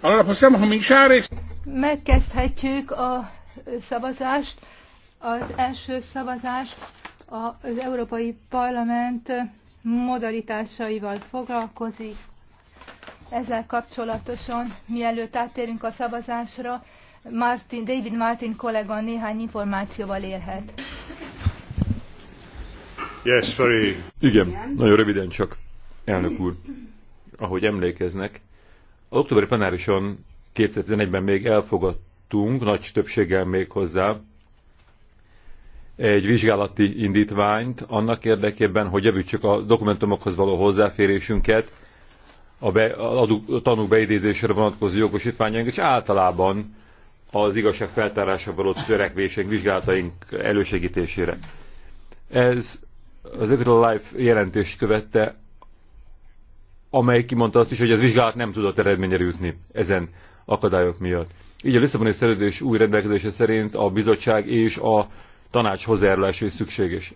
Allora possiamo cominciare. Megkezdhetjük a szavazást. Az első szavazás az Európai Parlament modalitásaival foglalkozik. Ezzel kapcsolatosan, mielőtt áttérünk a szavazásra, Martin, David Martin kollega néhány információval élhet. Yes, very. Igen, nagyon röviden csak, elnök úr ahogy emlékeznek, az októberi plenárison 2011-ben még elfogadtunk, nagy többséggel még hozzá, egy vizsgálati indítványt annak érdekében, hogy javítsuk a dokumentumokhoz való hozzáférésünket, a, be, a tanúk beidézésére vonatkozó jogosítványaink, és általában az igazság feltárása való törekvésénk, vizsgálataink elősegítésére. Ez az Equal Life jelentést követte, amely kimondta azt is, hogy az vizsgálat nem tudott eredményre jutni ezen akadályok miatt. Így a Lisszaboni szerződés új rendelkezése szerint a bizottság és a tanács hozzájárulása is szükséges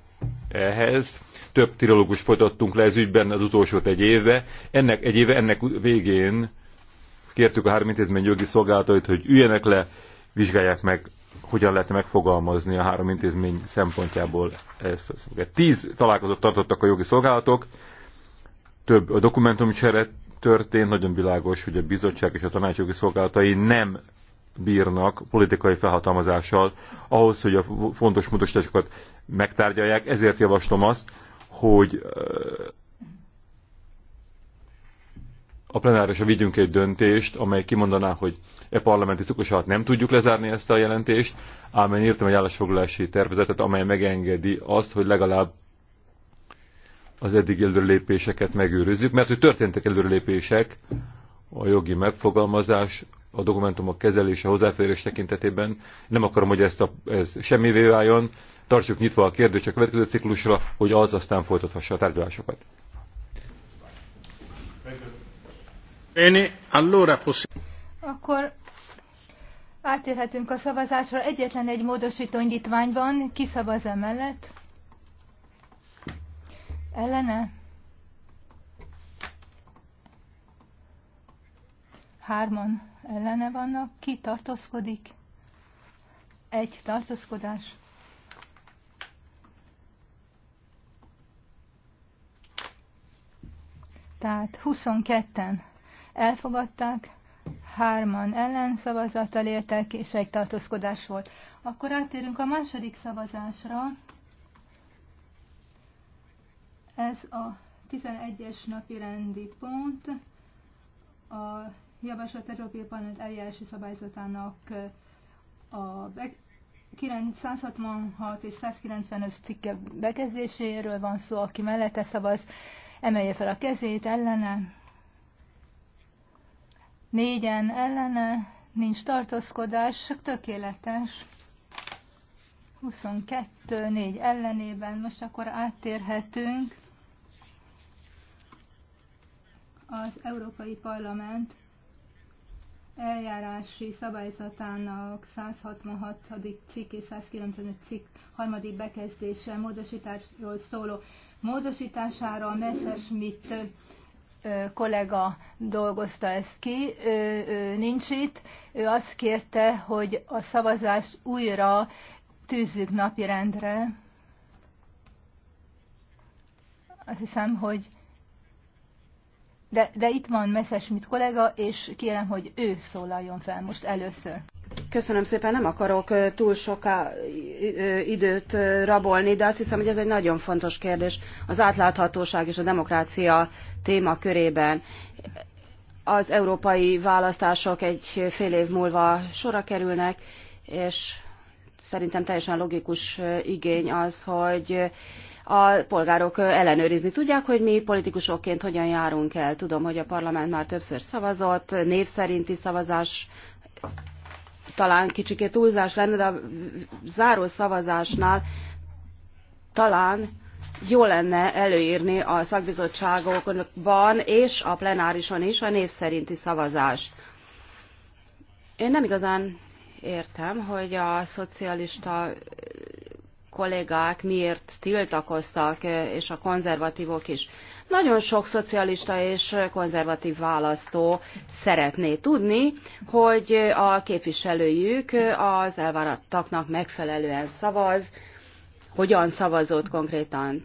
ehhez. Több tirológus folytattunk le ez ügyben az utolsót egy évbe. Ennek, egy éve ennek végén kértük a három intézmény jogi szolgálatait, hogy üljenek le, vizsgálják meg, hogyan lehet megfogalmazni a három intézmény szempontjából ezt. Tíz találkozót tartottak a jogi szolgálatok, több a dokumentumcsere történt, nagyon világos, hogy a bizottság és a tanácsjogi szolgálatai nem bírnak politikai felhatalmazással ahhoz, hogy a fontos módosításokat megtárgyalják. Ezért javaslom azt, hogy a plenárisra vigyünk egy döntést, amely kimondaná, hogy e parlamenti szokos alatt nem tudjuk lezárni ezt a jelentést, ám én írtam egy állásfoglalási tervezetet, amely megengedi azt, hogy legalább az eddig előrelépéseket megőrizzük, mert hogy történtek előrelépések a jogi megfogalmazás, a dokumentumok kezelése, hozzáférés tekintetében. Nem akarom, hogy ezt a, ez semmivé váljon. Tartsuk nyitva a kérdést a következő ciklusra, hogy az aztán folytathassa a tárgyalásokat. Akkor átérhetünk a szavazásra. Egyetlen egy módosító indítvány van. Ki szavaz emellett? ellene. Hárman ellene vannak, ki tartózkodik. Egy tartózkodás. Tehát 22-en elfogadták, hárman ellen szavazattal éltek, és egy tartózkodás volt. Akkor átérünk a második szavazásra. Ez a 11-es napi rendi pont a javaslat Európai Parlament eljárási szabályzatának a 966 és 195 cikke bekezdéséről van szó, aki mellette szavaz, emelje fel a kezét, ellene, négyen ellene, nincs tartózkodás, tökéletes. 22-4 ellenében most akkor áttérhetünk az Európai Parlament eljárási szabályzatának 166. cikk és 195. cikk harmadik bekezdése módosításról szóló módosítására Messerschmitt kollega dolgozta ezt ki, ő, ő nincs itt, ő azt kérte, hogy a szavazást újra tűzzük napirendre. Azt hiszem, hogy de, de itt van Messerschmidt kollega, és kérem, hogy ő szólaljon fel most először. Köszönöm szépen, nem akarok túl soká időt rabolni, de azt hiszem, hogy ez egy nagyon fontos kérdés az átláthatóság és a demokrácia körében Az európai választások egy fél év múlva sorra kerülnek, és szerintem teljesen logikus igény az, hogy a polgárok ellenőrizni tudják, hogy mi politikusokként hogyan járunk el. Tudom, hogy a parlament már többször szavazott, név szerinti szavazás talán kicsikét túlzás lenne, de a záró szavazásnál talán jó lenne előírni a szakbizottságokban és a plenárison is a név szerinti szavazást. Én nem igazán értem, hogy a szocialista kollégák miért tiltakoztak, eh, és a konzervatívok is. Nagyon sok szocialista és konzervatív választó szeretné tudni, hogy a képviselőjük az elvárattaknak megfelelően szavaz, hogyan szavazott konkrétan.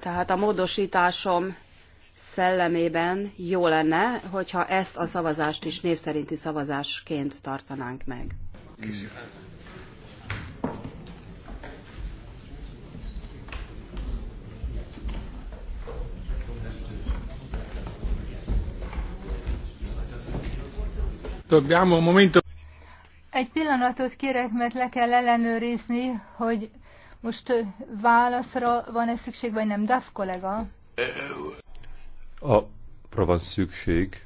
Tehát a módosításom szellemében jó lenne, hogyha ezt a szavazást is név szerinti szavazásként tartanánk meg. Köszönöm. Dobbiamo un momento. Egy pillanatot kérek, mert le kell ellenőrizni, hogy most válaszra van-e szükség, vagy nem. DAF kollega? Arra van szükség,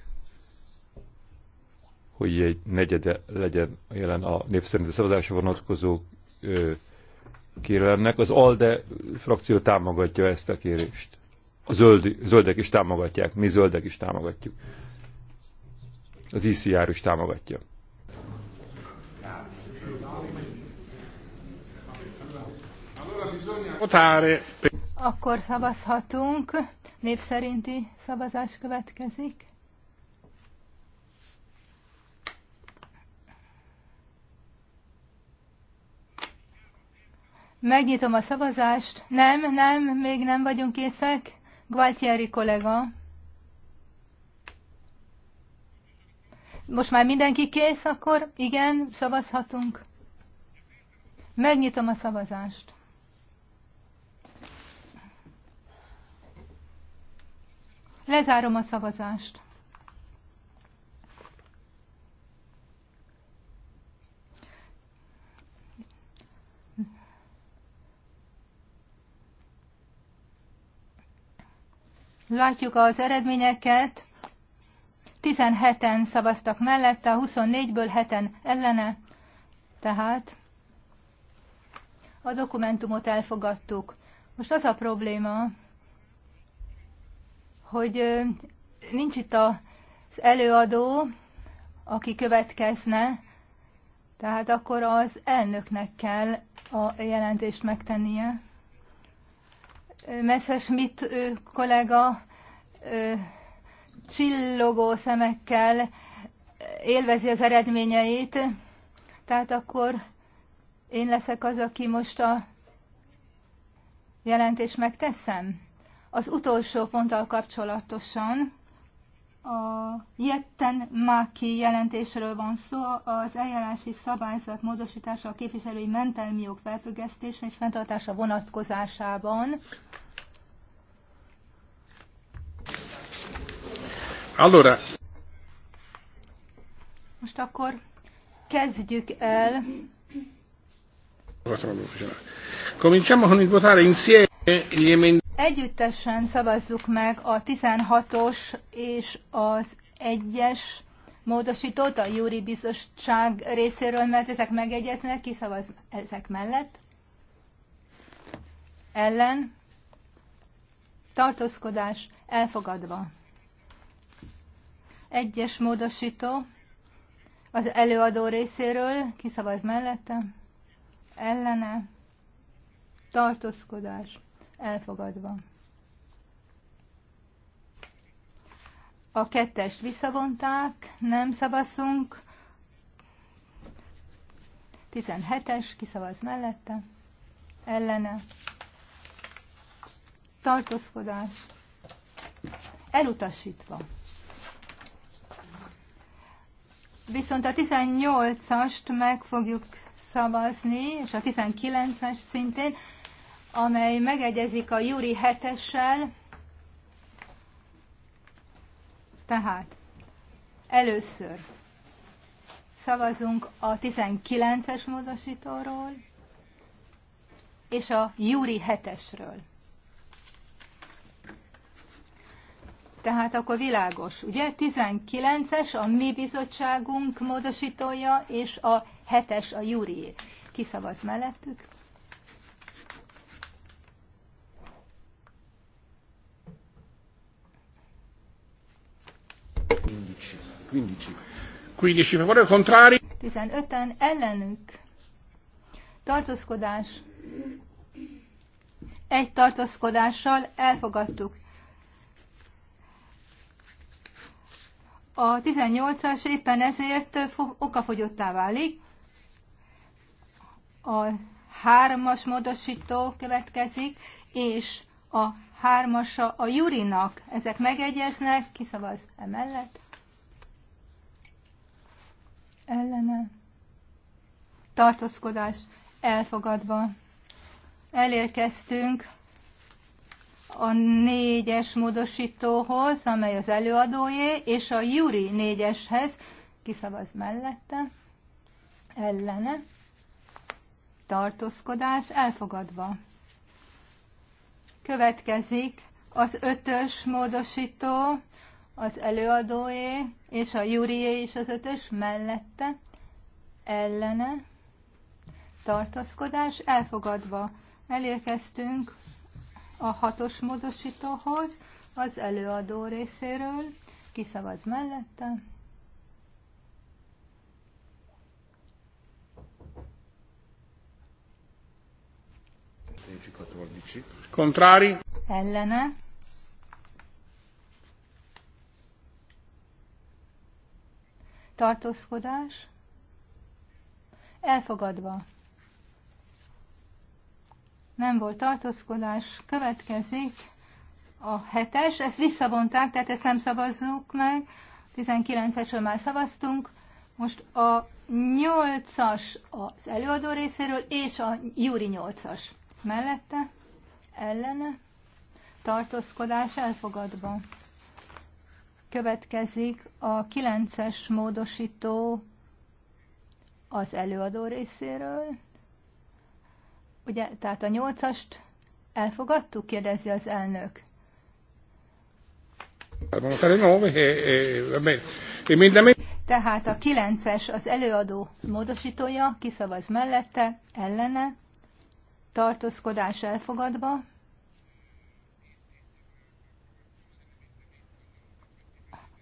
hogy egy negyede legyen jelen a népszerinti szavazásra vonatkozó kérelemnek. Az ALDE frakció támogatja ezt a kérést. A zöldi, zöldek is támogatják, mi zöldek is támogatjuk az ICR e is támogatja. Akkor szavazhatunk. Név szerinti szavazás következik. Megnyitom a szavazást. Nem, nem, még nem vagyunk készek. Gualtieri kollega. Most már mindenki kész, akkor igen, szavazhatunk. Megnyitom a szavazást. Lezárom a szavazást. Látjuk az eredményeket. 17-en szavaztak mellette, 24-ből 7-en ellene, tehát a dokumentumot elfogadtuk. Most az a probléma, hogy nincs itt az előadó, aki következne, tehát akkor az elnöknek kell a jelentést megtennie. mit, kollega csillogó szemekkel élvezi az eredményeit, tehát akkor én leszek az, aki most a jelentést megteszem. Az utolsó ponttal kapcsolatosan a Jetten máki jelentésről van szó, az eljárási szabályzat módosítása a képviselői mentelmi jog felfüggesztése és fenntartása vonatkozásában. Allora. Most akkor kezdjük el. Cominciamo con il votare insieme gli emendamenti. Együttesen szavazzuk meg a 16-os és az 1-es módosítót a júri bizottság részéről, mert ezek megegyeznek, ki szavaz ezek mellett. Ellen. Tartózkodás elfogadva. Egyes módosító az előadó részéről kiszavaz mellette, ellene, tartózkodás, elfogadva. A kettest visszavonták, nem szavazunk. 17-es, kiszavaz mellette, ellene, tartózkodás, elutasítva. Viszont a 18-ast meg fogjuk szavazni, és a 19-es szintén, amely megegyezik a Júri 7-essel. Tehát először szavazunk a 19-es módosítóról és a Júri 7-esről. Tehát akkor világos, ugye? 19-es a mi bizottságunk módosítója, és a 7-es a júri. Kiszavaz mellettük. Quindici. Quindici. Quindici, 15-en ellenük. Tartózkodás. Egy tartózkodással elfogadtuk A 18-as éppen ezért okafogyottá válik. A hármas módosító következik, és a hármasa a Jurinak. Ezek megegyeznek, kiszavaz emellett. Ellene. Tartózkodás elfogadva. Elérkeztünk a négyes módosítóhoz, amely az előadójé, és a Juri négyeshez, kiszavaz mellette, ellene, tartózkodás elfogadva. Következik az ötös módosító, az előadóé, és a Jurié is az ötös mellette, ellene, tartózkodás elfogadva. Elérkeztünk a hatos módosítóhoz az előadó részéről. Kiszavaz mellette. Kontrári. Ellene. Tartózkodás. Elfogadva nem volt tartózkodás, következik a hetes, ezt visszavonták, tehát ezt nem szavazzuk meg, 19-esről már szavaztunk, most a 8-as az előadó részéről, és a Júri 8-as mellette, ellene, tartózkodás elfogadva. Következik a 9-es módosító az előadó részéről, Ugye, tehát a nyolcast elfogadtuk, kérdezi az elnök. Eh, eh, tehát a kilences az előadó módosítója, kiszavaz mellette, ellene, tartózkodás elfogadva.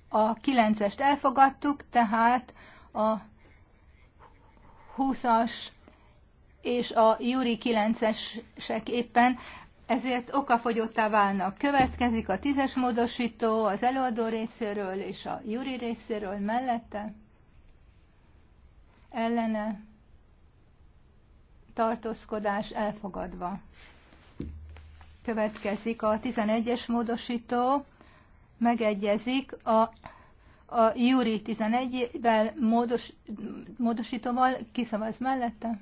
A kilencest elfogadtuk, tehát a 20-as és a Júri 9-esek éppen ezért okafogyottá válnak. Következik a tízes módosító az előadó részéről és a Júri részéről mellette. Ellene tartózkodás elfogadva. Következik a 11-es módosító, megegyezik a, a Júri 11-vel módos, módosítóval, kiszavaz mellette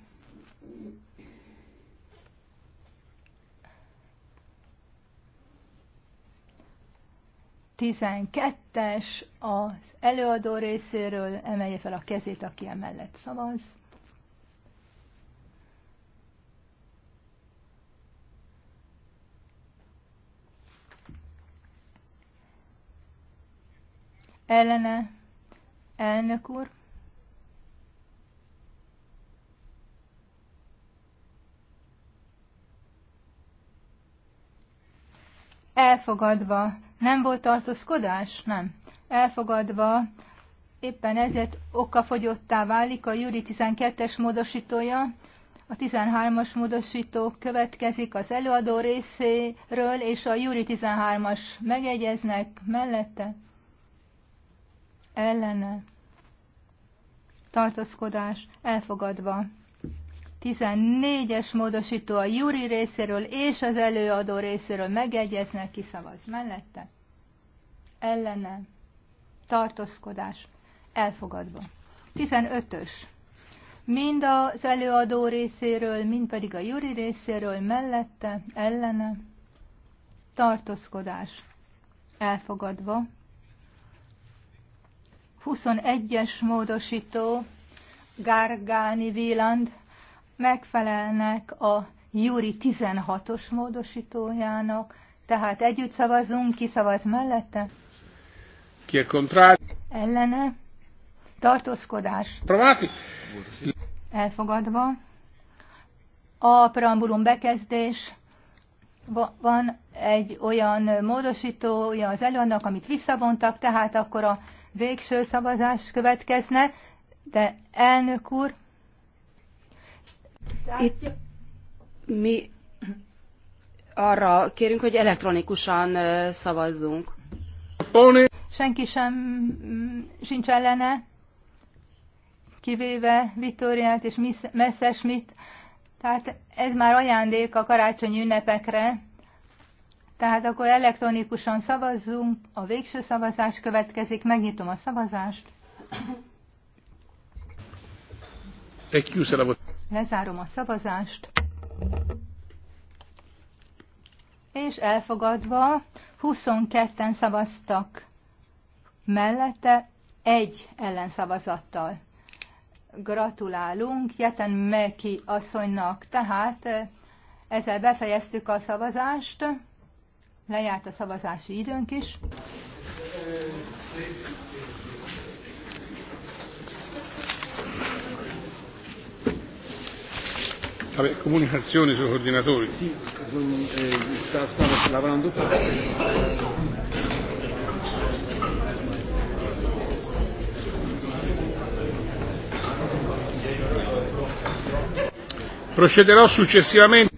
12-es az előadó részéről, emelje fel a kezét, aki emellett szavaz. Ellene, elnök úr. elfogadva. Nem volt tartózkodás? Nem. Elfogadva. Éppen ezért okafogyottá válik a Júri 12-es módosítója. A 13-as módosító következik az előadó részéről, és a Júri 13-as megegyeznek mellette. Ellene. Tartózkodás elfogadva. 14-es módosító a Júri részéről és az előadó részéről megegyeznek, kiszavaz mellette. Ellene. Tartózkodás. Elfogadva. 15-ös. Mind az előadó részéről, mind pedig a Júri részéről mellette, ellene. Tartózkodás. Elfogadva. 21-es módosító Gárgáni Véland megfelelnek a júri 16-os módosítójának, tehát együtt szavazunk, ki szavaz mellette? Ki a kontrál? Ellene. Tartózkodás. Provati. Elfogadva. A preambulum bekezdés. Van egy olyan módosítója az előadnak, amit visszavontak, tehát akkor a végső szavazás következne, de elnök úr, itt mi arra kérünk, hogy elektronikusan szavazzunk. Senki sem mm, sincs ellene, kivéve Vittoriát és Messerschmitt. Tehát ez már ajándék a karácsonyi ünnepekre. Tehát akkor elektronikusan szavazzunk, a végső szavazás következik, megnyitom a szavazást. Egy Lezárom a szavazást. És elfogadva 22-en szavaztak mellette egy ellenszavazattal. Gratulálunk Jeten Meki asszonynak. Tehát eh, ezzel befejeztük a szavazást. Lejárt a szavazási időnk is. Vabbè, comunicazioni Sì, eh, stavo, Procederò successivamente.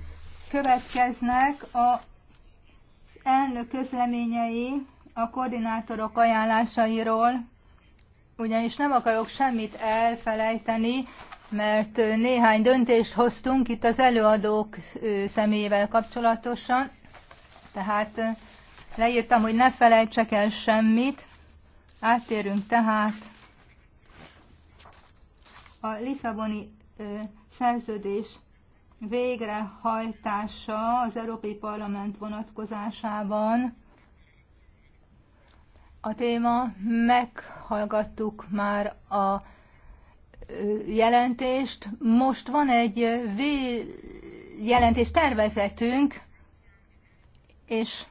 Következnek a elnök közleményei a koordinátorok ajánlásairól, ugyanis nem akarok semmit elfelejteni, mert néhány döntést hoztunk itt az előadók személyével kapcsolatosan, tehát leírtam, hogy ne felejtsek el semmit. Áttérünk tehát a Lisszaboni szerződés végrehajtása az Európai Parlament vonatkozásában. A téma, meghallgattuk már a jelentést. Most van egy jelentés tervezetünk, és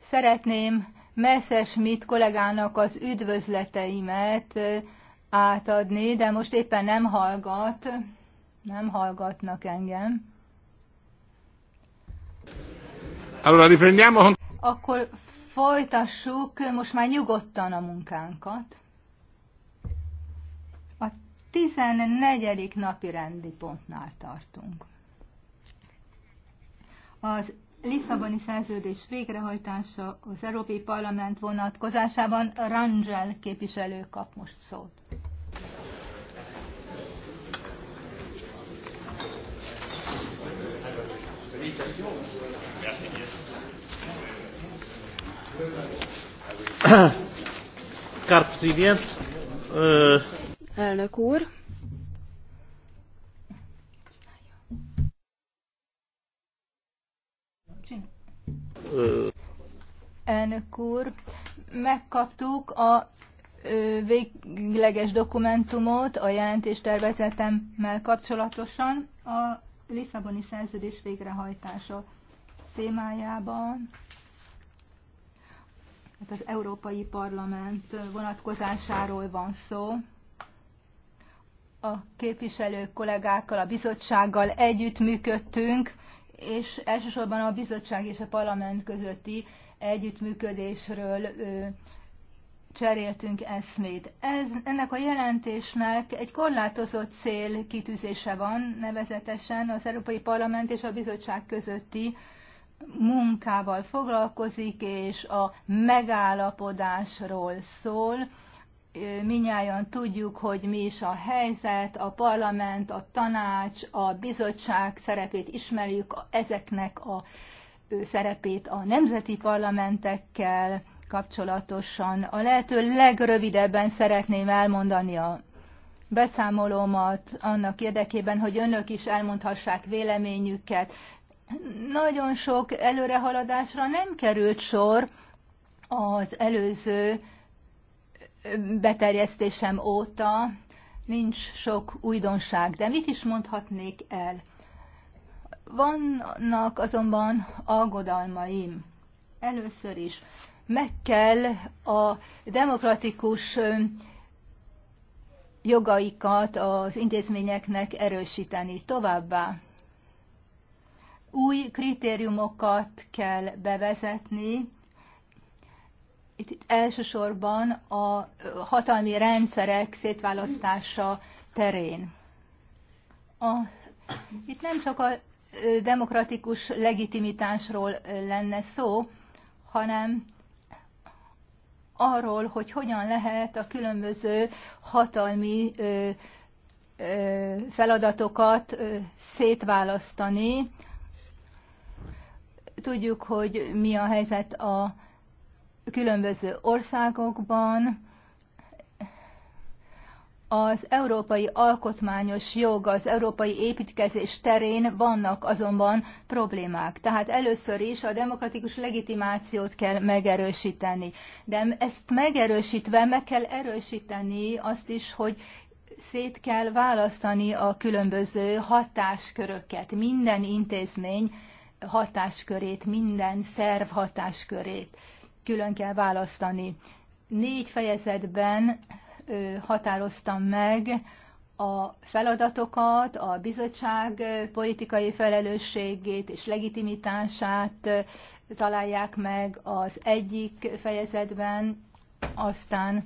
szeretném Messerschmidt kollégának az üdvözleteimet átadni, de most éppen nem hallgat, nem hallgatnak engem. Akkor folytassuk most már nyugodtan a munkánkat. 14. napi rendi pontnál tartunk. Az Lisszaboni szerződés végrehajtása az Európai Parlament vonatkozásában Rangel képviselő kap most szót. Caro Presidente, elnök úr. Elnök úr, megkaptuk a végleges dokumentumot a jelentéstervezetemmel kapcsolatosan a Lisszaboni szerződés végrehajtása témájában, hát az Európai Parlament vonatkozásáról van szó a képviselők kollégákkal, a bizottsággal együttműködtünk, és elsősorban a bizottság és a parlament közötti együttműködésről ö, cseréltünk eszmét. Ez, ennek a jelentésnek egy korlátozott cél kitűzése van, nevezetesen az Európai Parlament és a bizottság közötti munkával foglalkozik, és a megállapodásról szól, minnyáján tudjuk, hogy mi is a helyzet, a parlament, a tanács, a bizottság szerepét ismerjük, ezeknek a szerepét a nemzeti parlamentekkel kapcsolatosan. A lehető legrövidebben szeretném elmondani a beszámolómat annak érdekében, hogy önök is elmondhassák véleményüket. Nagyon sok előrehaladásra nem került sor az előző beterjesztésem óta nincs sok újdonság, de mit is mondhatnék el? Vannak azonban aggodalmaim. Először is meg kell a demokratikus jogaikat az intézményeknek erősíteni továbbá. Új kritériumokat kell bevezetni, itt elsősorban a hatalmi rendszerek szétválasztása terén. A, itt nem csak a demokratikus legitimitásról lenne szó, hanem arról, hogy hogyan lehet a különböző hatalmi ö, ö, feladatokat ö, szétválasztani. Tudjuk, hogy mi a helyzet a különböző országokban. Az európai alkotmányos jog, az európai építkezés terén vannak azonban problémák. Tehát először is a demokratikus legitimációt kell megerősíteni. De ezt megerősítve meg kell erősíteni azt is, hogy szét kell választani a különböző hatásköröket, minden intézmény hatáskörét, minden szerv hatáskörét külön kell választani. Négy fejezetben határoztam meg a feladatokat, a bizottság politikai felelősségét és legitimitását találják meg az egyik fejezetben, aztán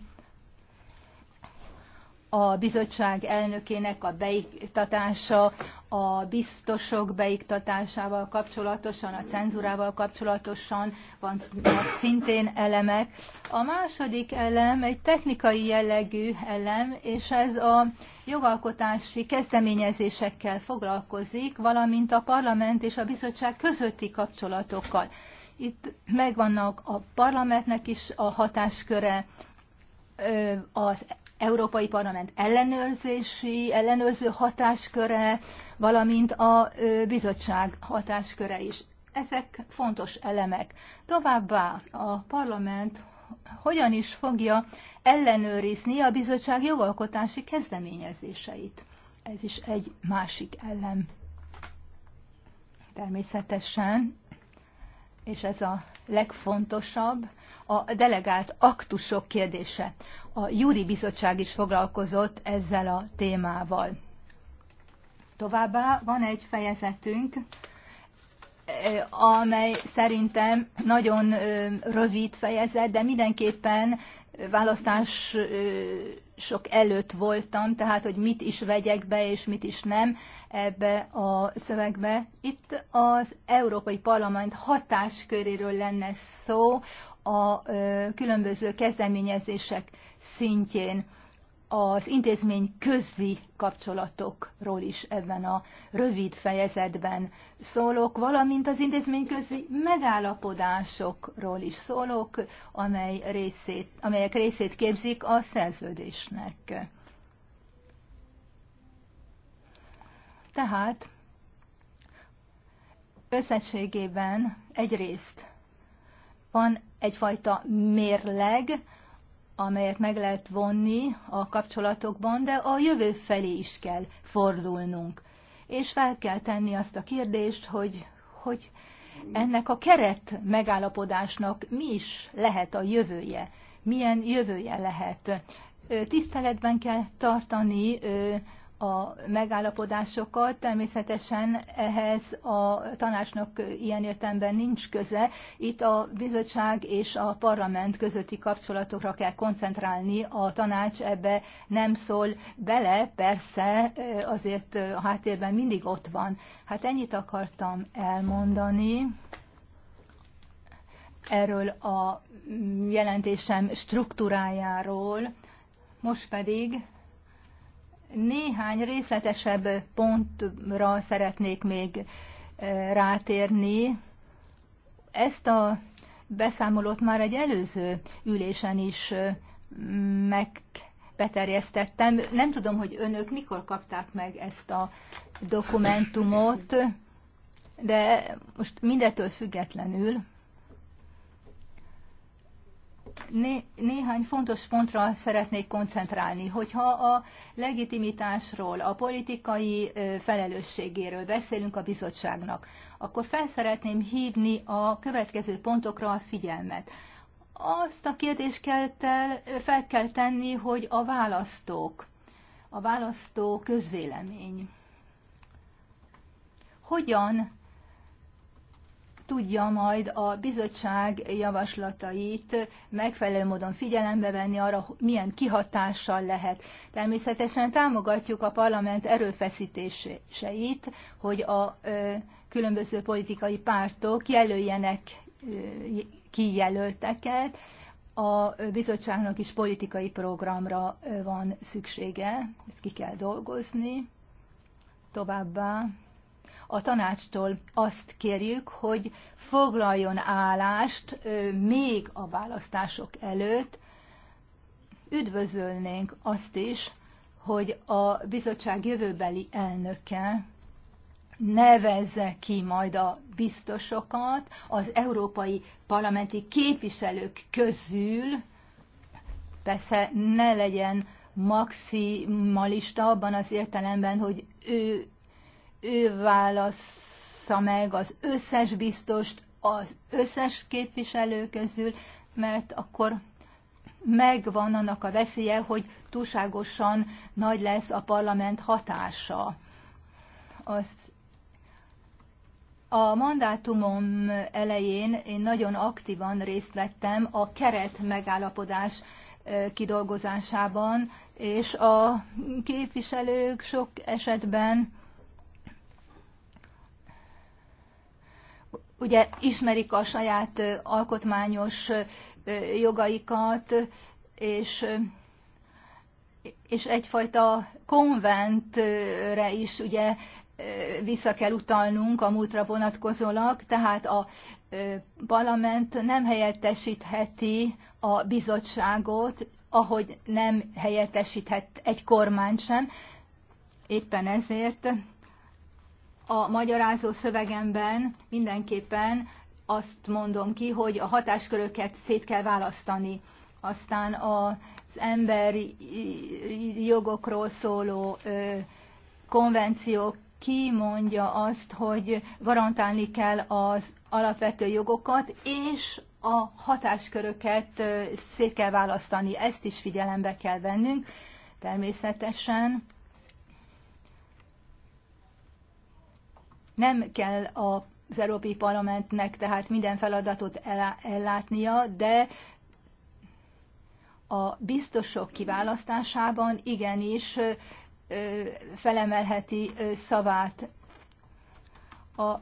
a bizottság elnökének a beiktatása, a biztosok beiktatásával kapcsolatosan, a cenzúrával kapcsolatosan vannak szintén elemek. A második elem egy technikai jellegű elem, és ez a jogalkotási kezdeményezésekkel foglalkozik, valamint a parlament és a bizottság közötti kapcsolatokkal. Itt megvannak a parlamentnek is a hatásköre, az Európai Parlament ellenőrzési, ellenőrző hatásköre, valamint a bizottság hatásköre is. Ezek fontos elemek. Továbbá a parlament hogyan is fogja ellenőrizni a bizottság jogalkotási kezdeményezéseit. Ez is egy másik elem. Természetesen, és ez a legfontosabb, a delegált aktusok kérdése a Júri Bizottság is foglalkozott ezzel a témával. Továbbá van egy fejezetünk, eh, amely szerintem nagyon eh, rövid fejezet, de mindenképpen választás eh, sok előtt voltam, tehát hogy mit is vegyek be és mit is nem ebbe a szövegbe. Itt az Európai Parlament hatásköréről lenne szó a különböző kezdeményezések szintjén, az intézmény közi kapcsolatokról is ebben a rövid fejezetben szólok, valamint az intézmény közi megállapodásokról is szólok, amely részét, amelyek részét képzik a szerződésnek. Tehát összességében egyrészt van egyfajta mérleg, amelyet meg lehet vonni a kapcsolatokban, de a jövő felé is kell fordulnunk. És fel kell tenni azt a kérdést, hogy, hogy ennek a keret megállapodásnak mi is lehet a jövője, milyen jövője lehet. Tiszteletben kell tartani a megállapodásokat. Természetesen ehhez a tanácsnak ilyen értelemben nincs köze. Itt a bizottság és a parlament közötti kapcsolatokra kell koncentrálni. A tanács ebbe nem szól bele, persze azért a háttérben mindig ott van. Hát ennyit akartam elmondani erről a jelentésem struktúrájáról. Most pedig néhány részletesebb pontra szeretnék még eh, rátérni. Ezt a beszámolót már egy előző ülésen is eh, megbeterjesztettem. Nem tudom, hogy önök mikor kapták meg ezt a dokumentumot, de most mindettől függetlenül né, néhány fontos pontra szeretnék koncentrálni. Hogyha a legitimitásról, a politikai felelősségéről beszélünk a bizottságnak, akkor fel szeretném hívni a következő pontokra a figyelmet. Azt a kérdést kell tel, fel kell tenni, hogy a választók, a választó közvélemény hogyan tudja majd a bizottság javaslatait megfelelő módon figyelembe venni arra, milyen kihatással lehet. Természetesen támogatjuk a parlament erőfeszítéseit, hogy a különböző politikai pártok jelöljenek kijelölteket, a bizottságnak is politikai programra van szüksége, ezt ki kell dolgozni. Továbbá a tanácstól azt kérjük, hogy foglaljon állást még a választások előtt. Üdvözölnénk azt is, hogy a bizottság jövőbeli elnöke nevezze ki majd a biztosokat az európai parlamenti képviselők közül, persze ne legyen maximalista abban az értelemben, hogy ő ő válassza meg az összes biztost az összes képviselő közül, mert akkor megvan annak a veszélye, hogy túlságosan nagy lesz a parlament hatása. Azt a mandátumom elején én nagyon aktívan részt vettem a keret megállapodás kidolgozásában, és a képviselők sok esetben ugye ismerik a saját alkotmányos jogaikat, és, és egyfajta konventre is ugye vissza kell utalnunk a múltra vonatkozólag, tehát a parlament nem helyettesítheti a bizottságot, ahogy nem helyettesíthet egy kormány sem. Éppen ezért a magyarázó szövegemben mindenképpen azt mondom ki, hogy a hatásköröket szét kell választani. Aztán az emberi jogokról szóló konvenciók kimondja azt, hogy garantálni kell az alapvető jogokat, és a hatásköröket szét kell választani, ezt is figyelembe kell vennünk természetesen. Nem kell az Európai Parlamentnek tehát minden feladatot ellátnia, de a biztosok kiválasztásában igenis felemelheti szavát. A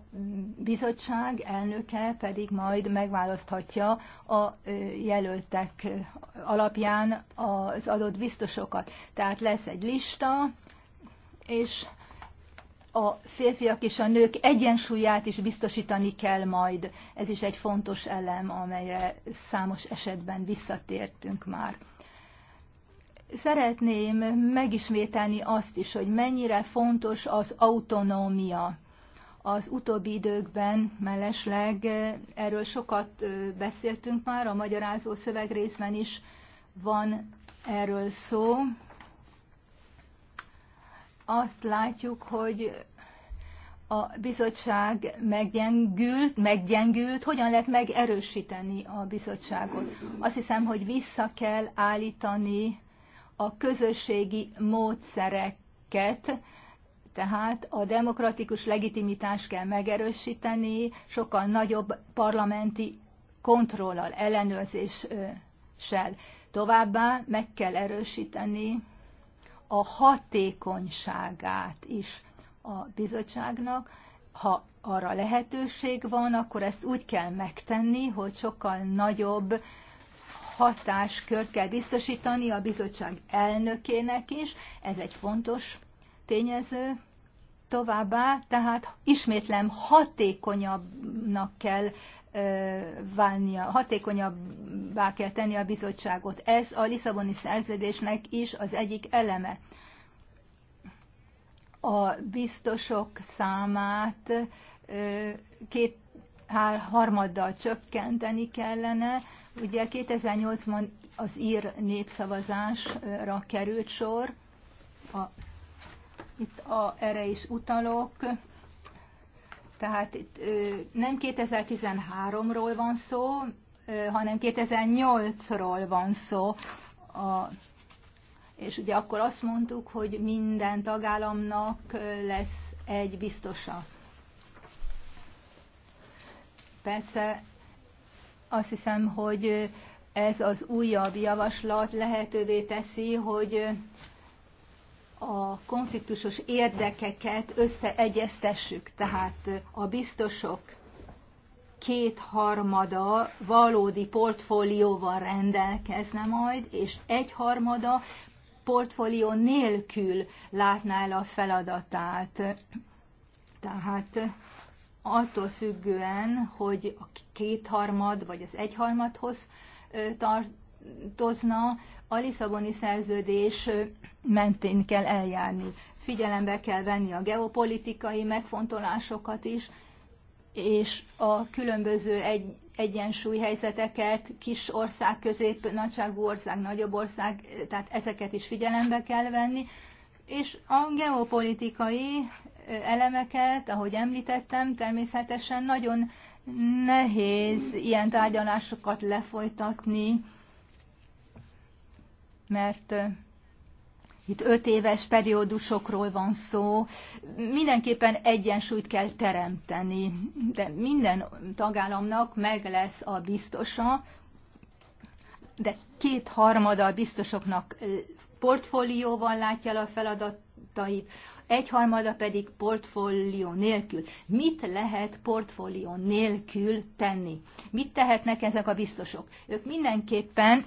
bizottság elnöke pedig majd megválaszthatja a jelöltek alapján az adott biztosokat. Tehát lesz egy lista, és a férfiak és a nők egyensúlyát is biztosítani kell majd. Ez is egy fontos elem, amelyre számos esetben visszatértünk már. Szeretném megismételni azt is, hogy mennyire fontos az autonómia. Az utóbbi időkben mellesleg eh, erről sokat eh, beszéltünk már, a magyarázó szövegrészben is van erről szó azt látjuk, hogy a bizottság meggyengült, meggyengült, hogyan lehet megerősíteni a bizottságot. Azt hiszem, hogy vissza kell állítani a közösségi módszereket, tehát a demokratikus legitimitást kell megerősíteni, sokkal nagyobb parlamenti kontrollal, ellenőrzéssel. Továbbá meg kell erősíteni a hatékonyságát is a bizottságnak. Ha arra lehetőség van, akkor ezt úgy kell megtenni, hogy sokkal nagyobb hatáskört kell biztosítani a bizottság elnökének is. Ez egy fontos tényező. Továbbá, tehát ismétlem hatékonyabbnak kell válnia, hatékonyabbá kell tenni a bizottságot. Ez a Lisszaboni szerződésnek is az egyik eleme. A biztosok számát két hár, harmaddal csökkenteni kellene. Ugye 2008-ban az ír népszavazásra került sor, a, itt a, erre is utalok, tehát itt nem 2013-ról van szó, hanem 2008-ról van szó. A, és ugye akkor azt mondtuk, hogy minden tagállamnak lesz egy biztosa. Persze azt hiszem, hogy ez az újabb javaslat lehetővé teszi, hogy a konfliktusos érdekeket összeegyeztessük. Tehát a biztosok kétharmada valódi portfólióval rendelkezne majd, és egyharmada portfólió nélkül látná el a feladatát. Tehát attól függően, hogy a kétharmad vagy az egyharmadhoz tart, tartozna, a Lisszaboni szerződés mentén kell eljárni. Figyelembe kell venni a geopolitikai megfontolásokat is, és a különböző egy, egyensúlyhelyzeteket, kis ország, közép nagyságú ország, nagyobb ország, tehát ezeket is figyelembe kell venni, és a geopolitikai elemeket, ahogy említettem, természetesen nagyon nehéz ilyen tárgyalásokat lefolytatni, mert itt öt éves periódusokról van szó. Mindenképpen egyensúlyt kell teremteni, de minden tagállamnak meg lesz a biztosa, de kétharmada a biztosoknak portfólióval látja el a feladatait, egyharmada pedig portfólió nélkül. Mit lehet portfólió nélkül tenni? Mit tehetnek ezek a biztosok? Ők mindenképpen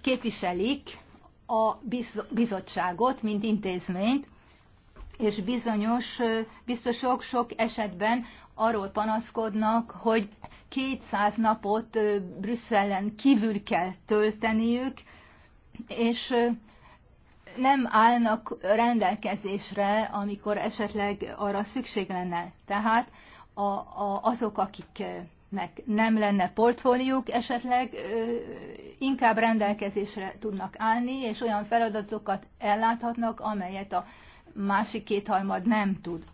képviselik a bizottságot, mint intézményt, és bizonyos biztosok sok esetben arról panaszkodnak, hogy 200 napot Brüsszelen kívül kell tölteniük, és nem állnak rendelkezésre, amikor esetleg arra szükség lenne. Tehát a, a, azok, akik akiknek nem lenne portfóliuk, esetleg inkább rendelkezésre tudnak állni, és olyan feladatokat elláthatnak, amelyet a másik kétharmad nem tud.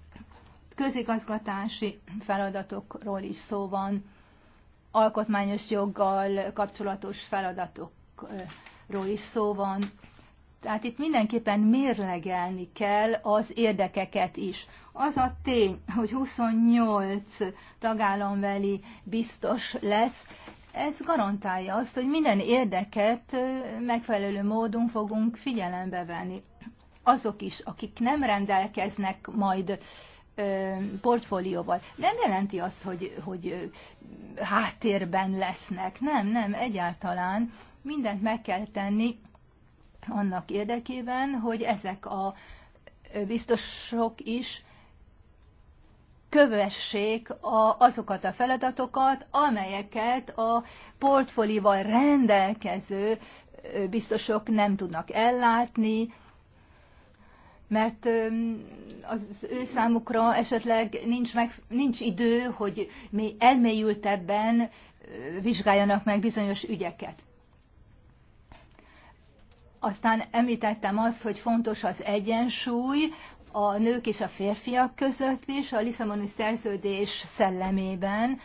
Közigazgatási feladatokról is szó van, alkotmányos joggal kapcsolatos feladatokról is szó van, tehát itt mindenképpen mérlegelni kell az érdekeket is. Az a tény, hogy 28 tagállambeli biztos lesz, ez garantálja azt, hogy minden érdeket megfelelő módon fogunk figyelembe venni. Azok is, akik nem rendelkeznek majd portfólióval. Nem jelenti azt, hogy, hogy háttérben lesznek. Nem, nem, egyáltalán mindent meg kell tenni annak érdekében, hogy ezek a biztosok is kövessék a, azokat a feladatokat, amelyeket a portfólival rendelkező biztosok nem tudnak ellátni, mert az ő számukra esetleg nincs, meg, nincs idő, hogy elmélyültebben vizsgáljanak meg bizonyos ügyeket. Aztán említettem azt, hogy fontos az egyensúly a nők és a férfiak között is, a Lisszaboni szerződés szellemében.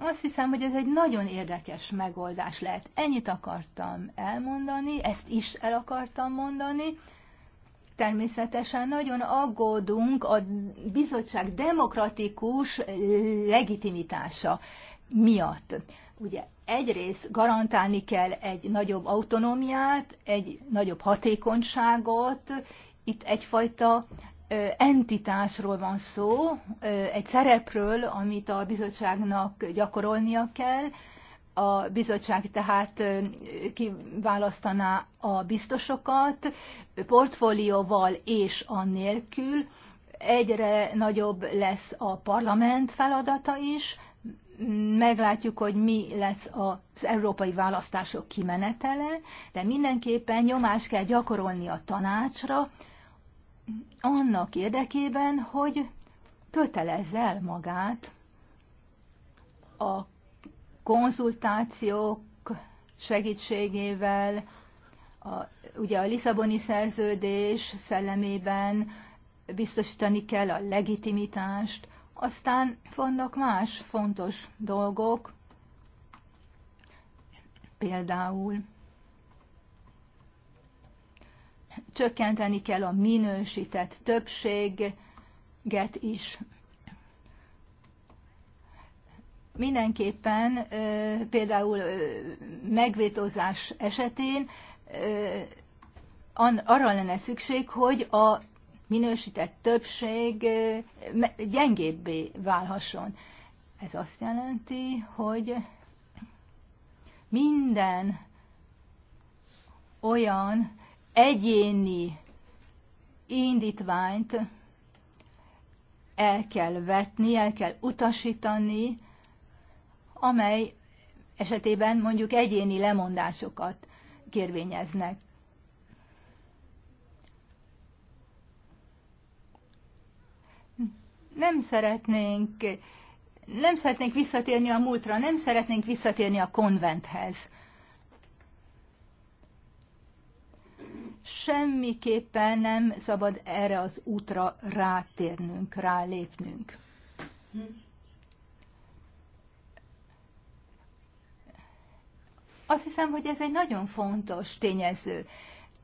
Azt hiszem, hogy ez egy nagyon érdekes megoldás lehet. Ennyit akartam elmondani, ezt is el akartam mondani. Természetesen nagyon aggódunk a bizottság demokratikus legitimitása miatt. Ugye egyrészt garantálni kell egy nagyobb autonómiát, egy nagyobb hatékonyságot, itt egyfajta entitásról van szó, egy szerepről, amit a bizottságnak gyakorolnia kell. A bizottság tehát kiválasztaná a biztosokat portfólióval és annélkül. Egyre nagyobb lesz a parlament feladata is, meglátjuk, hogy mi lesz az európai választások kimenetele, de mindenképpen nyomást kell gyakorolni a tanácsra, annak érdekében, hogy kötelezze el magát a konzultációk segítségével, a, ugye a Lisszaboni szerződés szellemében biztosítani kell a legitimitást, aztán vannak más fontos dolgok, például csökkenteni kell a minősített többséget is. Mindenképpen például megvétózás esetén arra lenne szükség, hogy a minősített többség gyengébbé válhasson. Ez azt jelenti, hogy minden olyan egyéni indítványt el kell vetni, el kell utasítani, amely esetében mondjuk egyéni lemondásokat kérvényeznek. nem szeretnénk, nem szeretnénk visszatérni a múltra, nem szeretnénk visszatérni a konventhez. Semmiképpen nem szabad erre az útra rátérnünk, rálépnünk. Azt hiszem, hogy ez egy nagyon fontos tényező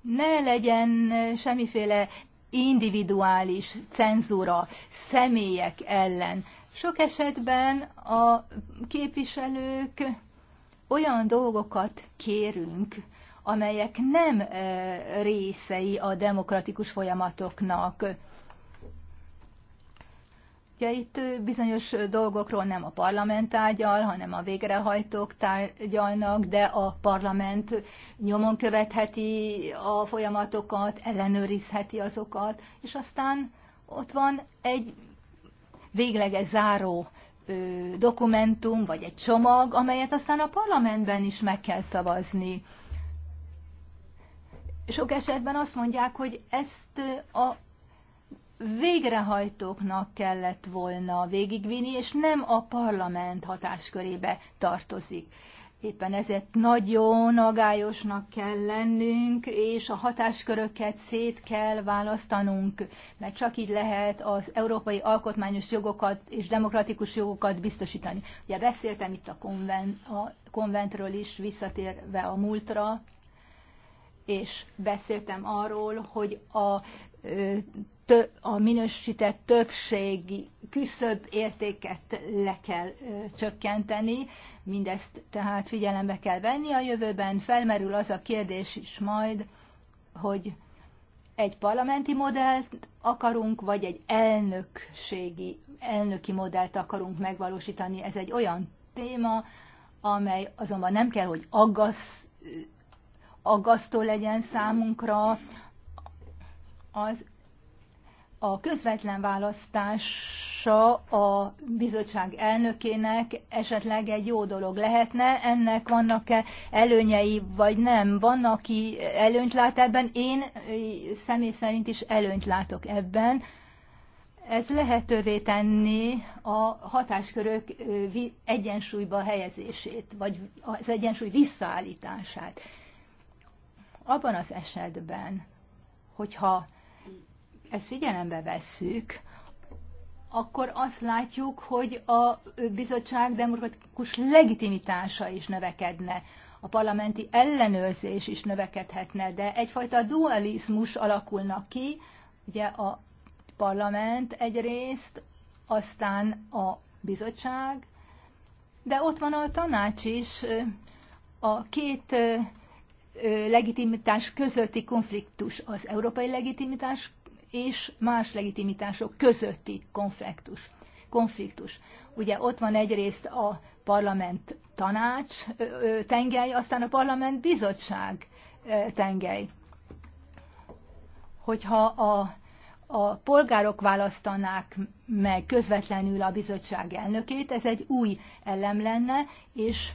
ne legyen semmiféle individuális cenzúra személyek ellen. Sok esetben a képviselők olyan dolgokat kérünk, amelyek nem eh, részei a demokratikus folyamatoknak. Ugye itt bizonyos dolgokról nem a parlament tárgyal, hanem a végrehajtók tárgyalnak, de a parlament nyomon követheti a folyamatokat, ellenőrizheti azokat, és aztán ott van egy végleges záró dokumentum, vagy egy csomag, amelyet aztán a parlamentben is meg kell szavazni. Sok esetben azt mondják, hogy ezt a végrehajtóknak kellett volna végigvinni, és nem a parlament hatáskörébe tartozik. Éppen ezért nagyon agályosnak kell lennünk, és a hatásköröket szét kell választanunk, mert csak így lehet az európai alkotmányos jogokat és demokratikus jogokat biztosítani. Ugye beszéltem itt a, konven, a konventről is, visszatérve a múltra, és beszéltem arról, hogy a, a minősített többségi küszöbb értéket le kell csökkenteni, mindezt tehát figyelembe kell venni. A jövőben felmerül az a kérdés is majd, hogy egy parlamenti modellt akarunk, vagy egy elnökségi, elnöki modellt akarunk megvalósítani. Ez egy olyan téma, amely azonban nem kell, hogy aggaszt aggasztó legyen számunkra. Az a közvetlen választása a bizottság elnökének esetleg egy jó dolog lehetne, ennek vannak-e előnyei, vagy nem. Van, aki előnyt lát ebben, én személy szerint is előnyt látok ebben. Ez lehetővé tenni a hatáskörök egyensúlyba helyezését, vagy az egyensúly visszaállítását. Abban az esetben, hogyha ezt figyelembe vesszük, akkor azt látjuk, hogy a bizottság demokratikus legitimitása is növekedne, a parlamenti ellenőrzés is növekedhetne, de egyfajta dualizmus alakulna ki, ugye a parlament egyrészt, aztán a bizottság, de ott van a tanács is, a két legitimitás közötti konfliktus, az európai legitimitás és más legitimitások közötti konfliktus. konfliktus. Ugye ott van egyrészt a parlament tanács tengely, aztán a parlament bizottság tengely. Hogyha a, a polgárok választanák meg közvetlenül a bizottság elnökét, ez egy új elem lenne, és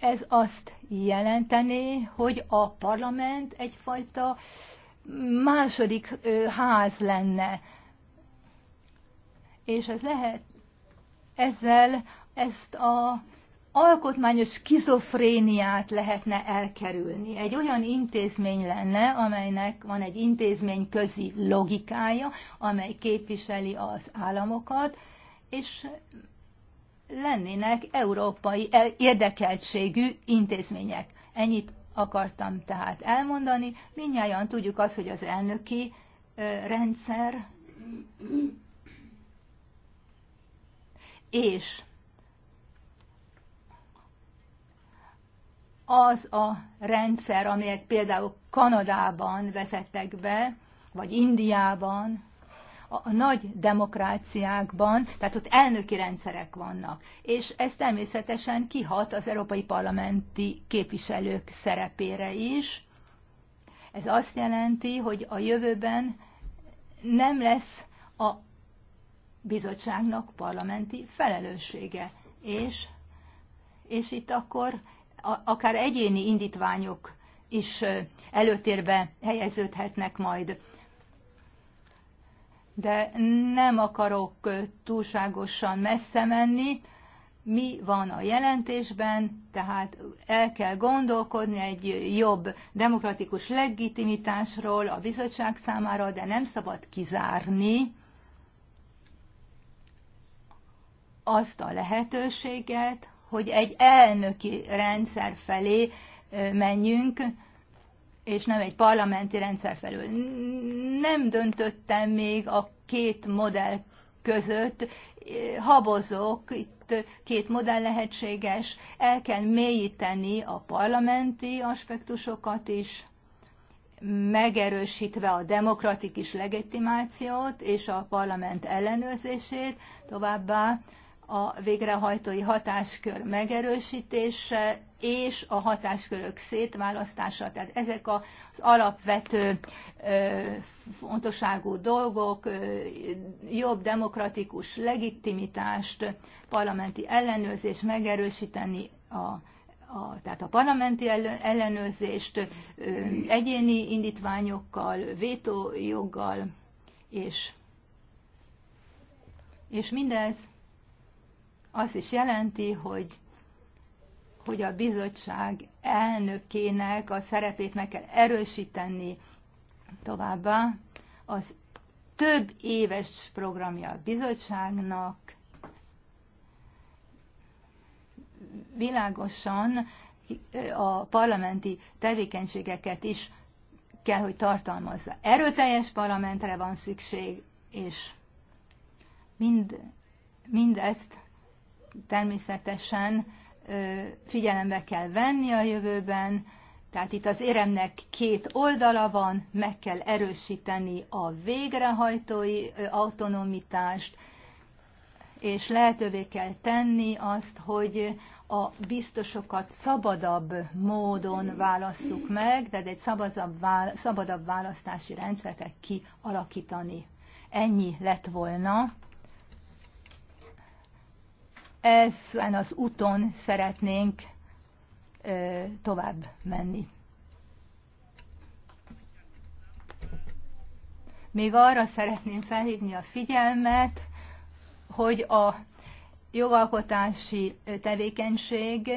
ez azt jelenteni, hogy a parlament egyfajta második ház lenne. És ez lehet, ezzel ezt a alkotmányos skizofréniát lehetne elkerülni. Egy olyan intézmény lenne, amelynek van egy intézmény közi logikája, amely képviseli az államokat, és lennének európai e- érdekeltségű intézmények. Ennyit akartam tehát elmondani. Mindnyáján tudjuk azt, hogy az elnöki rendszer és az a rendszer, amelyet például Kanadában vezettek be, vagy Indiában, a, nagy demokráciákban, tehát ott elnöki rendszerek vannak, és ez természetesen kihat az európai parlamenti képviselők szerepére is. Ez azt jelenti, hogy a jövőben nem lesz a bizottságnak parlamenti felelőssége, és, és itt akkor a, akár egyéni indítványok is előtérbe helyeződhetnek majd de nem akarok túlságosan messze menni. Mi van a jelentésben, tehát el kell gondolkodni egy jobb demokratikus legitimitásról a bizottság számára, de nem szabad kizárni azt a lehetőséget, hogy egy elnöki rendszer felé menjünk, és nem egy parlamenti rendszer felül. Nem döntöttem még a két modell között, habozok, itt két modell lehetséges, el kell mélyíteni a parlamenti aspektusokat is, megerősítve a demokratikus legitimációt és a parlament ellenőrzését, továbbá a végrehajtói hatáskör megerősítése és a hatáskörök szétválasztása. Tehát ezek az alapvető fontosságú dolgok, jobb demokratikus legitimitást, parlamenti ellenőrzés megerősíteni a a, tehát a parlamenti ellenőrzést ö, egyéni indítványokkal, vétójoggal, és, és mindez azt is jelenti, hogy hogy a bizottság elnökének a szerepét meg kell erősíteni továbbá. Az több éves programja a bizottságnak világosan a parlamenti tevékenységeket is kell, hogy tartalmazza. Erőteljes parlamentre van szükség, és mind, mindezt természetesen figyelembe kell venni a jövőben, tehát itt az éremnek két oldala van, meg kell erősíteni a végrehajtói autonomitást, és lehetővé kell tenni azt, hogy a biztosokat szabadabb módon válasszuk meg, tehát egy szabadabb, vála, szabadabb választási rendszert kialakítani. Ennyi lett volna ezen az úton szeretnénk tovább menni. Még arra szeretném felhívni a figyelmet, hogy a jogalkotási tevékenység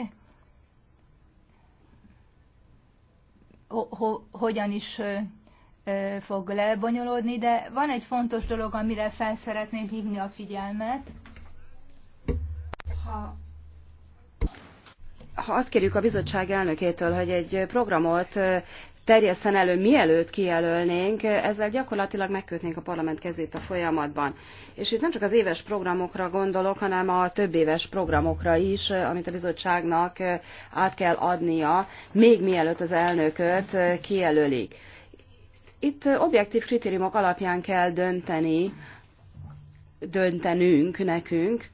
ho ho hogyan is fog lebonyolódni, de van egy fontos dolog, amire fel szeretném hívni a figyelmet. Ha azt kérjük a bizottság elnökétől, hogy egy programot terjesszen elő, mielőtt kijelölnénk, ezzel gyakorlatilag megkötnénk a parlament kezét a folyamatban. És itt nem csak az éves programokra gondolok, hanem a több éves programokra is, amit a bizottságnak át kell adnia, még mielőtt az elnököt kijelölik. Itt objektív kritériumok alapján kell dönteni, döntenünk nekünk,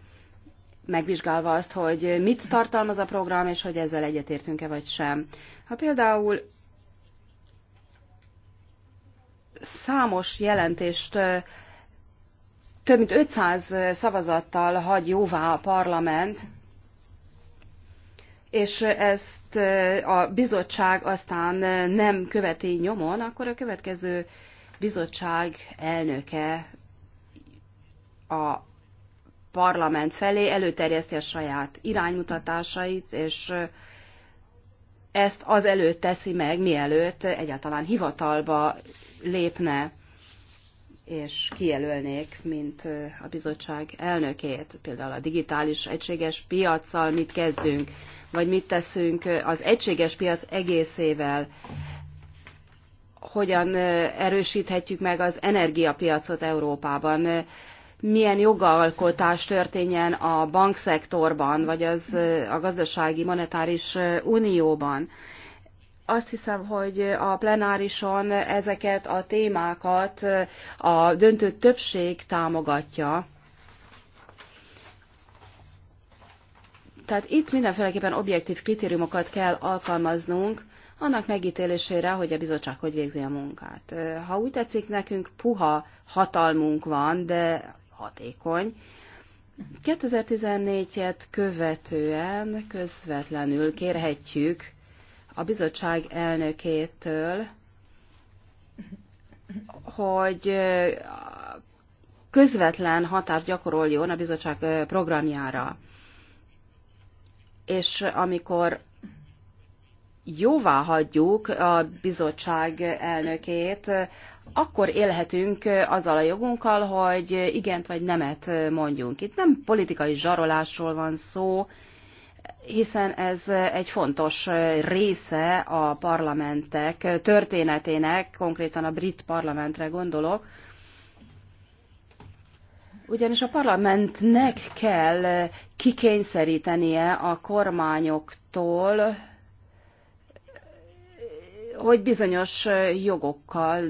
megvizsgálva azt, hogy mit tartalmaz a program, és hogy ezzel egyetértünk-e vagy sem. Ha például számos jelentést több mint 500 szavazattal hagy jóvá a parlament, és ezt a bizottság aztán nem követi nyomon, akkor a következő bizottság elnöke a parlament felé, előterjeszti a saját iránymutatásait, és ezt az előtt teszi meg, mielőtt egyáltalán hivatalba lépne és kijelölnék, mint a bizottság elnökét, például a digitális egységes piacsal mit kezdünk, vagy mit teszünk az egységes piac egészével, hogyan erősíthetjük meg az energiapiacot Európában milyen jogalkotás történjen a bankszektorban, vagy az a gazdasági monetáris unióban. Azt hiszem, hogy a plenárison ezeket a témákat a döntő többség támogatja. Tehát itt mindenféleképpen objektív kritériumokat kell alkalmaznunk, annak megítélésére, hogy a bizottság hogy végzi a munkát. Ha úgy tetszik, nekünk puha hatalmunk van, de hatékony. 2014-et követően közvetlenül kérhetjük a bizottság elnökétől, hogy közvetlen határ gyakoroljon a bizottság programjára. És amikor jóvá hagyjuk a bizottság elnökét, akkor élhetünk azzal a jogunkkal, hogy igent vagy nemet mondjunk. Itt nem politikai zsarolásról van szó, hiszen ez egy fontos része a parlamentek történetének, konkrétan a brit parlamentre gondolok, ugyanis a parlamentnek kell kikényszerítenie a kormányoktól, hogy bizonyos jogokkal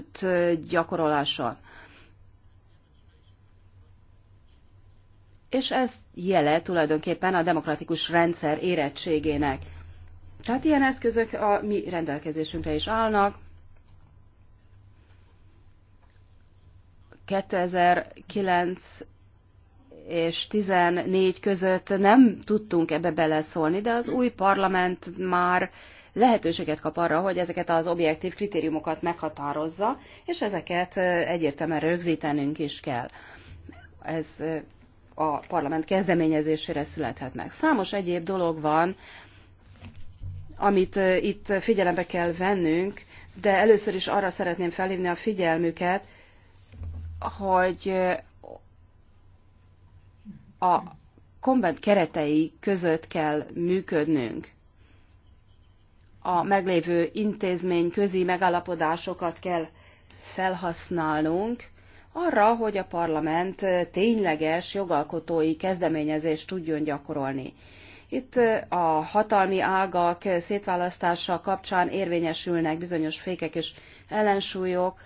gyakorolással. És ez jele tulajdonképpen a demokratikus rendszer érettségének. Tehát ilyen eszközök a mi rendelkezésünkre is állnak. 2009 és 14 között nem tudtunk ebbe beleszólni, de az új parlament már lehetőséget kap arra, hogy ezeket az objektív kritériumokat meghatározza, és ezeket egyértelműen rögzítenünk is kell. Ez a parlament kezdeményezésére születhet meg. Számos egyéb dolog van, amit itt figyelembe kell vennünk, de először is arra szeretném felhívni a figyelmüket, hogy a konvent keretei között kell működnünk. A meglévő intézmény közi megállapodásokat kell felhasználnunk arra, hogy a parlament tényleges jogalkotói kezdeményezést tudjon gyakorolni. Itt a hatalmi ágak szétválasztása kapcsán érvényesülnek bizonyos fékek és ellensúlyok,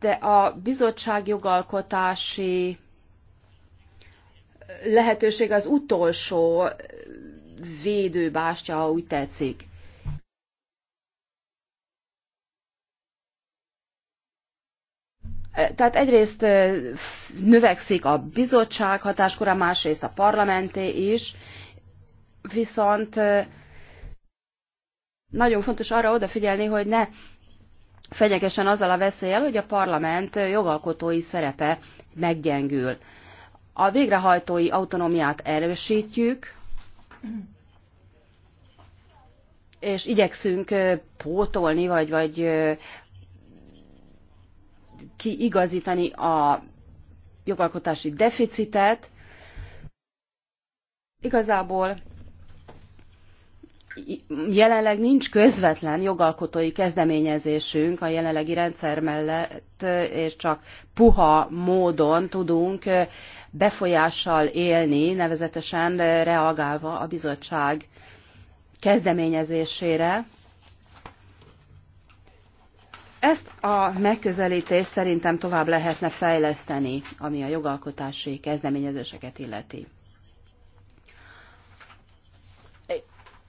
de a bizottság jogalkotási lehetőség az utolsó védőbástya, ha úgy tetszik. Tehát egyrészt növekszik a bizottság hatáskora, másrészt a parlamenté is, viszont nagyon fontos arra odafigyelni, hogy ne fenyegesen azzal a veszéllyel, hogy a parlament jogalkotói szerepe meggyengül a végrehajtói autonómiát erősítjük, és igyekszünk pótolni, vagy, vagy kiigazítani a jogalkotási deficitet. Igazából jelenleg nincs közvetlen jogalkotói kezdeményezésünk a jelenlegi rendszer mellett, és csak puha módon tudunk befolyással élni, nevezetesen reagálva a bizottság kezdeményezésére. Ezt a megközelítést szerintem tovább lehetne fejleszteni, ami a jogalkotási kezdeményezéseket illeti.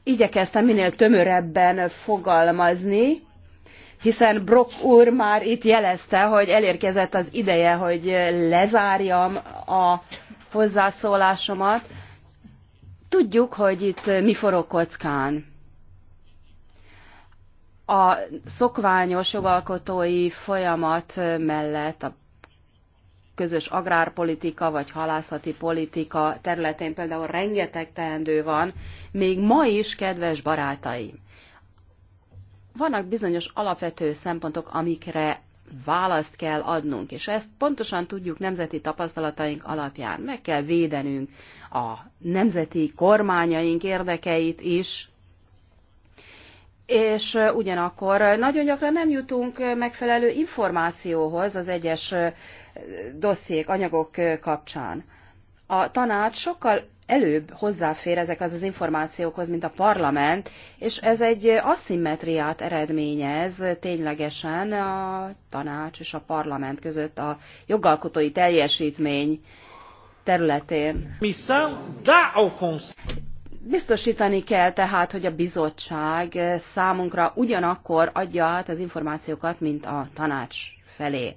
Igyekeztem minél tömörebben fogalmazni, hiszen Brock úr már itt jelezte, hogy elérkezett az ideje, hogy lezárjam a hozzászólásomat. Tudjuk, hogy itt mi forog kockán. A szokványos jogalkotói folyamat mellett a közös agrárpolitika vagy halászati politika területén például rengeteg teendő van, még ma is, kedves barátaim vannak bizonyos alapvető szempontok, amikre választ kell adnunk, és ezt pontosan tudjuk nemzeti tapasztalataink alapján. Meg kell védenünk a nemzeti kormányaink érdekeit is, és ugyanakkor nagyon gyakran nem jutunk megfelelő információhoz az egyes dossziék, anyagok kapcsán. A tanács sokkal előbb hozzáfér ezek az, az információkhoz, mint a parlament, és ez egy aszimmetriát eredményez ténylegesen a tanács és a parlament között a jogalkotói teljesítmény területén. Biztosítani kell tehát, hogy a bizottság számunkra ugyanakkor adja át az információkat, mint a tanács felé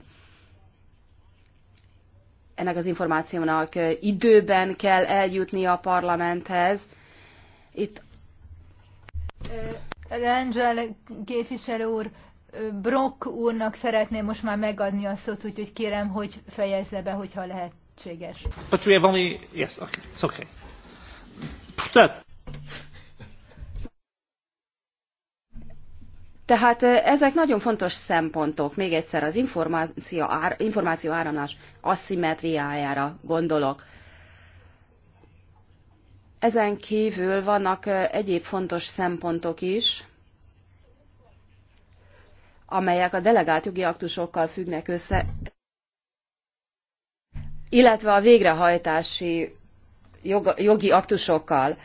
ennek az információnak időben kell eljutni a parlamenthez. Itt Rangel képviselő úr, Brock úrnak szeretném most már megadni a szót, úgyhogy kérem, hogy fejezze be, hogyha lehetséges. But we have only... Yes, okay. It's okay. Tehát ezek nagyon fontos szempontok. Még egyszer az információ, ára, információ áramlás asszimetriájára gondolok. Ezen kívül vannak egyéb fontos szempontok is, amelyek a delegált jogi aktusokkal függnek össze, illetve a végrehajtási jogi aktusokkal.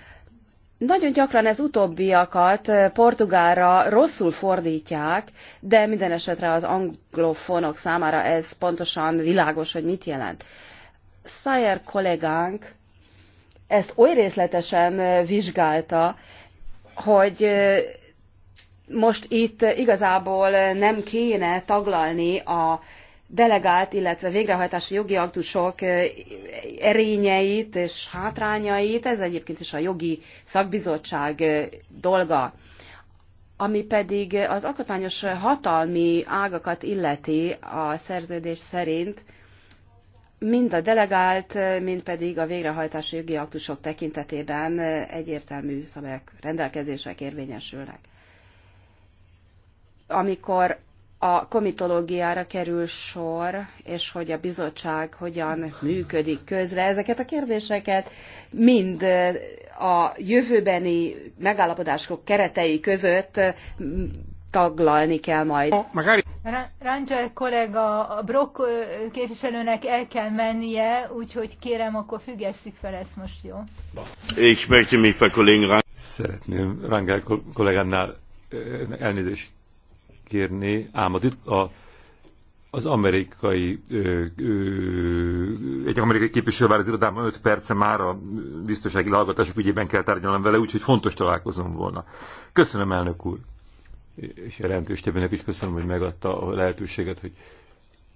Nagyon gyakran ez utóbbiakat portugálra rosszul fordítják, de minden esetre az anglofonok számára ez pontosan világos, hogy mit jelent. Szájer kollégánk ezt oly részletesen vizsgálta, hogy most itt igazából nem kéne taglalni a delegált, illetve végrehajtási jogi aktusok erényeit és hátrányait, ez egyébként is a jogi szakbizottság dolga. Ami pedig az alkotmányos hatalmi ágakat illeti a szerződés szerint, mind a delegált, mind pedig a végrehajtási jogi aktusok tekintetében egyértelmű szabályok, rendelkezések érvényesülnek. Amikor a komitológiára kerül sor, és hogy a bizottság hogyan működik közre. Ezeket a kérdéseket mind a jövőbeni megállapodások keretei között mm, taglalni kell majd. Rangel kollega, a Brock képviselőnek el kell mennie, úgyhogy kérem, akkor függesszük fel ezt most, jó? Ich möchte mich bei Kollegen Szeretném Rangel kollégámnál elnézést kérni, ám a, a, az amerikai, ö, ö, egy amerikai képviselő az irodában 5 perce már a biztonsági hallgatások ügyében kell tárgyalnom vele, úgyhogy fontos találkozom volna. Köszönöm, elnök úr! És jelentős tevének is köszönöm, hogy megadta a lehetőséget, hogy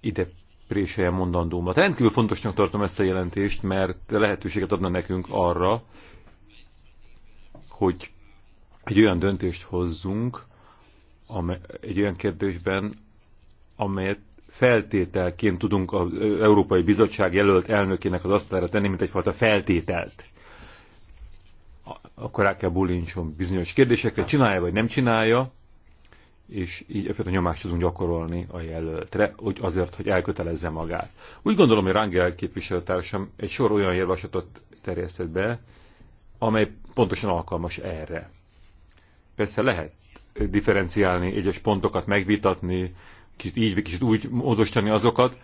ide préselje mondandómat. Rendkívül fontosnak tartom ezt a jelentést, mert lehetőséget adna nekünk arra, hogy egy olyan döntést hozzunk, egy olyan kérdésben, amelyet feltételként tudunk az Európai Bizottság jelölt elnökének az asztalára tenni, mint egyfajta feltételt. Akkor rá kell bulincson bizonyos kérdésekre, csinálja vagy nem csinálja, és így a nyomást tudunk gyakorolni a jelöltre, hogy azért, hogy elkötelezze magát. Úgy gondolom, hogy Rangel képviselőtársam egy sor olyan javaslatot terjesztett be, amely pontosan alkalmas erre. Persze lehet differenciálni, egyes pontokat megvitatni, kicsit így, kicsit úgy módosítani azokat,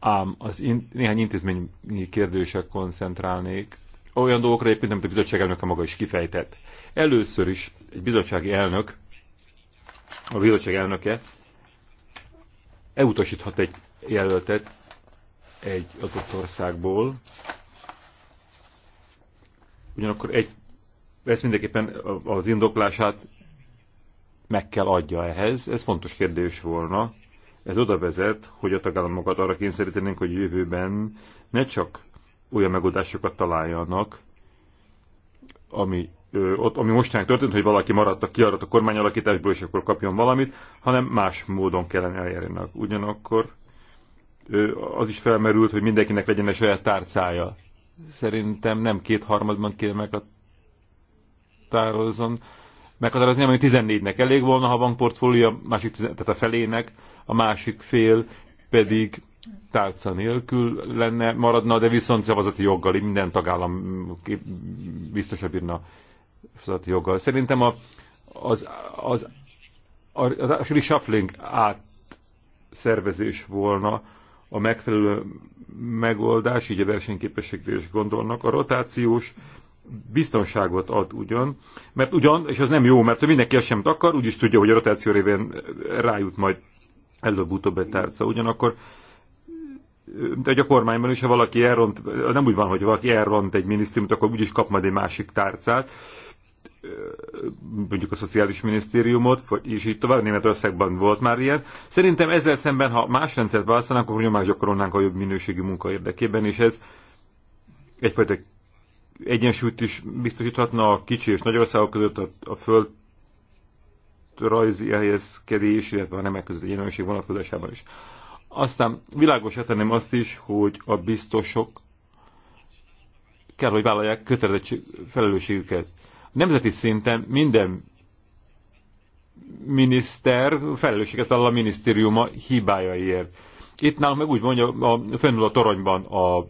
ám az in, néhány intézményi kérdésre koncentrálnék, olyan dolgokra egyébként, amit a bizottság elnöke maga is kifejtett. Először is egy bizottsági elnök, a bizottság elnöke elutasíthat egy jelöltet egy adott országból, ugyanakkor egy, ezt mindenképpen az indoklását meg kell adja ehhez. Ez fontos kérdés volna. Ez oda vezet, hogy a tagállamokat arra kényszerítenénk, hogy jövőben ne csak olyan megoldásokat találjanak, ami, ö, ott, ami mostanában történt, hogy valaki maradt a kiaradt a kormányalakításból, és akkor kapjon valamit, hanem más módon kellene eljárnak. Ugyanakkor ö, az is felmerült, hogy mindenkinek legyen egy saját tárcája. Szerintem nem kétharmadban kéne meg a tározzon, meghatározni, ami 14-nek elég volna, ha van portfólia, másik, tehát a felének, a másik fél pedig tárca nélkül lenne, maradna, de viszont szavazati joggal, minden tagállam biztosabb bírna szavazati joggal. Szerintem a, az, az, az, az, az reshuffling átszervezés volna a megfelelő megoldás, így a versenyképességre is gondolnak. A rotációs biztonságot ad ugyan, mert ugyan, és az nem jó, mert ha mindenki azt sem akar, úgyis tudja, hogy a rotáció révén rájut majd előbb-utóbb egy tárca. Ugyanakkor mint egy a kormányban is, ha valaki elront, nem úgy van, hogy valaki elront egy minisztériumot, akkor úgyis kap majd egy másik tárcát, mondjuk a Szociális Minisztériumot, és így tovább Németországban volt már ilyen. Szerintem ezzel szemben, ha más rendszert választanánk, akkor nyomást gyakorolnánk a jobb minőségű munka érdekében, és ez egyfajta egyensúlyt is biztosíthatna a kicsi és nagy országok között a, a föld rajzi elhelyezkedés, illetve a nemek között egyenlőség vonatkozásában is. Aztán világos tenném azt is, hogy a biztosok kell, hogy vállalják kötelezettség felelősségüket. Nemzeti szinten minden miniszter felelősséget vállal a minisztériuma hibájaiért. Itt nálunk meg úgy mondja, a, fennül a toronyban a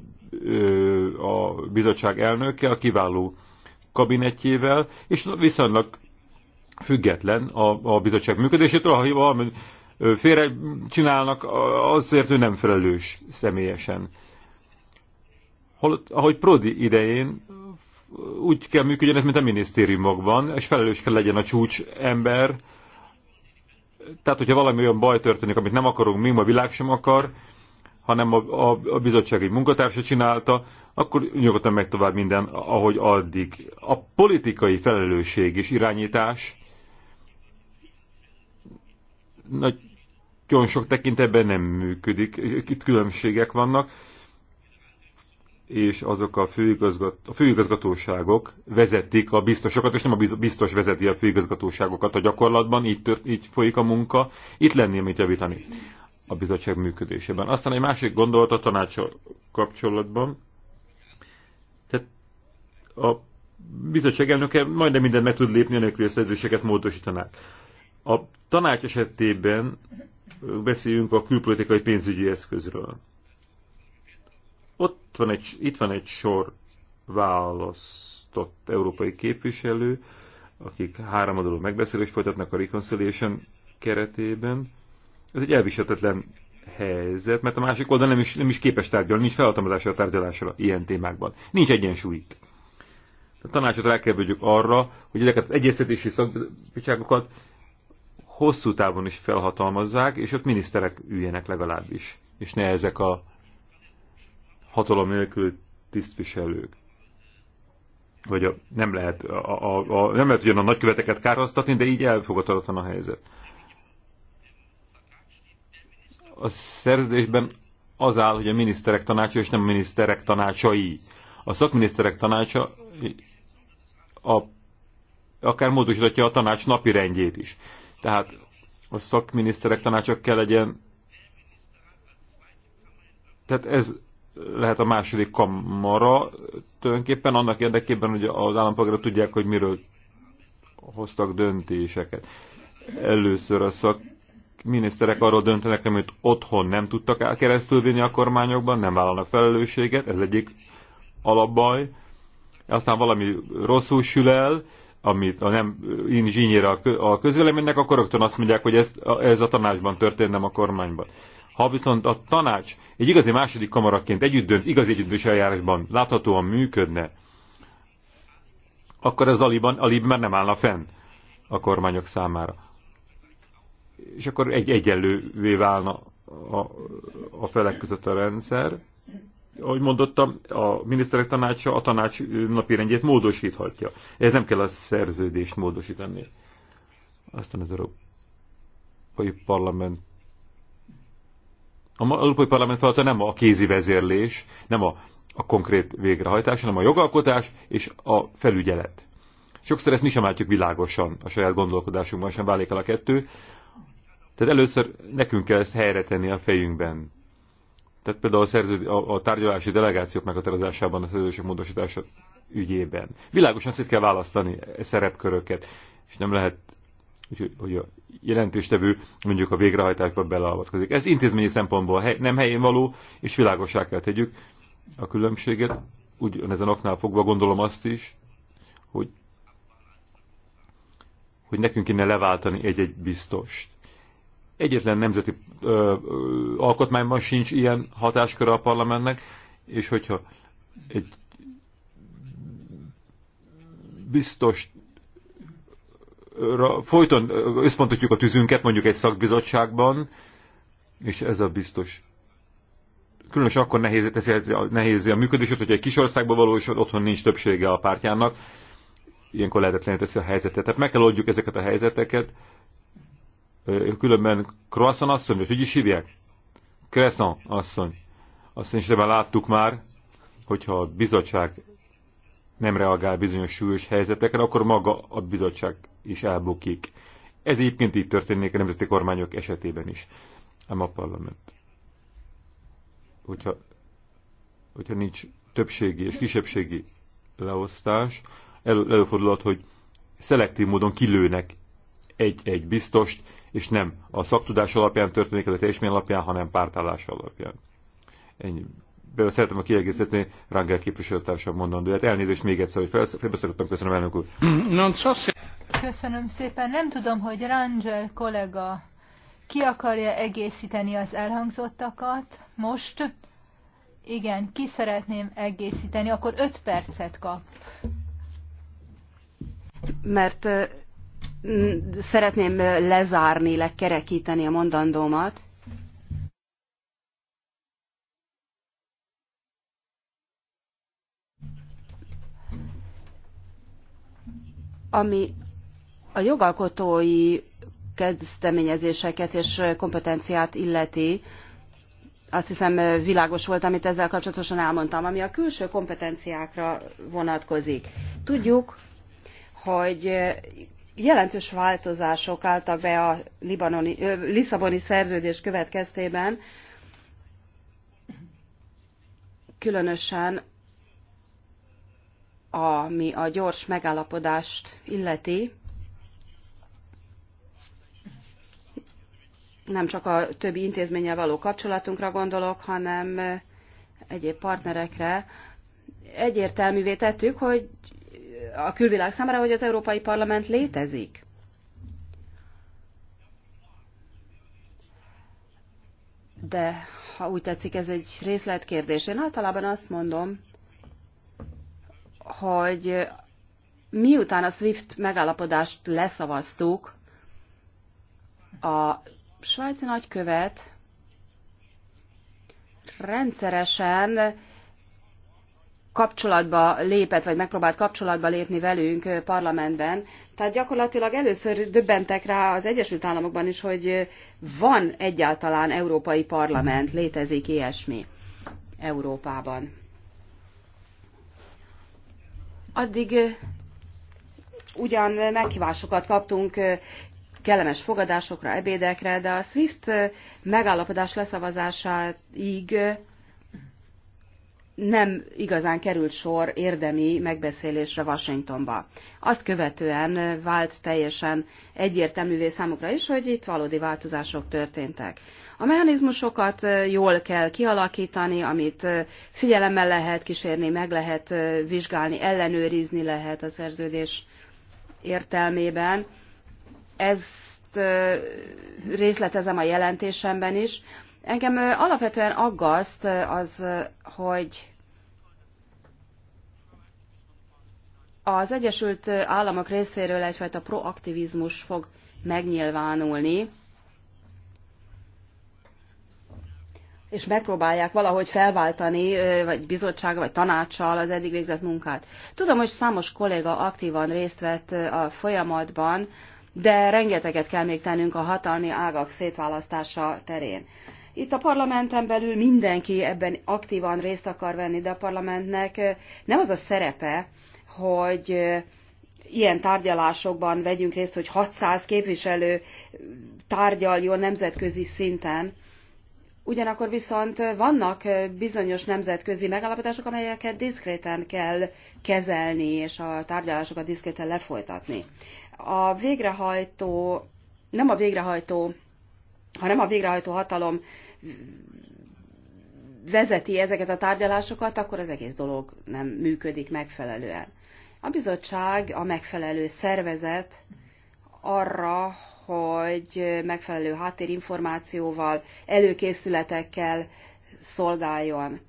a bizottság elnöke a kiváló kabinetjével, és viszonylag független a, a bizottság működésétől, ha valami félre csinálnak, azért ő nem felelős személyesen. Holott, ahogy Prodi idején úgy kell működjön ez, mint a minisztériumokban, és felelős kell legyen a csúcs ember. Tehát, hogyha valami olyan baj történik, amit nem akarunk, mi ma a világ sem akar, hanem a, a, a bizottság egy munkatársa csinálta, akkor nyugodtan meg tovább minden, ahogy addig. A politikai felelősség és irányítás nagyon sok tekintetben nem működik, itt különbségek vannak, és azok a, főigazgat, a főigazgatóságok vezetik a biztosokat, és nem a biztos vezeti a főigazgatóságokat a gyakorlatban, így, tört, így folyik a munka, itt lenném mit javítani a bizottság működésében. Aztán egy másik gondolat a tanácsal kapcsolatban. Tehát a bizottság elnöke majdnem mindent meg tud lépni, anélkül, hogy szerződéseket módosítanák. A tanács esetében beszéljünk a külpolitikai pénzügyi eszközről. Ott van egy, itt van egy sor választott európai képviselő, akik háromadalú megbeszélést folytatnak a Reconciliation keretében ez egy elviselhetetlen helyzet, mert a másik oldal nem is, nem is képes tárgyalni, nincs felhatalmazása a tárgyalásra ilyen témákban. Nincs egyensúly itt. A tanácsot rá kell arra, hogy ezeket az egyeztetési szakbizottságokat hosszú távon is felhatalmazzák, és ott miniszterek üljenek legalábbis, és ne ezek a hatalom nélkül tisztviselők. Vagy a, nem, lehet, a, a, a, nem lehet ugyan a nagyköveteket kárhoztatni, de így elfogadhatatlan a helyzet a szerződésben az áll, hogy a miniszterek tanácsa és nem a miniszterek tanácsai. A szakminiszterek tanácsa a, akár módosítatja a tanács napi rendjét is. Tehát a szakminiszterek tanácsa kell legyen. Tehát ez lehet a második kamara tulajdonképpen annak érdekében, hogy az állampolgárok tudják, hogy miről hoztak döntéseket. Először a szak miniszterek arról döntenek, amit otthon nem tudtak keresztülvinni a kormányokban, nem vállalnak felelősséget, ez egyik alapbaj. Aztán valami rosszul sül el, amit a nem zsínyére a közvéleménynek, akkor rögtön azt mondják, hogy ez, ez a tanácsban történt, nem a kormányban. Ha viszont a tanács egy igazi második kamaraként együtt dönt, igazi együttdöntés eljárásban láthatóan működne, akkor ez aliban, alib már nem állna fenn a kormányok számára és akkor egy egyenlővé válna a, a felek között a rendszer. Ahogy mondottam, a miniszterek tanácsa a tanács napirendjét módosíthatja. Ez nem kell a szerződést módosítani. Aztán az Európai Parlament a Európai Parlament feladata nem a kézi vezérlés, nem a, a konkrét végrehajtás, hanem a jogalkotás és a felügyelet. Sokszor ezt mi sem látjuk világosan a saját gondolkodásunkban, sem válik el a kettő. Tehát először nekünk kell ezt helyre tenni a fejünkben. Tehát például a, szerződ, a, a tárgyalási delegációk meghatározásában a szerződések módosítása ügyében. Világosan szét kell választani e szerepköröket, és nem lehet, hogy, a jelentéstevő mondjuk a végrehajtásba beleavatkozik. Ez intézményi szempontból hely, nem helyén való, és világosá kell tegyük a különbséget. Ugyanezen oknál fogva gondolom azt is, hogy, hogy nekünk kéne leváltani egy-egy biztost egyetlen nemzeti ö, ö, alkotmányban sincs ilyen hatásköre a parlamentnek, és hogyha egy biztos folyton összpontosítjuk a tüzünket mondjuk egy szakbizottságban, és ez a biztos. Különösen akkor nehéz, teszi, nehéz a működését, hogy egy kis országban való, és otthon nincs többsége a pártjának, ilyenkor lehetetlen teszi a helyzetet. Tehát meg kell oldjuk ezeket a helyzeteket, különben Croissant asszony, vagy hogy is hívják? Croissant asszony. Azt is ebben láttuk már, hogyha a bizottság nem reagál bizonyos súlyos helyzetekre, akkor maga a bizottság is elbukik. Ez egyébként így történik a nemzeti kormányok esetében is, ám a parlament. Hogyha, hogyha nincs többségi és kisebbségi leosztás, elő, előfordulhat, hogy szelektív módon kilőnek egy-egy biztost, és nem a szaktudás alapján történik, ez a teljesmény alapján, hanem pártállás alapján. Ennyi. Be szeretem a kiegészíteni Rangel képviselőtársam Hát Elnézést még egyszer, hogy felbeszélgettem, köszönöm elnök úr. Köszönöm szépen. Nem tudom, hogy Rangel kollega ki akarja egészíteni az elhangzottakat most. Igen, ki szeretném egészíteni, akkor öt percet kap. Mert szeretném lezárni, lekerekíteni a mondandómat. Ami a jogalkotói kezdeményezéseket és kompetenciát illeti, azt hiszem világos volt, amit ezzel kapcsolatosan elmondtam, ami a külső kompetenciákra vonatkozik. Tudjuk, hogy jelentős változások álltak be a libanoni, Lisszaboni szerződés következtében, különösen ami a gyors megállapodást illeti, nem csak a többi intézménnyel való kapcsolatunkra gondolok, hanem egyéb partnerekre. Egyértelművé tettük, hogy a külvilág számára, hogy az Európai Parlament létezik. De ha úgy tetszik, ez egy részletkérdés. Én általában azt mondom, hogy miután a SWIFT megállapodást leszavaztuk, a svájci nagykövet rendszeresen kapcsolatba lépett, vagy megpróbált kapcsolatba lépni velünk parlamentben. Tehát gyakorlatilag először döbbentek rá az Egyesült Államokban is, hogy van egyáltalán Európai Parlament, létezik ilyesmi Európában. Addig ugyan meghívásokat kaptunk kellemes fogadásokra, ebédekre, de a SWIFT megállapodás leszavazásáig nem igazán került sor érdemi megbeszélésre Washingtonba. Azt követően vált teljesen egyértelművé számukra is, hogy itt valódi változások történtek. A mechanizmusokat jól kell kialakítani, amit figyelemmel lehet kísérni, meg lehet vizsgálni, ellenőrizni lehet a szerződés értelmében. Ezt részletezem a jelentésemben is. Engem alapvetően aggaszt az, hogy az Egyesült Államok részéről egyfajta proaktivizmus fog megnyilvánulni, és megpróbálják valahogy felváltani, vagy bizottság, vagy tanácssal az eddig végzett munkát. Tudom, hogy számos kolléga aktívan részt vett a folyamatban, de rengeteget kell még tennünk a hatalmi ágak szétválasztása terén. Itt a parlamenten belül mindenki ebben aktívan részt akar venni, de a parlamentnek nem az a szerepe, hogy ilyen tárgyalásokban vegyünk részt, hogy 600 képviselő tárgyaljon nemzetközi szinten. Ugyanakkor viszont vannak bizonyos nemzetközi megállapodások, amelyeket diszkréten kell kezelni, és a tárgyalásokat diszkréten lefolytatni. A végrehajtó, nem a végrehajtó hanem a végrehajtó hatalom vezeti ezeket a tárgyalásokat, akkor az egész dolog nem működik megfelelően. A bizottság a megfelelő szervezet arra, hogy megfelelő háttérinformációval, előkészületekkel szolgáljon.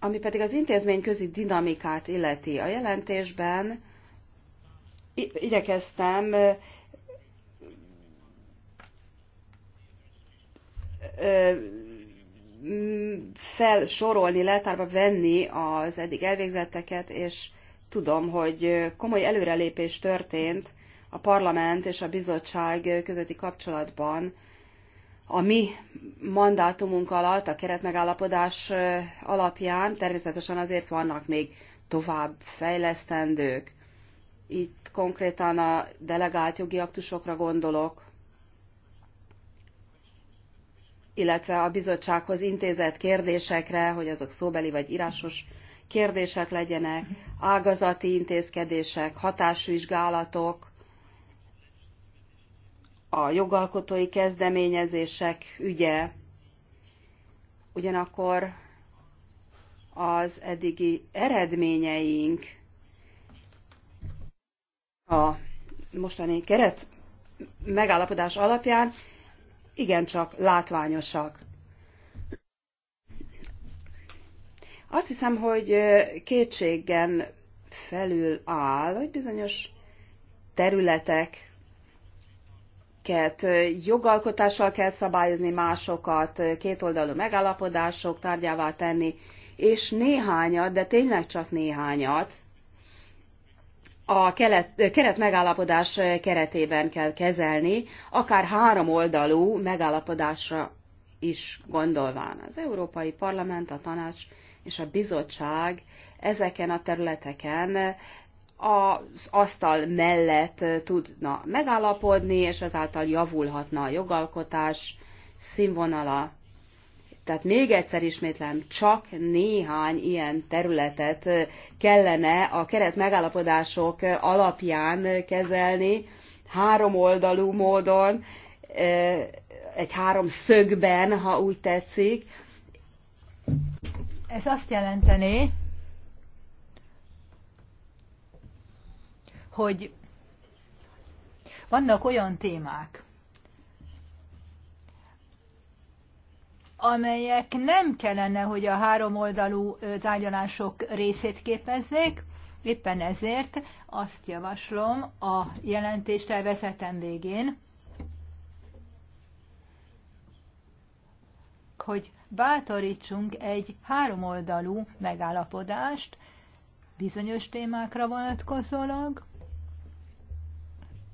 Ami pedig az intézmény közi dinamikát illeti. A jelentésben igyekeztem felsorolni, leltárba venni az eddig elvégzetteket, és tudom, hogy komoly előrelépés történt a parlament és a bizottság közötti kapcsolatban a mi mandátumunk alatt, a keretmegállapodás alapján természetesen azért vannak még tovább fejlesztendők. Itt konkrétan a delegált jogi aktusokra gondolok, illetve a bizottsághoz intézett kérdésekre, hogy azok szóbeli vagy írásos kérdések legyenek, ágazati intézkedések, hatásvizsgálatok, a jogalkotói kezdeményezések ügye, ugyanakkor az eddigi eredményeink a mostani keret megállapodás alapján igencsak látványosak. Azt hiszem, hogy kétségen felül áll, hogy bizonyos területek jogalkotással kell szabályozni, másokat kétoldalú megállapodások tárgyává tenni, és néhányat, de tényleg csak néhányat a kelet, keret megállapodás keretében kell kezelni, akár három oldalú megállapodásra is gondolván. Az Európai Parlament, a Tanács és a Bizottság ezeken a területeken az asztal mellett tudna megállapodni, és ezáltal javulhatna a jogalkotás színvonala. Tehát még egyszer ismétlem, csak néhány ilyen területet kellene a keret megállapodások alapján kezelni, háromoldalú módon, egy három szögben, ha úgy tetszik. Ez azt jelenteni, hogy vannak olyan témák, amelyek nem kellene, hogy a háromoldalú tárgyalások részét képezzék. Éppen ezért azt javaslom a jelentést elvezetem végén, hogy bátorítsunk egy háromoldalú megállapodást bizonyos témákra vonatkozólag.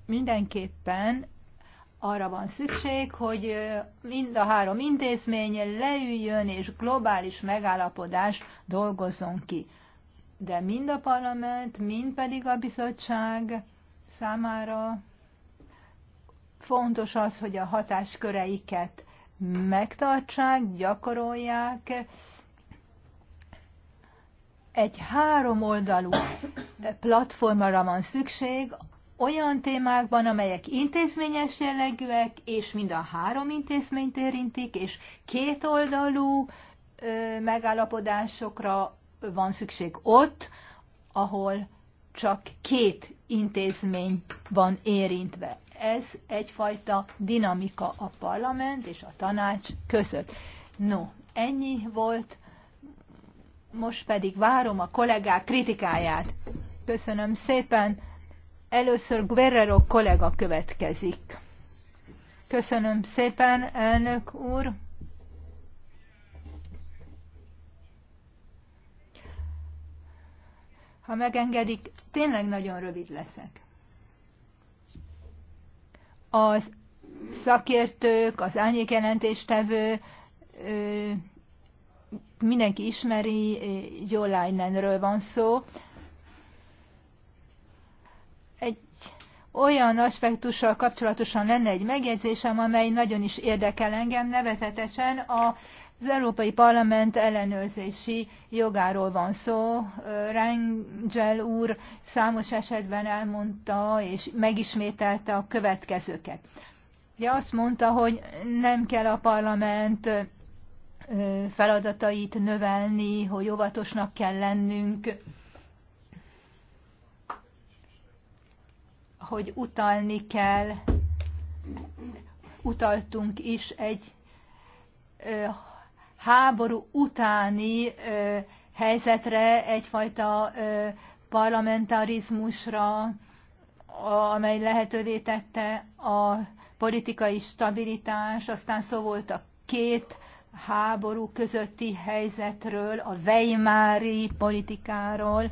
Mindenképpen arra van szükség, hogy mind a három intézmény leüljön és globális megállapodást dolgozzon ki. De mind a parlament, mind pedig a bizottság számára fontos az, hogy a hatásköreiket megtartsák, gyakorolják. Egy háromoldalú platformra van szükség, olyan témákban, amelyek intézményes jellegűek, és mind a három intézményt érintik, és kétoldalú megállapodásokra van szükség ott, ahol csak két intézmény van érintve. Ez egyfajta dinamika a parlament és a tanács között. No, ennyi volt, most pedig várom a kollégák kritikáját. Köszönöm szépen! Először Guerrero kollega következik. Köszönöm szépen, elnök úr. Ha megengedik, tényleg nagyon rövid leszek. Az szakértők, az árnyékjelentéstevő mindenki ismeri, Jolainenről van szó, olyan aspektussal kapcsolatosan lenne egy megjegyzésem, amely nagyon is érdekel engem, nevezetesen a az Európai Parlament ellenőrzési jogáról van szó. Rangel úr számos esetben elmondta és megismételte a következőket. Ugye azt mondta, hogy nem kell a parlament feladatait növelni, hogy óvatosnak kell lennünk, hogy utalni kell, utaltunk is egy háború utáni helyzetre, egyfajta parlamentarizmusra, amely lehetővé tette a politikai stabilitás, aztán szó volt a két háború közötti helyzetről, a Weimári politikáról,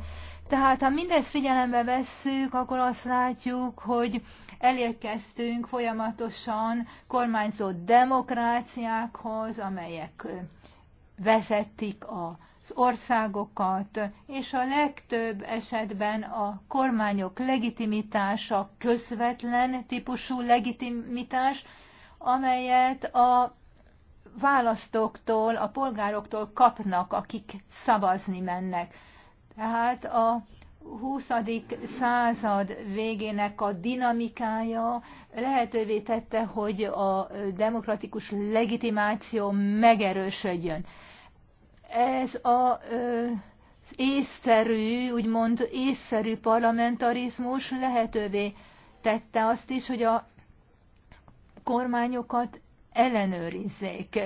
tehát ha mindezt figyelembe vesszük, akkor azt látjuk, hogy elérkeztünk folyamatosan kormányzó demokráciákhoz, amelyek vezetik az országokat, és a legtöbb esetben a kormányok legitimitása közvetlen típusú legitimitás, amelyet a választóktól, a polgároktól kapnak, akik szavazni mennek. Tehát a 20. század végének a dinamikája lehetővé tette, hogy a demokratikus legitimáció megerősödjön. Ez a észszerű, úgymond észszerű parlamentarizmus lehetővé tette azt is, hogy a kormányokat ellenőrizzék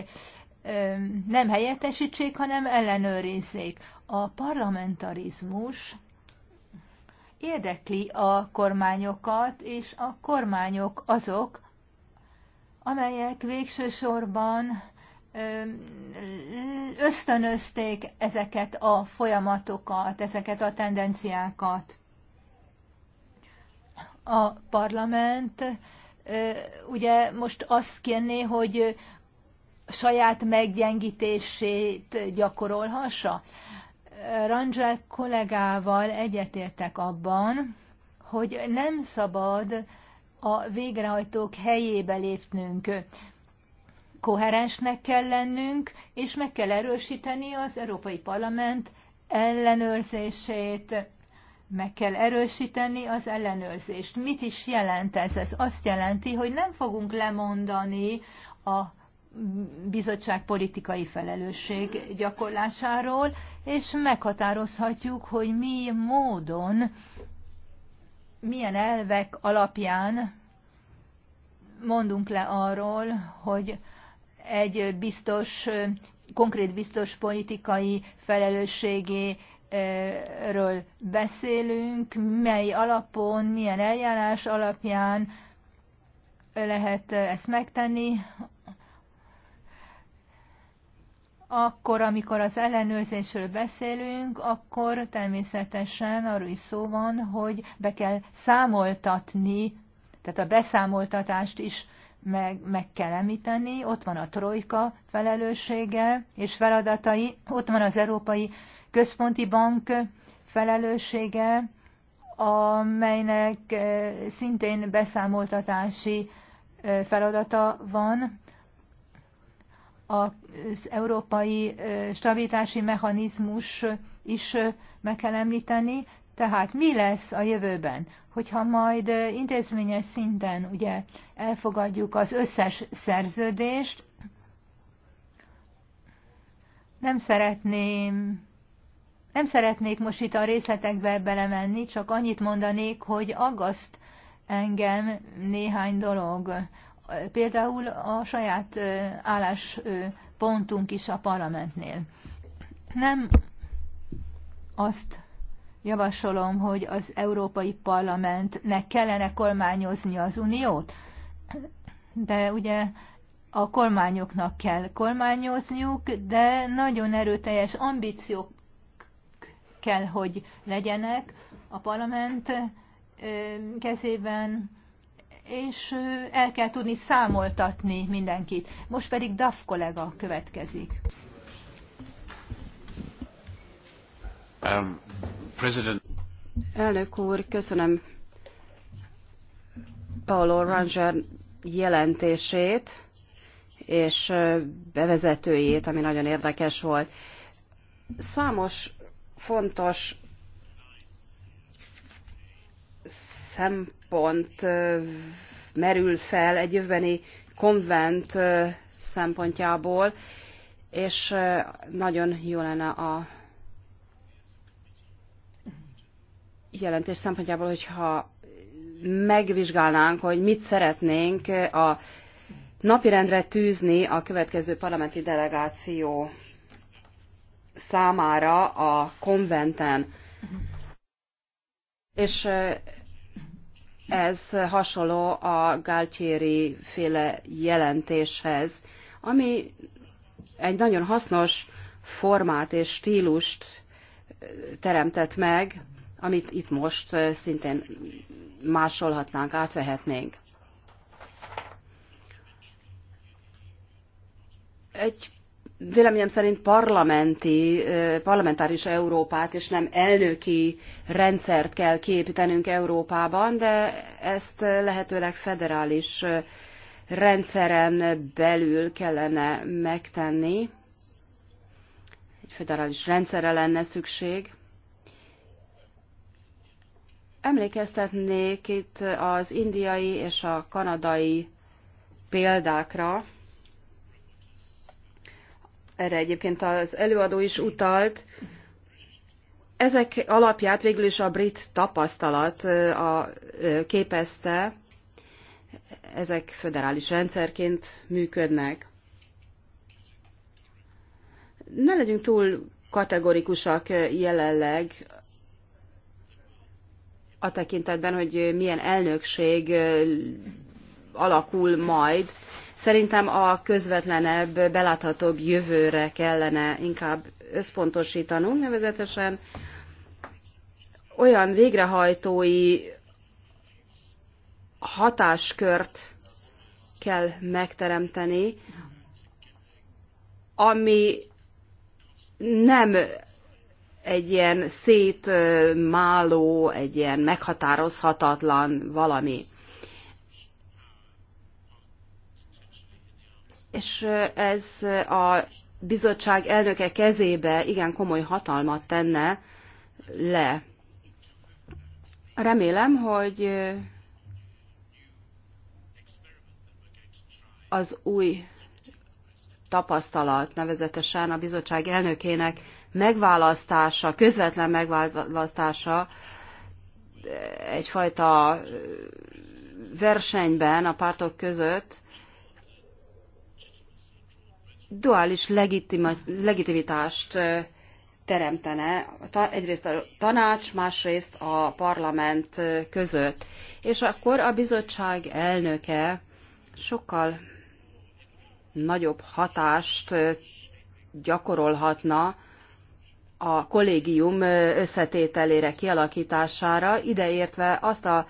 nem helyettesítsék, hanem ellenőrizzék. A parlamentarizmus érdekli a kormányokat, és a kormányok azok, amelyek végső sorban ösztönözték ezeket a folyamatokat, ezeket a tendenciákat. A parlament ugye most azt kérné, hogy saját meggyengítését gyakorolhassa? Rangel kollégával egyetértek abban, hogy nem szabad a végrehajtók helyébe lépnünk. Koherensnek kell lennünk, és meg kell erősíteni az Európai Parlament ellenőrzését. Meg kell erősíteni az ellenőrzést. Mit is jelent ez? Ez azt jelenti, hogy nem fogunk lemondani a bizottság politikai felelősség gyakorlásáról, és meghatározhatjuk, hogy mi módon, milyen elvek alapján mondunk le arról, hogy egy biztos, konkrét biztos politikai felelősségéről beszélünk, mely alapon, milyen eljárás alapján lehet ezt megtenni akkor, amikor az ellenőrzésről beszélünk, akkor természetesen arról is szó van, hogy be kell számoltatni, tehát a beszámoltatást is meg, meg kell említeni. Ott van a trojka felelőssége és feladatai, ott van az Európai Központi Bank felelőssége, amelynek eh, szintén beszámoltatási eh, feladata van. A az európai stabilitási mechanizmus is meg kell említeni. Tehát mi lesz a jövőben, hogyha majd intézményes szinten ugye elfogadjuk az összes szerződést, nem szeretném nem szeretnék most itt a részletekbe belemenni, csak annyit mondanék, hogy aggaszt engem néhány dolog. Például a saját állás pontunk is a parlamentnél. Nem azt javasolom, hogy az Európai Parlamentnek kellene kormányozni az Uniót, de ugye a kormányoknak kell kormányozniuk, de nagyon erőteljes ambíciók kell, hogy legyenek a parlament kezében, és el kell tudni számoltatni mindenkit. Most pedig DAF kollega következik. Um, President. Elnök úr, köszönöm Paolo Ranger jelentését és bevezetőjét, ami nagyon érdekes volt. Számos fontos szempont merül fel egy jövőbeni konvent szempontjából, és nagyon jó lenne a jelentés szempontjából, hogyha megvizsgálnánk, hogy mit szeretnénk a napirendre tűzni a következő parlamenti delegáció számára a konventen. És ez hasonló a Galtieri féle jelentéshez, ami egy nagyon hasznos formát és stílust teremtett meg, amit itt most eh, szintén másolhatnánk, átvehetnénk. Egy véleményem szerint parlamenti, parlamentáris Európát, és nem elnöki rendszert kell kiépítenünk Európában, de ezt lehetőleg federális rendszeren belül kellene megtenni. Egy federális rendszerre lenne szükség. Emlékeztetnék itt az indiai és a kanadai példákra, erre egyébként az előadó is utalt, ezek alapját végül is a brit tapasztalat a, képezte, ezek föderális rendszerként működnek. Ne legyünk túl kategorikusak jelenleg a tekintetben, hogy milyen elnökség alakul majd, Szerintem a közvetlenebb, beláthatóbb jövőre kellene inkább összpontosítanunk, nevezetesen olyan végrehajtói hatáskört kell megteremteni, ami nem egy ilyen szétmáló, egy ilyen meghatározhatatlan valami. és ez a bizottság elnöke kezébe igen komoly hatalmat tenne le. Remélem, hogy az új tapasztalat, nevezetesen a bizottság elnökének megválasztása, közvetlen megválasztása egyfajta versenyben a pártok között duális legitimitást teremtene, egyrészt a tanács, másrészt a parlament között. És akkor a bizottság elnöke sokkal nagyobb hatást gyakorolhatna a kollégium összetételére, kialakítására, ideértve azt a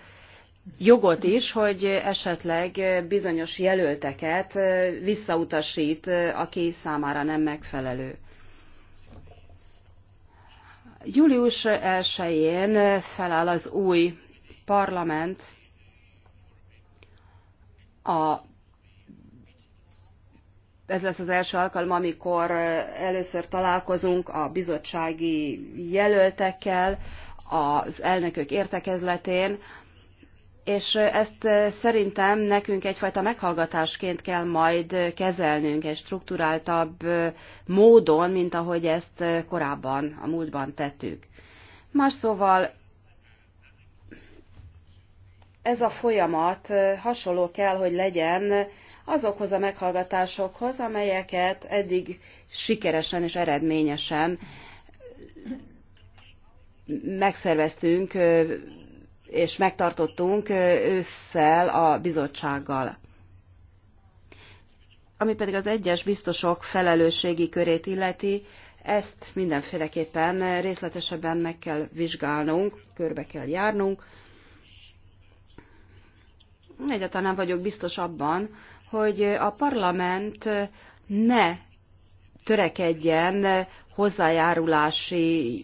jogot is, hogy esetleg bizonyos jelölteket visszautasít, aki számára nem megfelelő. Július 1-én feláll az új parlament a ez lesz az első alkalom, amikor először találkozunk a bizottsági jelöltekkel az elnökök értekezletén és ezt eh, szerintem nekünk egyfajta meghallgatásként kell majd eh, kezelnünk egy strukturáltabb eh, módon, mint ahogy ezt korábban, a múltban tettük. Más szóval ez a folyamat hasonló kell, hogy legyen azokhoz a meghallgatásokhoz, amelyeket eddig sikeresen és eredményesen megszerveztünk és megtartottunk ősszel a bizottsággal. Ami pedig az egyes biztosok felelősségi körét illeti, ezt mindenféleképpen részletesebben meg kell vizsgálnunk, körbe kell járnunk. Egyáltalán nem vagyok biztos abban, hogy a parlament ne törekedjen hozzájárulási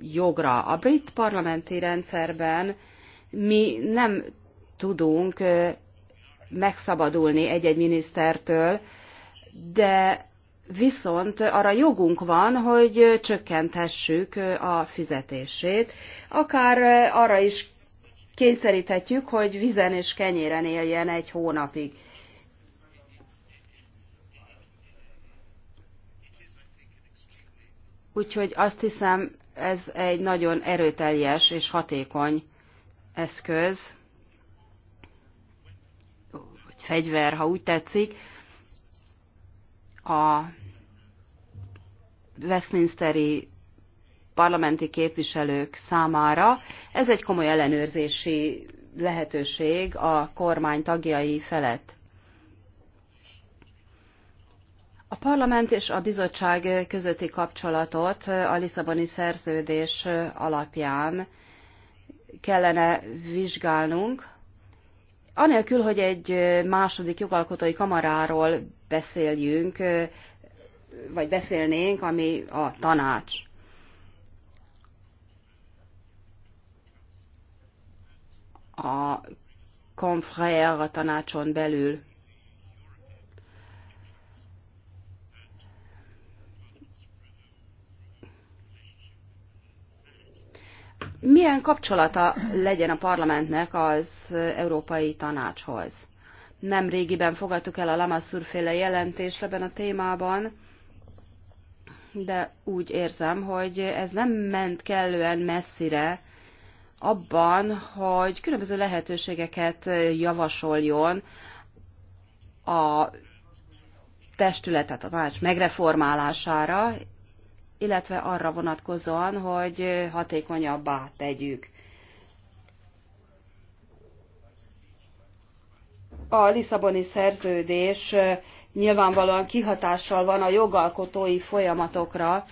jogra. A brit parlamenti rendszerben mi nem tudunk megszabadulni egy-egy minisztertől, de viszont arra jogunk van, hogy csökkentessük a fizetését. Akár arra is kényszeríthetjük, hogy vizen és kenyéren éljen egy hónapig. Úgyhogy azt hiszem, ez egy nagyon erőteljes és hatékony eszköz, vagy fegyver, ha úgy tetszik, a Westminsteri parlamenti képviselők számára. Ez egy komoly ellenőrzési lehetőség a kormány tagjai felett. A parlament és a bizottság közötti kapcsolatot a Lisszaboni szerződés alapján kellene vizsgálnunk, anélkül, hogy egy második jogalkotói kamaráról beszéljünk, vagy beszélnénk, ami a tanács. A confrère a tanácson belül. milyen kapcsolata legyen a parlamentnek az Európai Tanácshoz. Nem régiben fogadtuk el a Lamassur féle jelentést ebben a témában, de úgy érzem, hogy ez nem ment kellően messzire abban, hogy különböző lehetőségeket javasoljon a testületet, a tanács megreformálására, illetve arra vonatkozóan, hogy hatékonyabbá tegyük. A Lisszaboni szerződés nyilvánvalóan kihatással van a jogalkotói folyamatokra,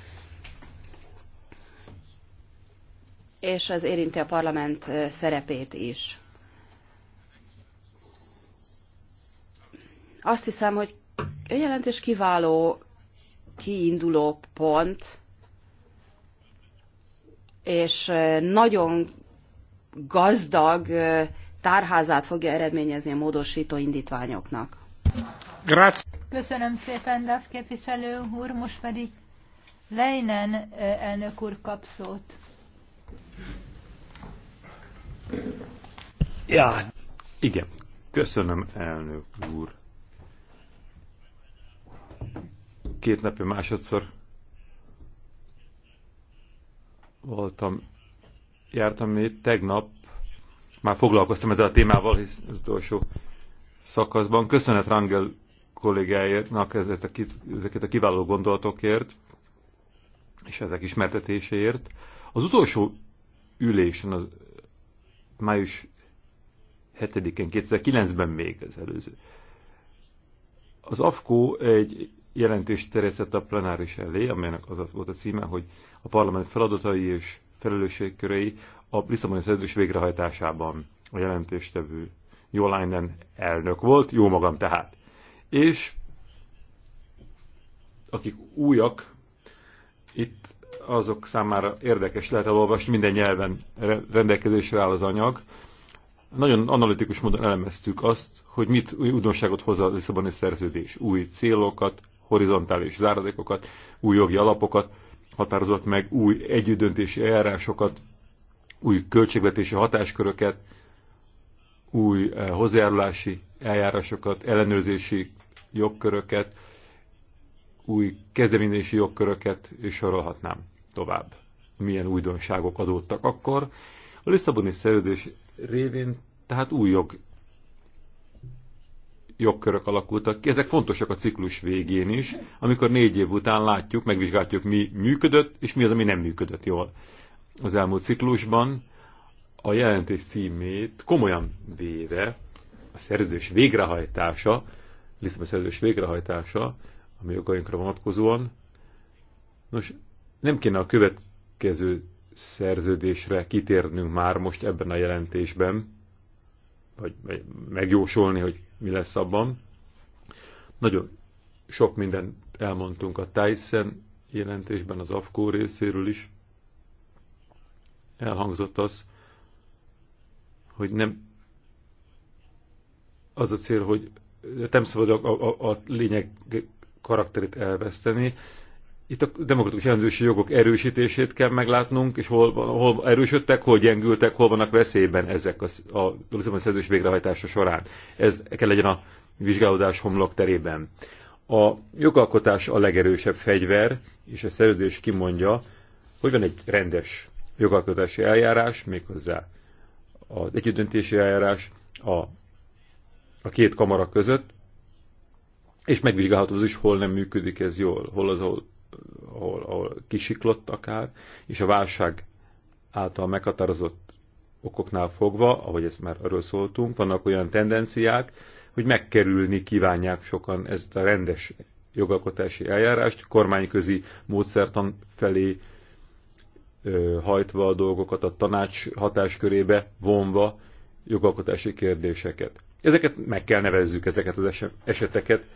és ez érinti a parlament szerepét is. Azt hiszem, hogy a jelentés kiváló kiinduló pont, és nagyon gazdag tárházát fogja eredményezni a módosító indítványoknak. Grazie. Köszönöm szépen, DAF képviselő úr, most pedig Leinen elnök úr kap szót. Ja. Igen, köszönöm elnök úr két napja másodszor voltam, jártam itt tegnap, már foglalkoztam ezzel a témával, hisz az utolsó szakaszban. Köszönet Rangel a, ezeket a kiváló gondolatokért, és ezek ismertetéséért. Az utolsó ülésen, az május 7-én, 2009-ben még az előző, az AFKO egy jelentést terjesztett a plenáris elé, amelynek az volt a címe, hogy a parlament feladatai és felelősségkörei a Lisszaboni szerződés végrehajtásában a jelentéstevő Jó elnök volt, jó magam tehát. És akik újak, itt azok számára érdekes lehet elolvasni, minden nyelven rendelkezésre áll az anyag. Nagyon analitikus módon elemeztük azt, hogy mit új újdonságot hoz a Lisszaboni szerződés. Új célokat, horizontális záradékokat, új jogi alapokat határozott meg, új együttdöntési eljárásokat, új költségvetési hatásköröket, új eh, hozzájárulási eljárásokat, ellenőrzési jogköröket, új kezdeményezési jogköröket, és sorolhatnám tovább, milyen újdonságok adódtak akkor. A Lisszaboni szerződés révén tehát új jog jogkörök alakultak ki. Ezek fontosak a ciklus végén is, amikor négy év után látjuk, megvizsgáljuk, mi működött, és mi az, ami nem működött jól. Az elmúlt ciklusban a jelentés címét komolyan véve a szerződés végrehajtása, a szerződés végrehajtása, ami jogainkra vonatkozóan, nos, nem kéne a következő szerződésre kitérnünk már most ebben a jelentésben, vagy, vagy megjósolni, hogy mi lesz abban. Nagyon sok mindent elmondtunk a Tyson jelentésben, az AFKO részéről is. Elhangzott az, hogy nem az a cél, hogy nem szabad a, a, a lényeg karakterét elveszteni, itt a demokratikus jelentősi jogok erősítését kell meglátnunk, és hol, hol erősödtek, hol gyengültek, hol vannak veszélyben ezek a, a Lisszaboni szerződés végrehajtása során. Ez kell legyen a vizsgálódás homlok terében. A jogalkotás a legerősebb fegyver, és a szerződés kimondja, hogy van egy rendes jogalkotási eljárás, méghozzá az együttdöntési eljárás a, a két kamara között, és megvizsgálható az is, hol nem működik ez jól, hol az, ahol ahol, ahol kisiklott akár, és a válság által meghatározott okoknál fogva, ahogy ezt már arról szóltunk, vannak olyan tendenciák, hogy megkerülni kívánják sokan ezt a rendes jogalkotási eljárást, kormányközi módszertan felé ö, hajtva a dolgokat, a tanács hatáskörébe vonva jogalkotási kérdéseket. Ezeket meg kell nevezzük, ezeket az eseteket,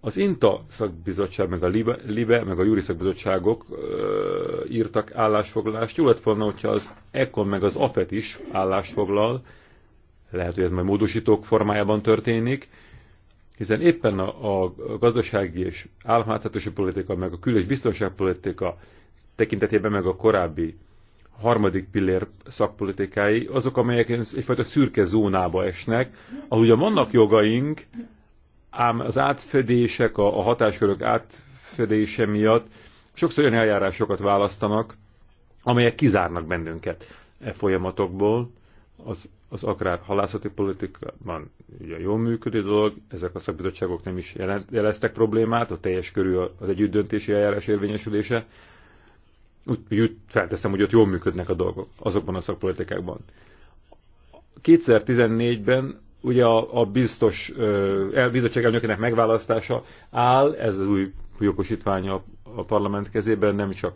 az INTA szakbizottság, meg a LIBE, LIBE meg a Júri szakbizottságok ö, írtak állásfoglalást. Jó lett volna, hogyha az ECON meg az AFET is állásfoglal, lehet, hogy ez majd módosítók formájában történik, hiszen éppen a, a gazdasági és államháztartási politika, meg a kül- és biztonságpolitika tekintetében, meg a korábbi harmadik pillér szakpolitikái, azok, amelyek egyfajta szürke zónába esnek, ahol vannak jogaink, ám az átfedések, a, a hatáskörök átfedése miatt sokszor olyan eljárásokat választanak, amelyek kizárnak bennünket e folyamatokból. Az, az agrár halászati politikában ugye jól működő dolog, ezek a szakbizottságok nem is jeleztek problémát, a teljes körű az együttdöntési eljárás érvényesülése, úgy felteszem, hogy ott jól működnek a dolgok azokban a szakpolitikákban. 2014-ben ugye a, a biztos bizottság elnökének megválasztása áll, ez az új jogosítvány a, a parlament kezében, nem csak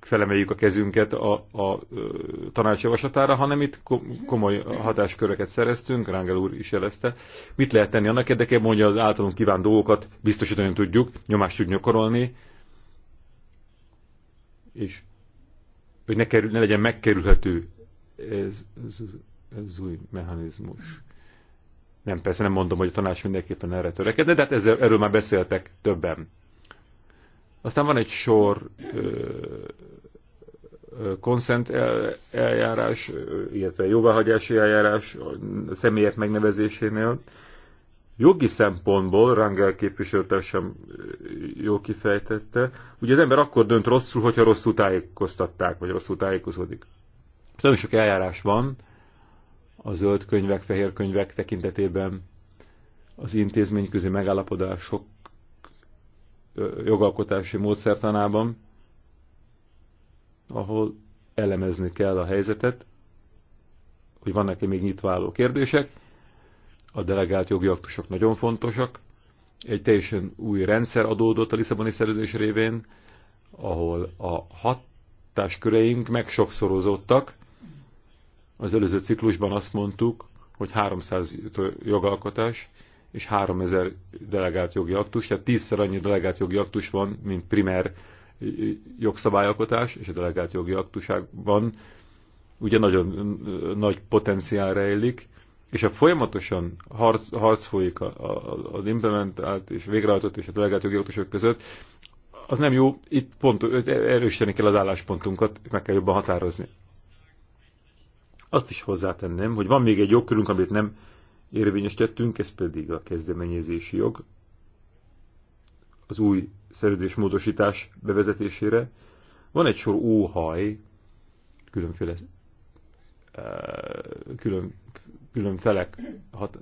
felemeljük a kezünket a, a a tanácsjavaslatára, hanem itt komoly hatásköröket szereztünk, Rangel úr is jelezte. Mit lehet tenni annak érdekében, hogy az általunk kíván dolgokat biztosítani tudjuk, nyomást tudjuk nyakorolni, és hogy ne, kerül, ne legyen megkerülhető ez, ez, ez az új mechanizmus. Nem, persze nem mondom, hogy a tanács mindenképpen erre törekedne, de hát ezzel, erről már beszéltek többen. Aztán van egy sor konszent eljárás, illetve jóváhagyási eljárás a személyek megnevezésénél. Jogi szempontból Rangel képviselőtársam jó kifejtette, ugye az ember akkor dönt rosszul, hogyha rosszul tájékoztatták, vagy rosszul tájékozódik. Nagyon sok eljárás van, a zöld könyvek, fehér könyvek tekintetében az intézményközi megállapodások jogalkotási módszertanában, ahol elemezni kell a helyzetet, hogy vannak-e még nyitva álló kérdések. A delegált jogi aktusok nagyon fontosak. Egy teljesen új rendszer adódott a Lisszaboni szerződés révén, ahol a hatásköreink meg sokszorozottak, az előző ciklusban azt mondtuk, hogy 300 jogalkotás és 3000 delegált jogi aktus, tehát tízszer annyi delegált jogi aktus van, mint primer jogszabályalkotás, és a delegált jogi aktuságban ugye nagyon nagy potenciál rejlik, és a folyamatosan harc, harc folyik a, a, az implementált és végrehajtott és a delegált jogi aktusok között, az nem jó, itt pont erősíteni kell az álláspontunkat, meg kell jobban határozni. Azt is hozzátennem, hogy van még egy jogkörünk, amit nem érvényesítettünk, ez pedig a kezdeményezési jog az új szerződésmódosítás bevezetésére. Van egy sor óhaj, különféle eh, külön, külön felek hat,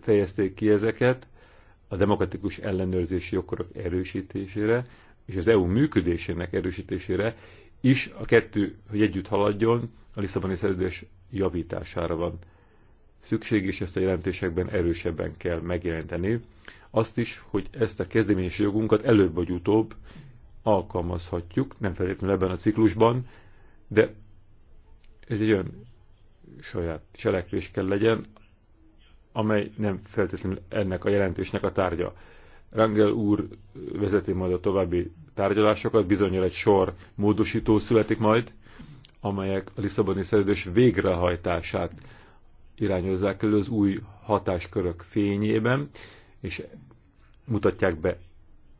fejezték ki ezeket a demokratikus ellenőrzési jogkorok erősítésére és az EU működésének erősítésére is a kettő, hogy együtt haladjon a Lisszaboni szerződés javítására van szükség, és ezt a jelentésekben erősebben kell megjelenteni. Azt is, hogy ezt a kezdeményezési jogunkat előbb vagy utóbb alkalmazhatjuk, nem feltétlenül ebben a ciklusban, de ez egy olyan saját cselekvés kell legyen, amely nem feltétlenül ennek a jelentésnek a tárgya. Rangel úr vezeti majd a további tárgyalásokat, bizonyal egy sor módosító születik majd, amelyek a Lisszaboni szerződés végrehajtását irányozzák elő az új hatáskörök fényében, és mutatják be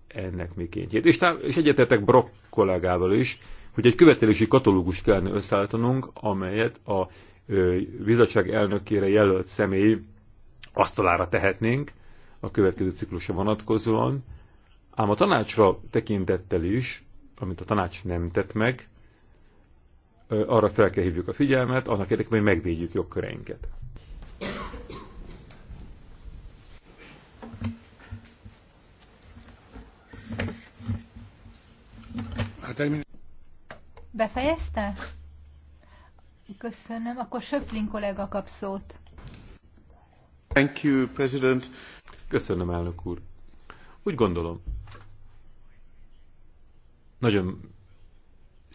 ennek mikéntjét. És, és egyetetek Brock kollégával is, hogy egy követelési katalógus kellene összeállítanunk, amelyet a ö, bizottság elnökére jelölt személy asztalára tehetnénk a következő ciklusa vonatkozóan, ám a tanácsra tekintettel is, amit a tanács nem tett meg, arra fel kell hívjuk a figyelmet, annak érdekében, hogy megvédjük jogköreinket. Befejezte? Köszönöm. Akkor Söflin kollega kap szót. Thank you, President. Köszönöm, elnök úr. Úgy gondolom, nagyon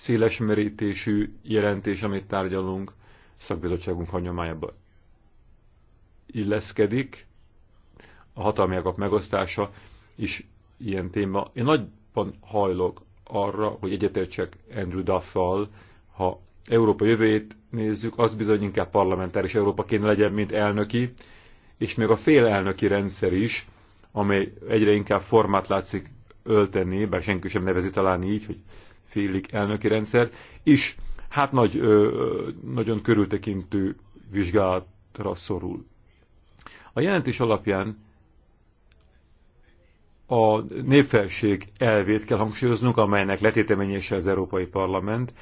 széles merítésű jelentés, amit tárgyalunk, szakbizottságunk hagyományába illeszkedik. A hatalmi ágak megosztása is ilyen téma. Én nagyban hajlok arra, hogy egyetértsek Andrew duff ha Európa jövőjét nézzük, az bizony inkább parlamentáris Európa kéne legyen, mint elnöki, és még a félelnöki rendszer is, amely egyre inkább formát látszik ölteni, bár senki sem nevezi talán így, hogy félig elnöki rendszer is, hát nagy, nagyon körültekintő vizsgálatra szorul. A jelentés alapján a népfelség elvét kell hangsúlyoznunk, amelynek letéteményése az Európai Parlament.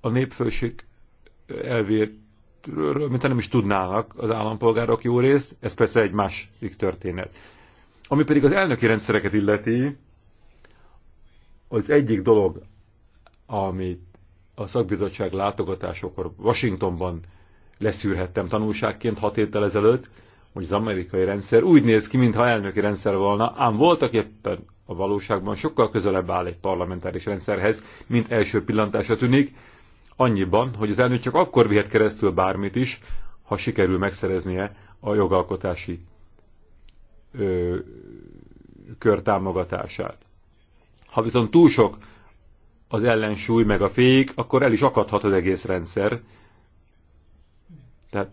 A népfelség elvét mint nem is tudnának az állampolgárok jó részt, ez persze egy másik történet. Ami pedig az elnöki rendszereket illeti, az egyik dolog, amit a szakbizottság látogatásokor Washingtonban leszűrhettem tanulságként hat héttel ezelőtt, hogy az amerikai rendszer úgy néz ki, mintha elnöki rendszer volna, ám voltak éppen a valóságban sokkal közelebb áll egy parlamentáris rendszerhez, mint első pillantásra tűnik, annyiban, hogy az elnök csak akkor vihet keresztül bármit is, ha sikerül megszereznie a jogalkotási ö, kör támogatását. Ha viszont túl sok az ellensúly meg a fék, akkor el is akadhat az egész rendszer. Tehát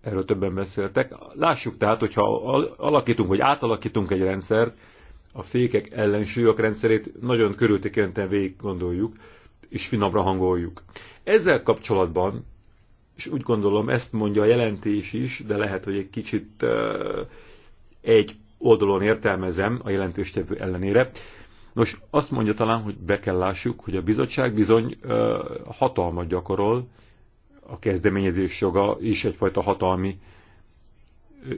erről többen beszéltek. Lássuk tehát, hogyha alakítunk, vagy átalakítunk egy rendszert, a fékek ellensúlyok rendszerét nagyon körültekintően végig gondoljuk, és finomra hangoljuk. Ezzel kapcsolatban, és úgy gondolom ezt mondja a jelentés is, de lehet, hogy egy kicsit uh, egy oldalon értelmezem a jelentéstevő ellenére. Nos, azt mondja talán, hogy be kell lássuk, hogy a bizottság bizony ö, hatalmat gyakorol, a kezdeményezés joga is egyfajta hatalmi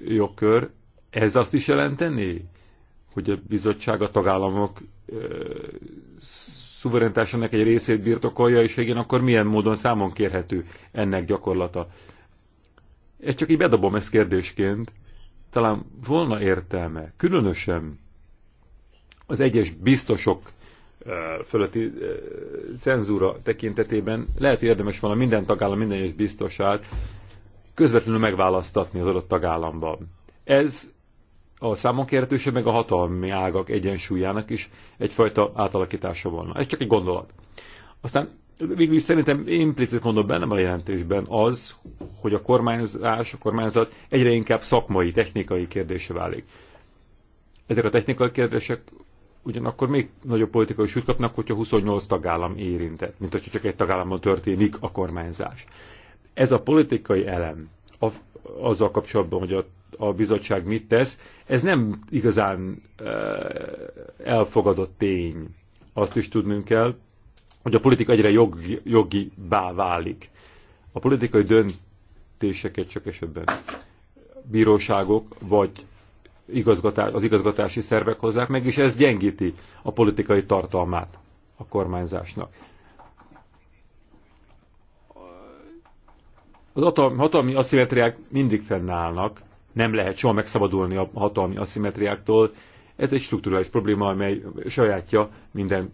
jogkör. Ez azt is jelenteni, hogy a bizottság a tagállamok ö, szuverenitásának egy részét birtokolja, és végén akkor milyen módon számon kérhető ennek gyakorlata. Ezt csak így bedobom ezt kérdésként, talán volna értelme, különösen az egyes biztosok eh, fölötti eh, cenzúra tekintetében lehet, hogy érdemes volna minden tagállam, minden egyes biztosát közvetlenül megválasztatni az adott tagállamban. Ez a számonkérhetőse meg a hatalmi ágak egyensúlyának is egyfajta átalakítása volna. Ez csak egy gondolat. Aztán végül is szerintem implicit mondom benne a jelentésben az, hogy a kormányzás, a kormányzat egyre inkább szakmai, technikai kérdése válik. Ezek a technikai kérdések ugyanakkor még nagyobb politikai súlyt kapnak, hogyha 28 tagállam érintett, mint hogyha csak egy tagállamban történik a kormányzás. Ez a politikai elem a, azzal kapcsolatban, hogy a, a bizottság mit tesz, ez nem igazán e, elfogadott tény. Azt is tudnunk kell, hogy a politika egyre jogi, bá válik. A politikai döntéseket csak esetben bíróságok vagy igazgatás, az igazgatási szervek hozzák meg, és ez gyengíti a politikai tartalmát a kormányzásnak. Az hatalmi aszimetriák mindig fennállnak, nem lehet soha megszabadulni a hatalmi aszimetriáktól. Ez egy strukturális probléma, amely sajátja minden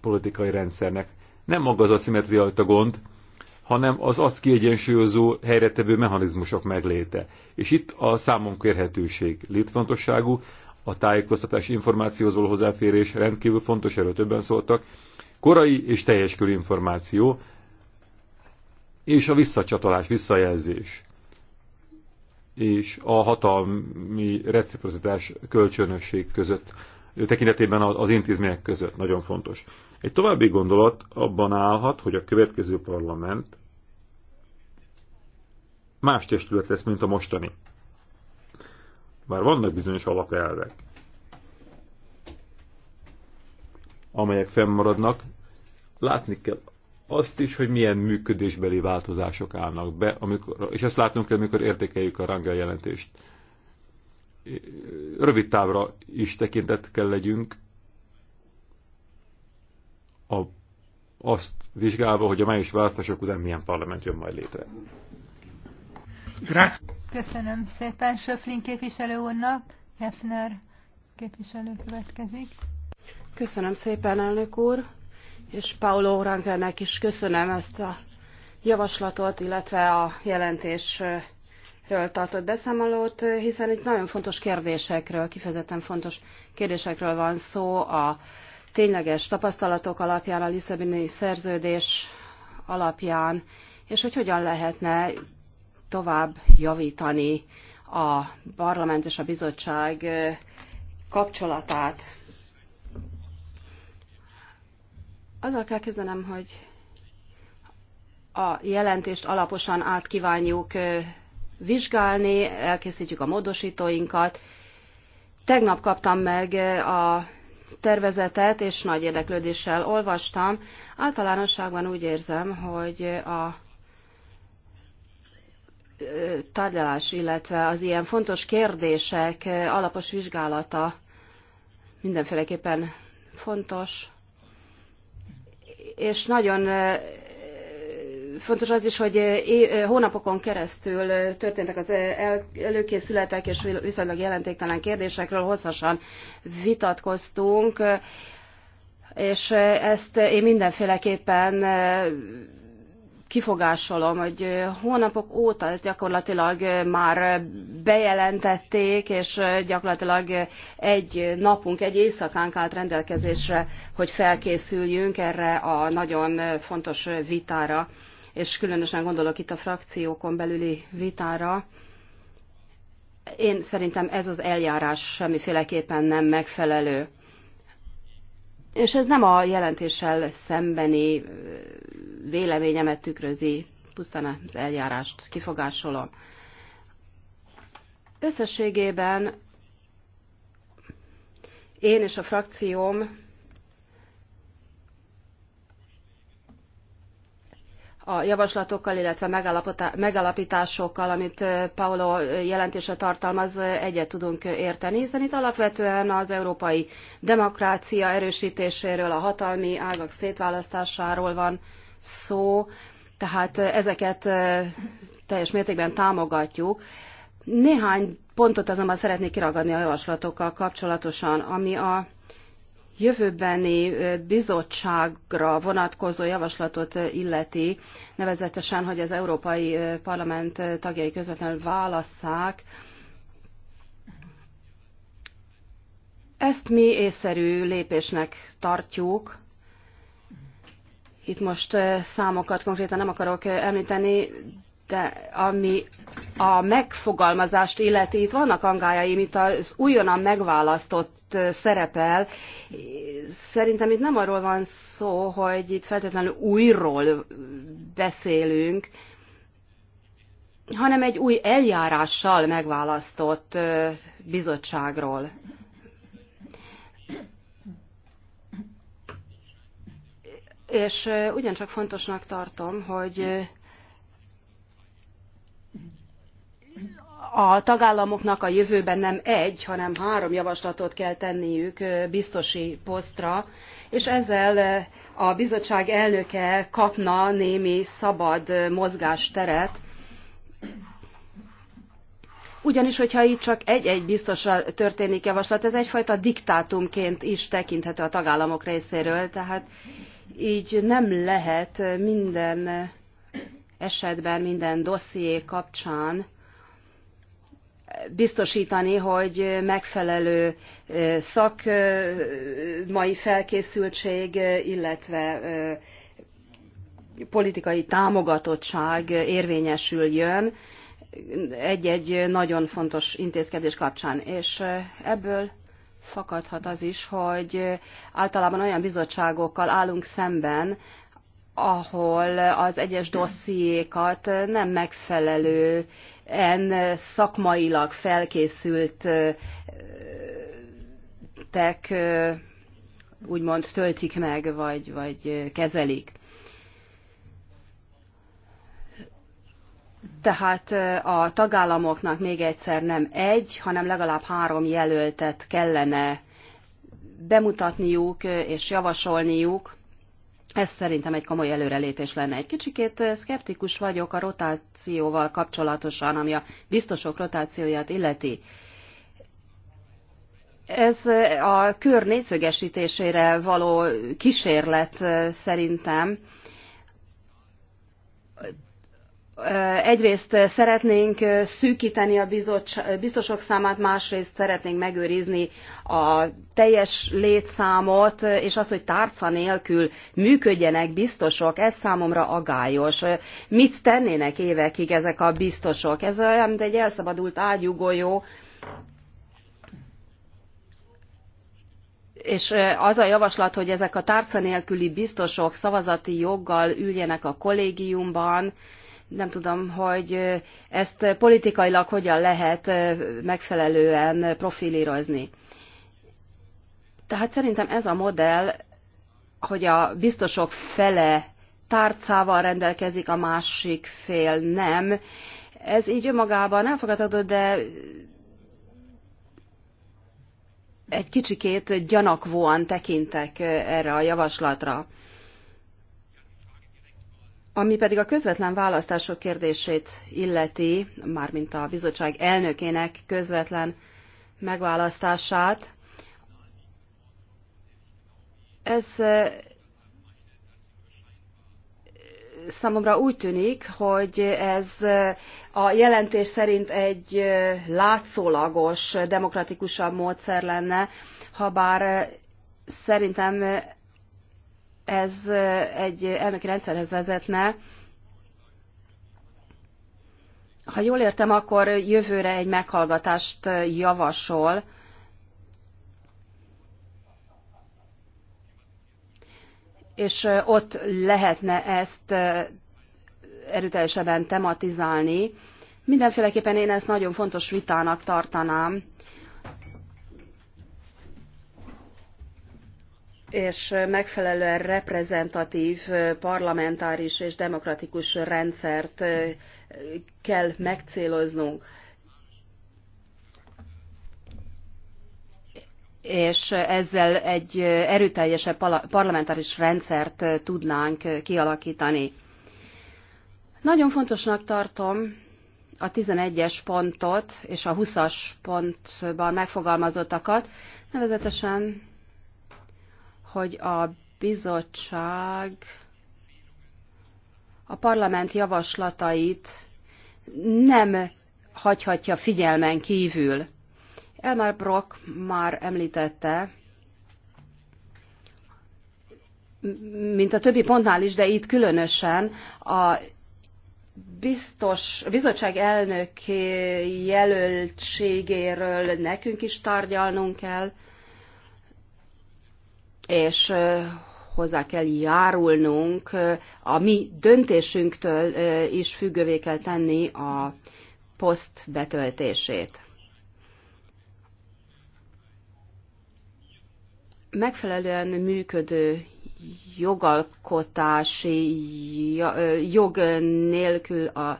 politikai rendszernek. Nem maga az aszimetria a gond, hanem az azt kiegyensúlyozó helyretevő mechanizmusok megléte. És itt a számon kérhetőség létfontosságú, a tájékoztatás információhoz való hozzáférés rendkívül fontos, erről többen szóltak, korai és teljes körű információ, és a visszacsatolás, visszajelzés, és a hatalmi reciprocitás kölcsönösség között, tekintetében az intézmények között nagyon fontos. Egy további gondolat abban állhat, hogy a következő parlament más testület lesz, mint a mostani. Bár vannak bizonyos alapelvek, amelyek fennmaradnak, látni kell azt is, hogy milyen működésbeli változások állnak be, amikor, és ezt látnunk kell, amikor értékeljük a Rangel jelentést. Rövid távra is tekintet kell legyünk, a, azt vizsgálva, hogy a május választások után milyen parlament jön majd létre. Köszönöm szépen Söflin képviselő úrnak. Hefner képviselő következik. Köszönöm szépen, elnök úr, és Paulo Rankernek is köszönöm ezt a javaslatot, illetve a jelentésről tartott beszámolót, hiszen itt nagyon fontos kérdésekről, kifejezetten fontos kérdésekről van szó a tényleges tapasztalatok alapján, a Lisszaboni szerződés alapján, és hogy hogyan lehetne tovább javítani a parlament és a bizottság kapcsolatát. Azzal kell kezdenem, hogy a jelentést alaposan át kívánjuk vizsgálni, elkészítjük a módosítóinkat. Tegnap kaptam meg a tervezetet, és nagy érdeklődéssel olvastam. Általánosságban úgy érzem, hogy a tárgyalás, illetve az ilyen fontos kérdések alapos vizsgálata mindenféleképpen fontos, és nagyon Fontos az is, hogy eh, eh, hónapokon keresztül eh, történtek az előkészületek, és viszonylag jelentéktelen kérdésekről hosszasan vitatkoztunk, és ezt én mindenféleképpen kifogásolom, hogy hónapok óta ezt gyakorlatilag már bejelentették, és gyakorlatilag egy napunk, egy éjszakánk állt rendelkezésre, hogy felkészüljünk erre a nagyon fontos vitára és különösen gondolok itt a frakciókon belüli vitára, én szerintem ez az eljárás semmiféleképpen nem megfelelő. És ez nem a jelentéssel szembeni véleményemet tükrözi, pusztán az eljárást kifogásolom. Összességében én és a frakcióm a javaslatokkal, illetve megalapításokkal, amit Paolo jelentése tartalmaz, egyet tudunk érteni, hiszen itt alapvetően az európai demokrácia erősítéséről, a hatalmi ágak szétválasztásáról van szó, tehát ezeket teljes mértékben támogatjuk. Néhány pontot azonban szeretnék kiragadni a javaslatokkal kapcsolatosan, ami a jövőbeni bizottságra vonatkozó javaslatot illeti, nevezetesen, hogy az Európai Parlament tagjai közvetlenül válasszák, ezt mi észszerű lépésnek tartjuk, itt most számokat konkrétan nem akarok említeni, de ami a megfogalmazást illeti, itt vannak angájai, mint az újonnan megválasztott szerepel. Szerintem itt nem arról van szó, hogy itt feltétlenül újról beszélünk, hanem egy új eljárással megválasztott bizottságról. És ugyancsak fontosnak tartom, hogy a tagállamoknak a jövőben nem egy, hanem három javaslatot kell tenniük biztosi posztra, és ezzel a bizottság elnöke kapna némi szabad mozgásteret, ugyanis, hogyha itt csak egy-egy biztosra történik javaslat, ez egyfajta diktátumként is tekinthető a tagállamok részéről, tehát így nem lehet minden esetben, minden dosszié kapcsán biztosítani, hogy megfelelő szakmai felkészültség, illetve politikai támogatottság érvényesüljön egy-egy nagyon fontos intézkedés kapcsán. És ebből fakadhat az is, hogy általában olyan bizottságokkal állunk szemben, ahol az egyes dossziékat nem megfelelően szakmailag felkészült tek úgymond töltik meg, vagy, vagy kezelik. Tehát a tagállamoknak még egyszer nem egy, hanem legalább három jelöltet kellene bemutatniuk és javasolniuk, ez szerintem egy komoly előrelépés lenne. Egy kicsikét eh, szkeptikus vagyok a rotációval kapcsolatosan, ami a biztosok rotációját illeti. Ez eh, a kör négyszögesítésére való kísérlet eh, szerintem egyrészt szeretnénk szűkíteni a biztosok számát, másrészt szeretnénk megőrizni a teljes létszámot, és az, hogy tárca nélkül működjenek biztosok, ez számomra agályos. Mit tennének évekig ezek a biztosok? Ez olyan, mint egy elszabadult ágyugolyó, és az a javaslat, hogy ezek a tárca nélküli biztosok szavazati joggal üljenek a kollégiumban, nem tudom, hogy ezt politikailag hogyan lehet megfelelően profilírozni. Tehát szerintem ez a modell, hogy a biztosok fele tárcával rendelkezik, a másik fél nem, ez így önmagában elfogadható, de egy kicsikét gyanakvóan tekintek erre a javaslatra. Ami pedig a közvetlen választások kérdését illeti, mármint a bizottság elnökének közvetlen megválasztását, ez eh, számomra úgy tűnik, hogy ez eh, a jelentés szerint egy eh, látszólagos, demokratikusabb módszer lenne, ha bár szerintem ez eh, egy eh, elnöki rendszerhez vezetne. Ha jól értem, akkor jövőre egy meghallgatást eh, javasol. És ott lehetne ezt erőteljesebben tematizálni. Mindenféleképpen én ezt nagyon fontos vitának tartanám és megfelelően reprezentatv parlamentáris és demokratikus rendszert kell megcéloznunk. és ezzel egy erőteljesebb parlamentáris rendszert tudnánk kialakítani. Nagyon fontosnak tartom a 11-es pontot és a 20-as pontban megfogalmazottakat, nevezetesen hogy a bizottság a parlament javaslatait nem hagyhatja figyelmen kívül. Elmar Brock már említette, mint a többi pontnál is, de itt különösen a biztos, a bizottság elnök jelöltségéről nekünk is tárgyalnunk kell és hozzá kell járulnunk, a mi döntésünktől is függővé kell tenni a poszt betöltését. Megfelelően működő jogalkotási jog nélkül a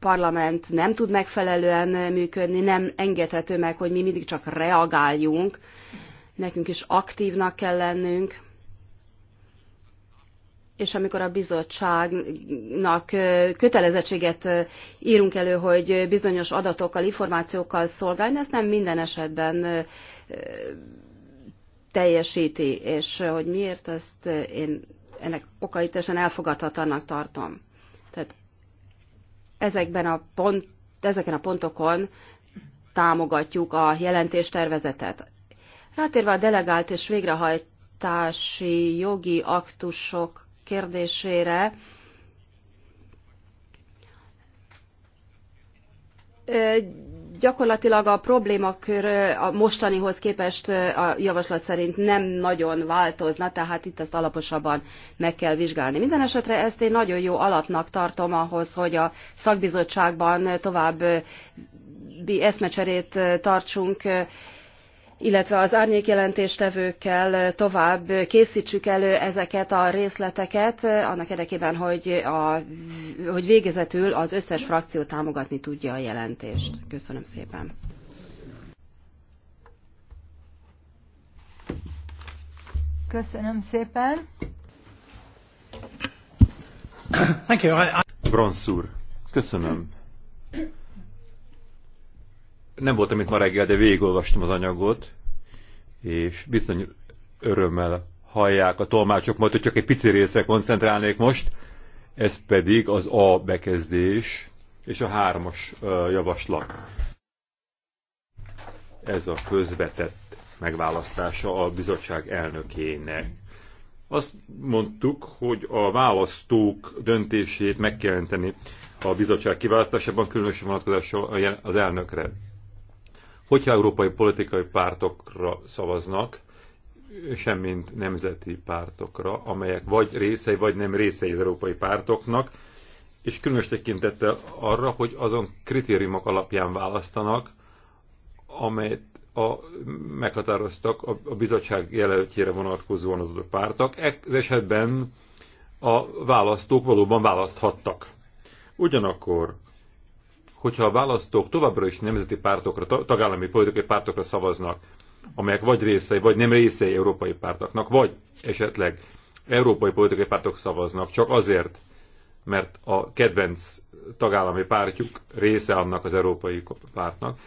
parlament nem tud megfelelően működni, nem engedhető meg, hogy mi mindig csak reagáljunk, nekünk is aktívnak kell lennünk, és amikor a bizottságnak kötelezettséget írunk elő, hogy bizonyos adatokkal, információkkal szolgálni, ezt nem minden esetben teljesíti, és hogy miért, ezt én ennek okaitesen elfogadhatatlanak tartom. Tehát ezekben a pont, ezeken a pontokon támogatjuk a jelentéstervezetet. Rátérve a delegált és végrehajtási jogi aktusok kérdésére, gyakorlatilag a problémakör a mostanihoz képest a javaslat szerint nem nagyon változna, tehát itt ezt alaposabban meg kell vizsgálni. Minden esetre ezt én nagyon jó alapnak tartom ahhoz, hogy a szakbizottságban tovább eszmecserét tartsunk illetve az árnyékjelentéstevőkkel tovább készítsük elő ezeket a részleteket, annak érdekében, hogy, a, hogy végezetül az összes frakció támogatni tudja a jelentést. Köszönöm szépen. Köszönöm szépen. Thank you. Bronsz úr, köszönöm nem voltam itt ma reggel, de végigolvastam az anyagot, és bizony örömmel hallják a tolmácsok majd, hogy csak egy pici részre koncentrálnék most, ez pedig az A bekezdés és a hármas javaslat. Ez a közvetett megválasztása a bizottság elnökének. Azt mondtuk, hogy a választók döntését meg kell jelenteni a bizottság kiválasztásában, különösen vonatkozással az elnökre hogyha európai politikai pártokra szavaznak, semmint nemzeti pártokra, amelyek vagy részei, vagy nem részei az európai pártoknak, és különös tekintettel arra, hogy azon kritériumok alapján választanak, amelyet a, meghatároztak a, a bizottság jelöltjére vonatkozóan az adott pártok. Ez esetben a választók valóban választhattak. Ugyanakkor hogyha a választók továbbra is nemzeti pártokra, tagállami politikai pártokra szavaznak, amelyek vagy részei, vagy nem részei európai pártoknak, vagy esetleg európai politikai pártok szavaznak, csak azért, mert a kedvenc tagállami pártjuk része annak az európai pártnak,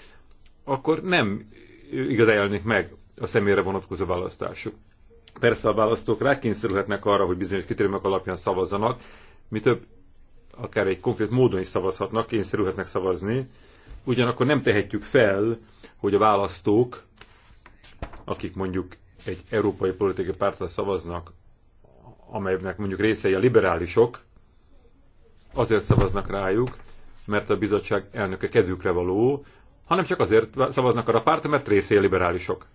akkor nem igazán jelenik meg a személyre vonatkozó választásuk. Persze a választók rákényszerülhetnek arra, hogy bizonyos kritériumok alapján szavazzanak, mi több akár egy konkrét módon is szavazhatnak, kényszerülhetnek szavazni, ugyanakkor nem tehetjük fel, hogy a választók, akik mondjuk egy európai politikai pártra szavaznak, amelynek mondjuk részei a liberálisok, azért szavaznak rájuk, mert a bizottság elnöke kedvükre való, hanem csak azért szavaznak arra a pártra, mert részei a liberálisok.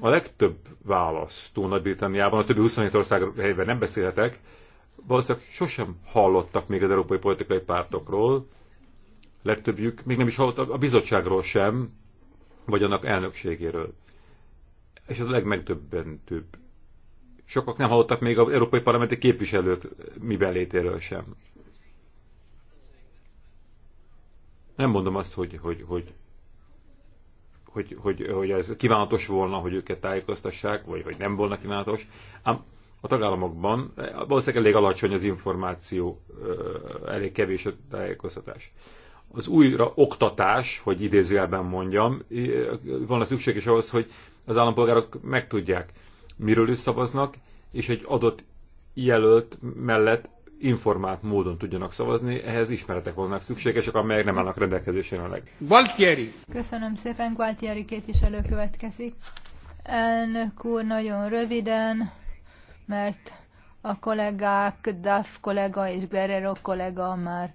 A legtöbb választó Nagy-Britanniában, a többi 27 ország helyben nem beszélhetek, valószínűleg sosem hallottak még az európai politikai pártokról, legtöbbjük még nem is hallottak a bizottságról sem, vagy annak elnökségéről. És ez a legmegdöbbentőbb. Sokak nem hallottak még az európai parlamenti képviselők belétéről sem. Nem mondom azt, hogy, hogy, hogy, hogy, hogy, hogy ez kívánatos volna, hogy őket tájékoztassák, vagy hogy nem volna kívánatos, ám a tagállamokban eh, valószínűleg elég alacsony az információ, eh, elég kevés a tájékoztatás. Az újra oktatás, hogy idézőjelben mondjam, eh, van a szükség is ahhoz, hogy az állampolgárok megtudják, miről is szavaznak, és egy adott jelölt mellett informált módon tudjanak szavazni, ehhez ismeretek vannak szükségesek, amelyek nem állnak a leg. Gualtieri! Köszönöm szépen, Gualtieri képviselő következik. Elnök úr, nagyon röviden, mert a kollégák, Duff kollega és Guerrero kollega már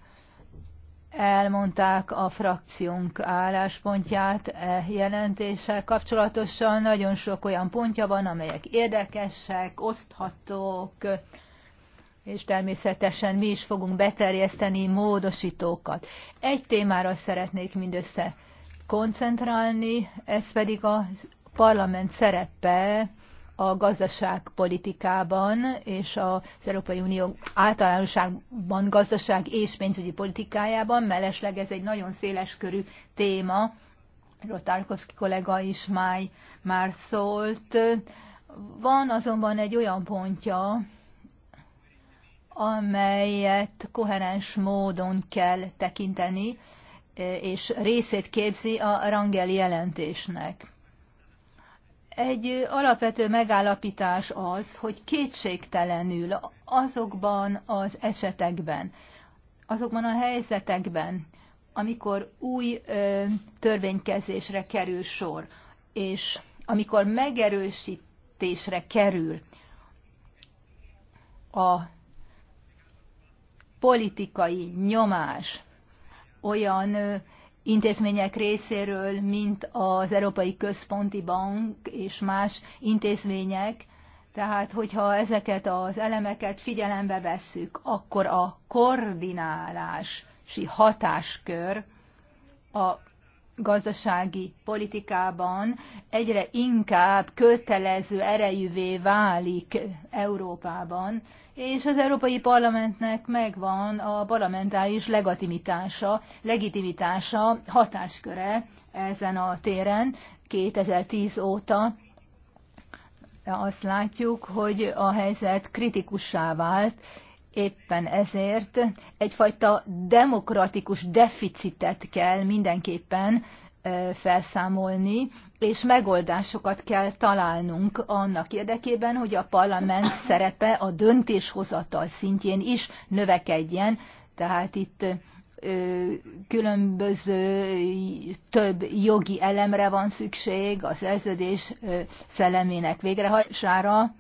elmondták a frakciónk álláspontját e jelentéssel kapcsolatosan. Nagyon sok olyan pontja van, amelyek érdekesek, oszthatók, és természetesen mi is fogunk beterjeszteni módosítókat. Egy témára szeretnék mindössze koncentrálni, ez pedig a parlament szerepe a gazdaságpolitikában és az Európai Unió általánosságban gazdaság és pénzügyi politikájában. Mellesleg ez egy nagyon széles körű téma, Rotárkoszki kollega is már, már szólt. Van azonban egy olyan pontja, amelyet koherens módon kell tekinteni, és részét képzi a Rangel jelentésnek. Egy alapvető megállapítás az, hogy kétségtelenül azokban az esetekben, azokban a helyzetekben, amikor új ö, törvénykezésre kerül sor, és amikor megerősítésre kerül a politikai nyomás olyan ö, intézmények részéről, mint az Európai Központi Bank és más intézmények. Tehát, hogyha ezeket az elemeket figyelembe vesszük, akkor a koordinálási hatáskör a gazdasági politikában egyre inkább kötelező erejűvé válik Európában, és az Európai Parlamentnek megvan a parlamentális legitimitása, legitimitása hatásköre ezen a téren 2010 óta. Azt látjuk, hogy a helyzet kritikussá vált, Éppen ezért egyfajta demokratikus deficitet kell mindenképpen felszámolni, és megoldásokat kell találnunk annak érdekében, hogy a parlament szerepe a döntéshozatal szintjén is növekedjen. Tehát itt különböző több jogi elemre van szükség, az szerződés szellemének végrehajtására,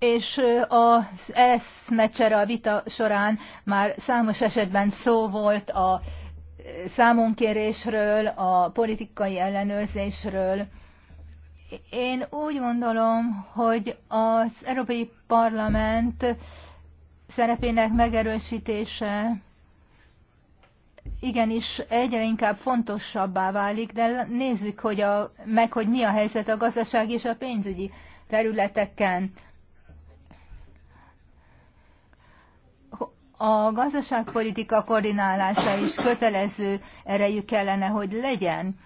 és az eszmecsere a vita során már számos esetben szó volt a számonkérésről, a politikai ellenőrzésről. Én úgy gondolom, hogy az Európai Parlament szerepének megerősítése igenis egyre inkább fontosabbá válik, de nézzük hogy a, meg, hogy mi a helyzet a gazdaság és a pénzügyi területeken. A gazdaságpolitika koordinálása is kötelező erejük kellene, hogy legyen.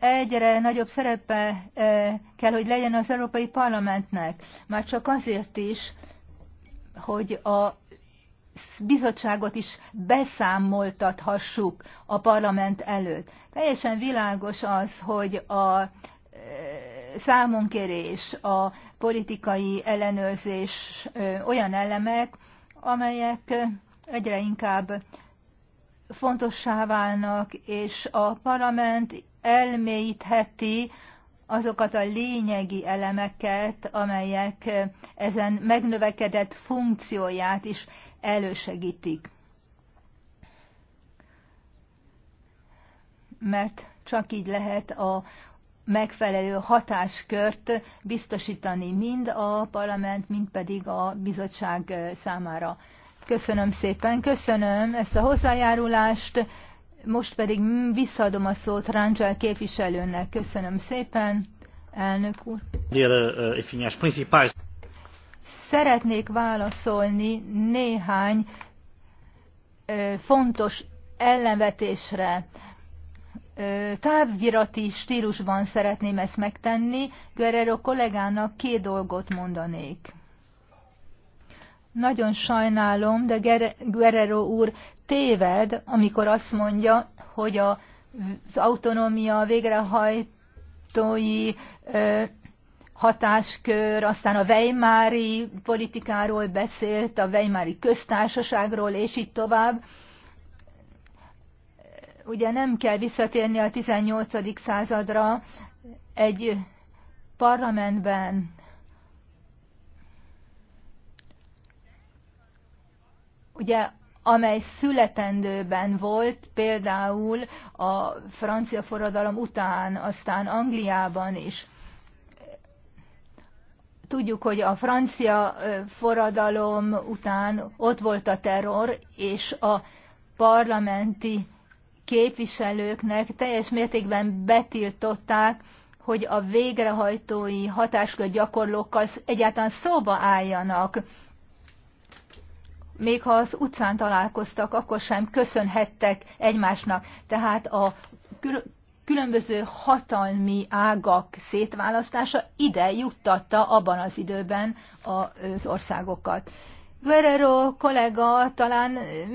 Egyre nagyobb szerepe e, kell, hogy legyen az Európai Parlamentnek, már csak azért is, hogy a bizottságot is beszámoltathassuk a parlament előtt. Teljesen világos az, hogy a e, számonkérés, a politikai ellenőrzés e, olyan elemek, amelyek egyre inkább fontossá válnak, és a parlament elmélyítheti azokat a lényegi elemeket, amelyek ezen megnövekedett funkcióját is elősegítik. Mert csak így lehet a megfelelő hatáskört biztosítani mind a parlament, mind pedig a bizottság számára. Köszönöm szépen, köszönöm ezt a hozzájárulást, most pedig visszaadom a szót Rangel képviselőnek. Köszönöm szépen, elnök úr. Szeretnék válaszolni néhány fontos ellenvetésre, távirati stílusban szeretném ezt megtenni. Guerrero kollégának két dolgot mondanék. Nagyon sajnálom, de Guerrero úr téved, amikor azt mondja, hogy a, az autonómia végrehajtói ö, hatáskör, aztán a Weimári politikáról beszélt, a Weimári köztársaságról, és így tovább. Ö, ugye nem kell visszatérni a 18. századra egy parlamentben. Ugye amely születendőben volt, például a francia forradalom után, aztán Angliában is. Tudjuk, hogy a francia forradalom után ott volt a terror, és a parlamenti képviselőknek teljes mértékben betiltották, hogy a végrehajtói hatáskör gyakorlókkal egyáltalán szóba álljanak. Még ha az utcán találkoztak, akkor sem köszönhettek egymásnak. Tehát a különböző hatalmi ágak szétválasztása ide juttatta abban az időben az országokat. Guerrero kollega talán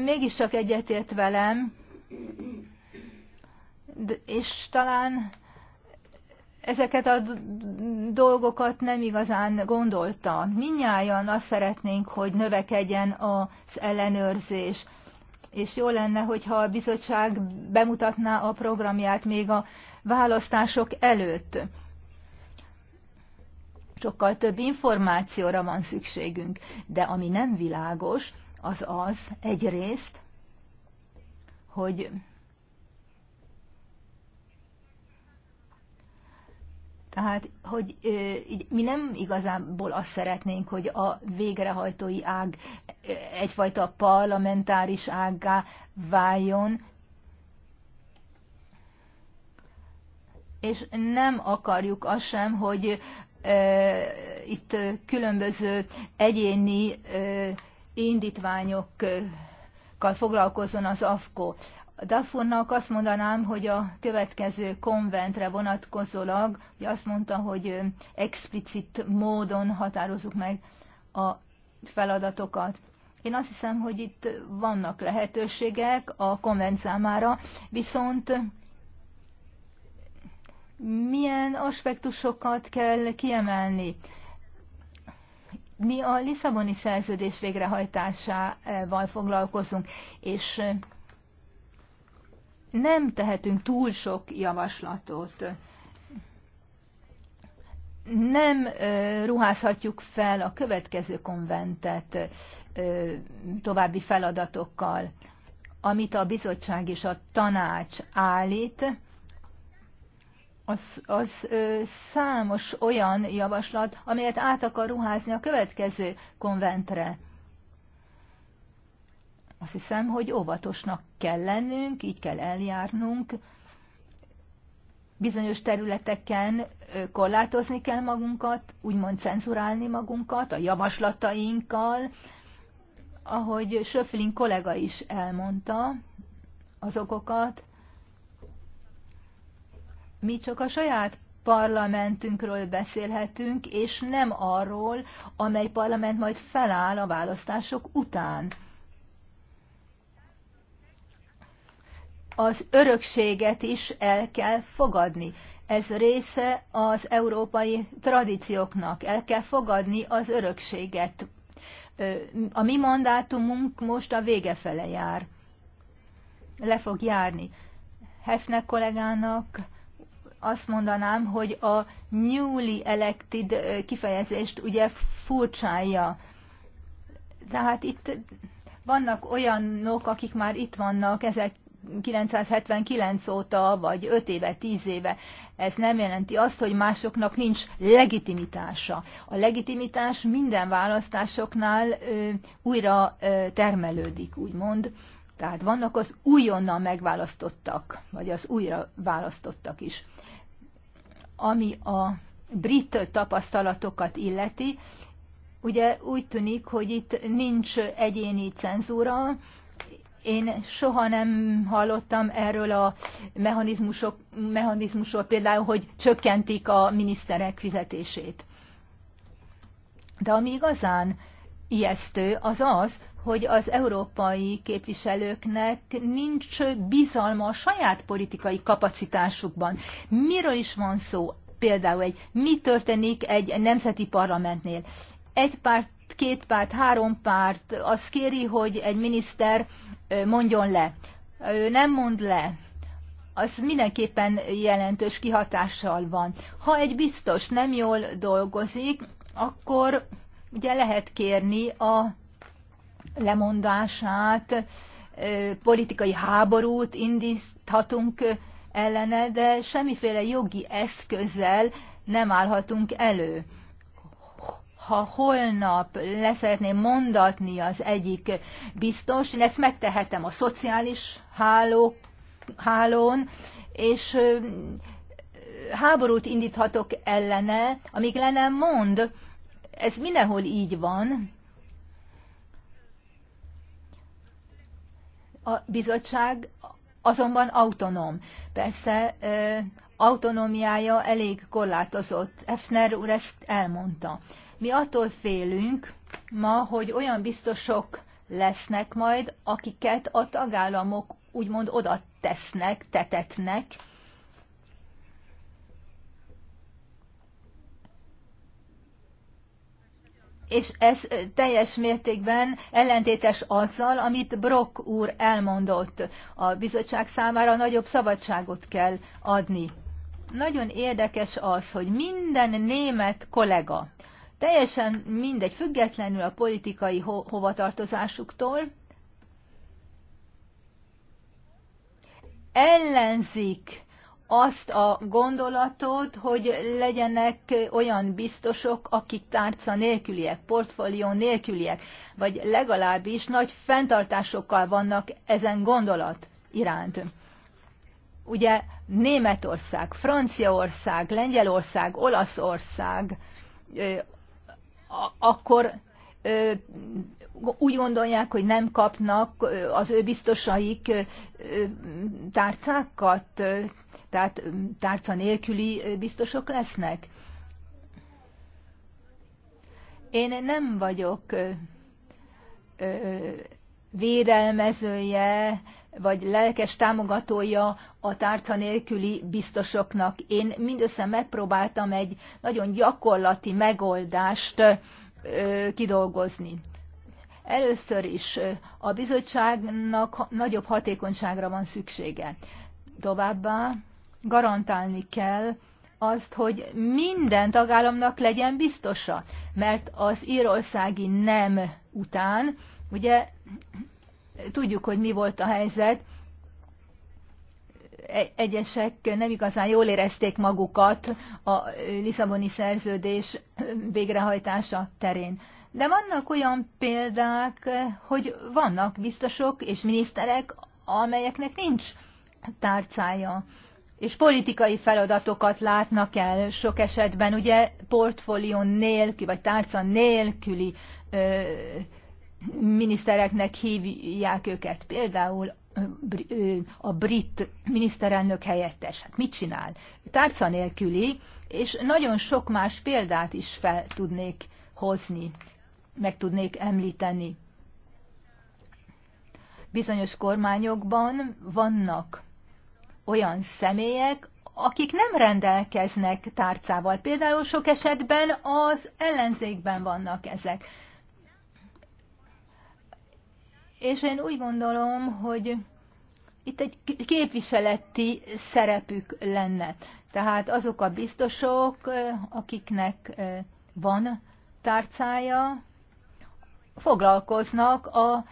mégiscsak egyetért velem, de, és talán ezeket a dolgokat nem igazán gondolta. Minnyáján azt szeretnénk, hogy növekedjen az ellenőrzés, és jó lenne, hogyha a bizottság bemutatná a programját még a választások előtt. Sokkal több információra van szükségünk, de ami nem világos, az az egyrészt, hogy Tehát, hogy így, mi nem igazából azt szeretnénk, hogy a végrehajtói ág egyfajta parlamentáris ággá váljon, és nem akarjuk azt sem, hogy ö, itt különböző egyéni ö, indítványok Ö, foglalkozzon az AFKO. Dafurnak azt mondanám, hogy a következő konventre vonatkozólag, hogy azt mondta, hogy explicit módon határozzuk meg a feladatokat. Én azt hiszem, hogy itt vannak lehetőségek a konvent számára, viszont milyen aspektusokat kell kiemelni? mi a Lisszaboni szerződés végrehajtásával foglalkozunk, és nem tehetünk túl sok javaslatot. Nem ruházhatjuk fel a következő konventet további feladatokkal, amit a bizottság és a tanács állít, az, az ö, számos olyan javaslat, amelyet át akar ruházni a következő konventre. Azt hiszem, hogy óvatosnak kell lennünk, így kell eljárnunk. Bizonyos területeken korlátozni kell magunkat, úgymond cenzurálni magunkat a javaslatainkkal, ahogy Söfling kollega is elmondta az okokat, mi csak a saját parlamentünkről beszélhetünk, és nem arról, amely parlament majd feláll a választások után. Az örökséget is el kell fogadni. Ez része az európai tradícióknak. El kell fogadni az örökséget. A mi mandátumunk most a vége fele jár. Le fog járni. Hefnek kollégának azt mondanám, hogy a newly elected kifejezést ugye furcsálja. Tehát itt vannak olyanok, akik már itt vannak ezek 1979 óta, vagy 5 éve, 10 éve. Ez nem jelenti azt, hogy másoknak nincs legitimitása. A legitimitás minden választásoknál ö, újra ö, termelődik, úgymond. Tehát vannak az újonnan megválasztottak, vagy az újra választottak is. Ami a brit tapasztalatokat illeti, ugye úgy tűnik, hogy itt nincs egyéni cenzúra, én soha nem hallottam erről a mechanizmusok, mechanizmusról, például, hogy csökkentik a miniszterek fizetését. De ami igazán ijesztő, az az, hogy az európai képviselőknek nincs bizalma a saját politikai kapacitásukban. Miről is van szó? Például egy mi történik egy nemzeti parlamentnél? Egy párt, két párt, három párt azt kéri, hogy egy miniszter mondjon le. Ő nem mond le az mindenképpen jelentős kihatással van. Ha egy biztos nem jól dolgozik, akkor Ugye lehet kérni a lemondását, politikai háborút indíthatunk ellene, de semmiféle jogi eszközzel nem állhatunk elő. Ha holnap leszeretném mondatni az egyik biztos, én ezt megtehetem a szociális háló, hálón, és háborút indíthatok ellene, amíg le nem mond, ez mindenhol így van. A bizottság azonban autonóm. Persze autonómiája elég korlátozott. Efner úr ezt elmondta. Mi attól félünk ma, hogy olyan biztosok lesznek majd, akiket a tagállamok úgymond oda tesznek, tetetnek, és ez teljes mértékben ellentétes azzal, amit Brock úr elmondott. A bizottság számára nagyobb szabadságot kell adni. Nagyon érdekes az, hogy minden német kollega, teljesen mindegy, függetlenül a politikai ho- hovatartozásuktól, ellenzik azt a gondolatot, hogy legyenek olyan biztosok, akik tárca nélküliek, portfólió nélküliek, vagy legalábbis nagy fenntartásokkal vannak ezen gondolat iránt. Ugye Németország, Franciaország, Lengyelország, Olaszország, akkor úgy gondolják, hogy nem kapnak az ő biztosaik tárcákat, tehát mm, tárca nélküli biztosok lesznek. Én nem vagyok védelmezője, vagy lelkes támogatója a tárca nélküli biztosoknak. Én mindössze megpróbáltam egy nagyon gyakorlati megoldást ö, kidolgozni. Először is a bizottságnak nagyobb hatékonyságra van szüksége. Továbbá garantálni kell azt, hogy minden tagállamnak legyen biztosa, mert az írországi nem után, ugye tudjuk, hogy mi volt a helyzet, e-, egyesek nem igazán jól érezték magukat a Lisszaboni szerződés végrehajtása terén. De vannak olyan példák, hogy vannak biztosok és miniszterek, amelyeknek nincs tárcája és politikai feladatokat látnak el sok esetben, ugye portfólió nélkül, vagy tárca nélküli ö, minisztereknek hívják őket. Például a brit miniszterelnök helyettes. Hát mit csinál? Tárca nélküli, és nagyon sok más példát is fel tudnék hozni, meg tudnék említeni. Bizonyos kormányokban vannak olyan személyek, akik nem rendelkeznek tárcával. Például sok esetben az ellenzékben vannak ezek. És én úgy gondolom, hogy itt egy képviseleti szerepük lenne. Tehát azok a biztosok, akiknek van tárcája, foglalkoznak a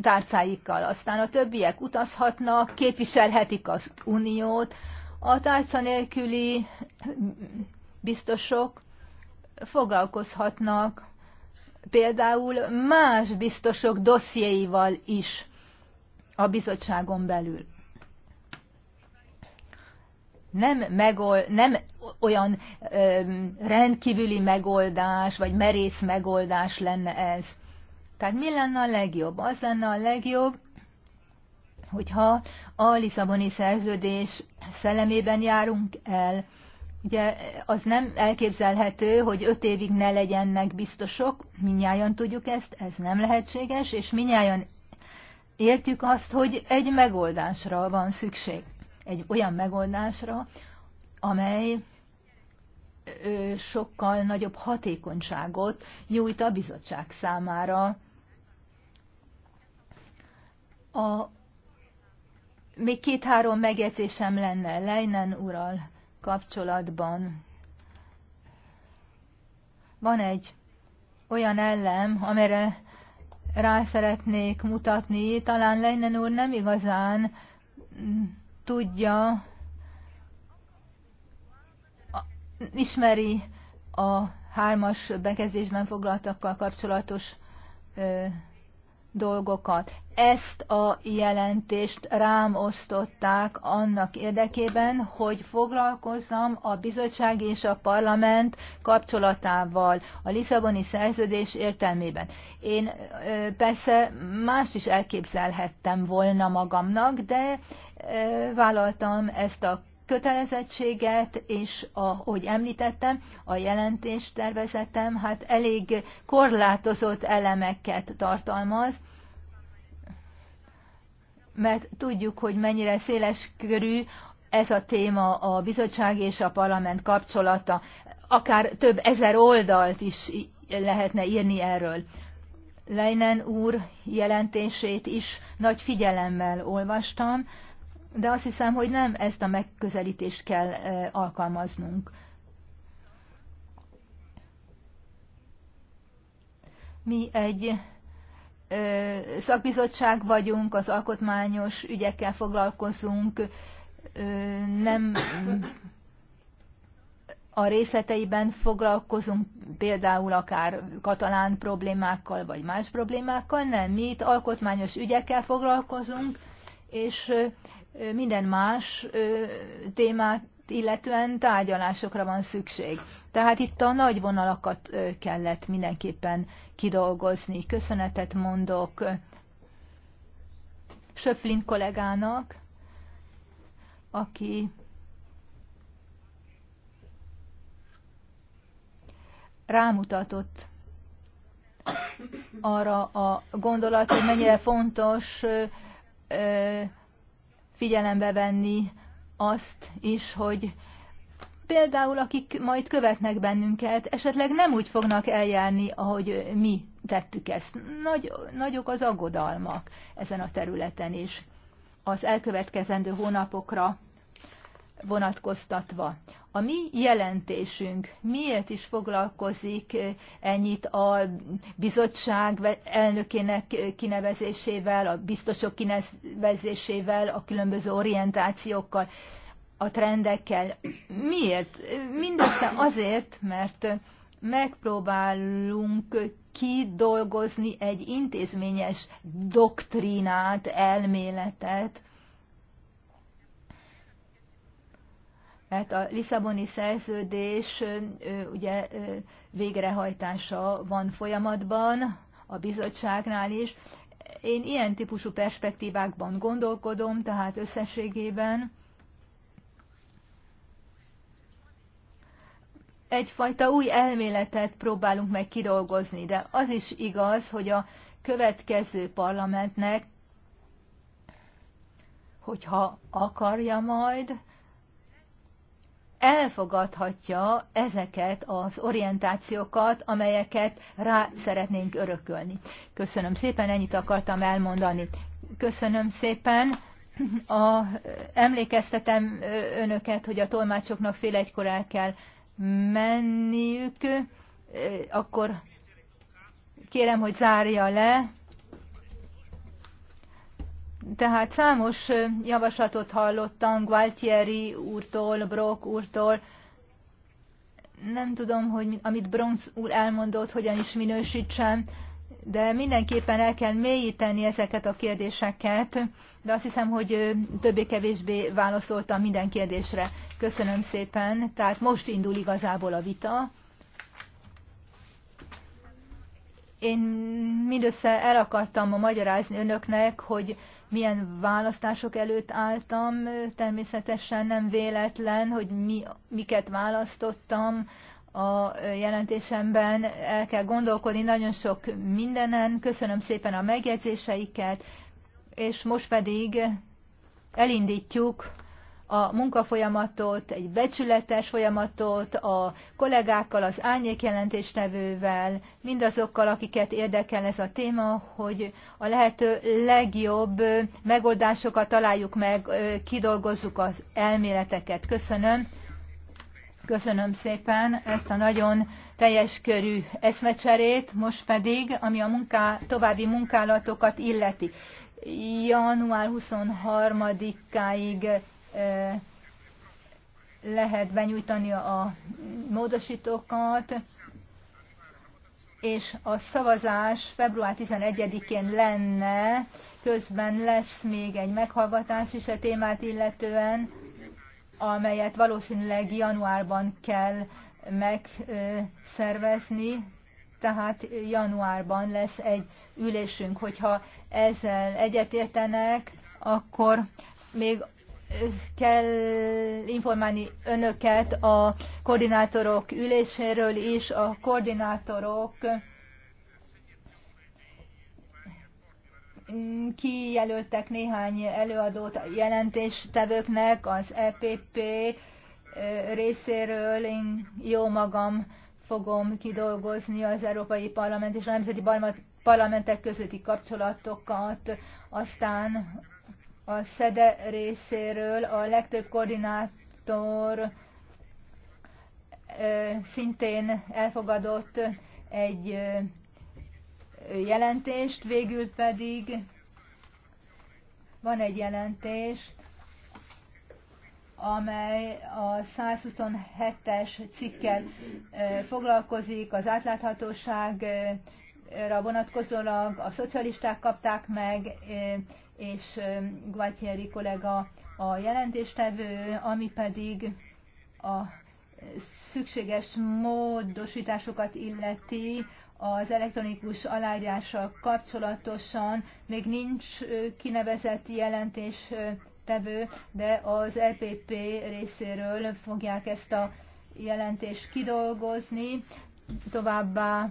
tárcáikkal. Aztán a többiek utazhatnak, képviselhetik az uniót, a tárca nélküli biztosok foglalkozhatnak például más biztosok dossziéival is a bizottságon belül. Nem, megol, nem olyan rendkívüli megoldás, vagy merész megoldás lenne ez. Tehát mi lenne a legjobb? Az lenne a legjobb, hogyha a Lisszaboni szerződés szellemében járunk el. Ugye az nem elképzelhető, hogy öt évig ne legyenek biztosok, minnyáján tudjuk ezt, ez nem lehetséges, és minnyáján értjük azt, hogy egy megoldásra van szükség. Egy olyan megoldásra, amely sokkal nagyobb hatékonyságot nyújt a bizottság számára. A, még két-három megjegyzésem lenne Leinen ural kapcsolatban. Van egy olyan ellem, amire rá szeretnék mutatni, talán Leinen úr nem igazán mm, tudja, ismeri a hármas bekezdésben foglaltakkal kapcsolatos ö, dolgokat. Ezt a jelentést rám osztották annak érdekében, hogy foglalkozzam a bizottság és a parlament kapcsolatával a Lisszaboni szerződés értelmében. Én persze más is elképzelhettem volna magamnak, de vállaltam ezt a kötelezettséget, és ahogy említettem, a jelentést tervezetem hát elég korlátozott elemeket tartalmaz, mert tudjuk, hogy mennyire széles körű ez a téma a bizottság és a parlament kapcsolata. Akár több ezer oldalt is lehetne írni erről. Leinen úr jelentését is nagy figyelemmel olvastam, de azt hiszem, hogy nem ezt a megközelítést kell alkalmaznunk. Mi egy szakbizottság vagyunk, az alkotmányos ügyekkel foglalkozunk, nem a részleteiben foglalkozunk például akár katalán problémákkal, vagy más problémákkal, nem, mi itt alkotmányos ügyekkel foglalkozunk, és minden más témát illetően tárgyalásokra van szükség. Tehát itt a nagy vonalakat kellett mindenképpen kidolgozni. Köszönetet mondok Söflin kollégának, aki rámutatott arra a gondolat, hogy mennyire fontos figyelembe venni azt is, hogy például akik majd követnek bennünket, esetleg nem úgy fognak eljárni, ahogy mi tettük ezt. Nagy, nagyok az aggodalmak ezen a területen is. Az elkövetkezendő hónapokra vonatkoztatva. A mi jelentésünk miért is foglalkozik eh, ennyit a bizottság elnökének eh, kinevezésével, a biztosok kinevezésével, a különböző orientációkkal, a trendekkel? Miért? Mindössze azért, mert megpróbálunk kidolgozni egy intézményes doktrinát, elméletet, Hát a Lisszaboni szerződés ugye végrehajtása van folyamatban, a bizottságnál is. Én ilyen típusú perspektívákban gondolkodom, tehát összességében egyfajta új elméletet próbálunk meg kidolgozni, de az is igaz, hogy a következő parlamentnek, hogyha akarja majd, elfogadhatja ezeket az orientációkat, amelyeket rá szeretnénk örökölni. Köszönöm szépen, ennyit akartam elmondani. Köszönöm szépen. A, emlékeztetem önöket, hogy a tolmácsoknak fél egykor el kell menniük, akkor kérem, hogy zárja le. Tehát számos javaslatot hallottam Gualtieri úrtól, Brock úrtól. Nem tudom, hogy amit Bronx úr elmondott, hogyan is minősítsem, de mindenképpen el kell mélyíteni ezeket a kérdéseket, de azt hiszem, hogy többé-kevésbé válaszoltam minden kérdésre. Köszönöm szépen. Tehát most indul igazából a vita. Én mindössze el akartam magyarázni önöknek, hogy milyen választások előtt álltam, természetesen nem véletlen, hogy mi, miket választottam a jelentésemben. El kell gondolkodni nagyon sok mindenen. Köszönöm szépen a megjegyzéseiket, és most pedig elindítjuk a munkafolyamatot, egy becsületes folyamatot a kollégákkal, az árnyékjelentéstevővel, mindazokkal, akiket érdekel ez a téma, hogy a lehető legjobb megoldásokat találjuk meg, kidolgozzuk az elméleteket. Köszönöm. Köszönöm szépen ezt a nagyon teljes körű eszmecserét, most pedig, ami a munká, további munkálatokat illeti. Január 23-áig lehet benyújtani a módosítókat, és a szavazás február 11-én lenne, közben lesz még egy meghallgatás is a témát illetően, amelyet valószínűleg januárban kell megszervezni, tehát januárban lesz egy ülésünk. Hogyha ezzel egyetértenek, akkor még kell informálni önöket a koordinátorok üléséről is. A koordinátorok kijelöltek néhány előadót jelentéstevőknek az EPP részéről. Én jó magam fogom kidolgozni az Európai Parlament és a Nemzeti Parlamentek közötti kapcsolatokat, aztán a SZEDE részéről a legtöbb koordinátor szintén elfogadott egy jelentést, végül pedig van egy jelentés, amely a 127-es cikkel foglalkozik, az átláthatóságra vonatkozólag a szocialisták kapták meg, és Guatieri kollega a jelentéstevő, ami pedig a szükséges módosításokat illeti az elektronikus aláírással kapcsolatosan. Még nincs kinevezett jelentéstevő, de az EPP részéről fogják ezt a jelentést kidolgozni. Továbbá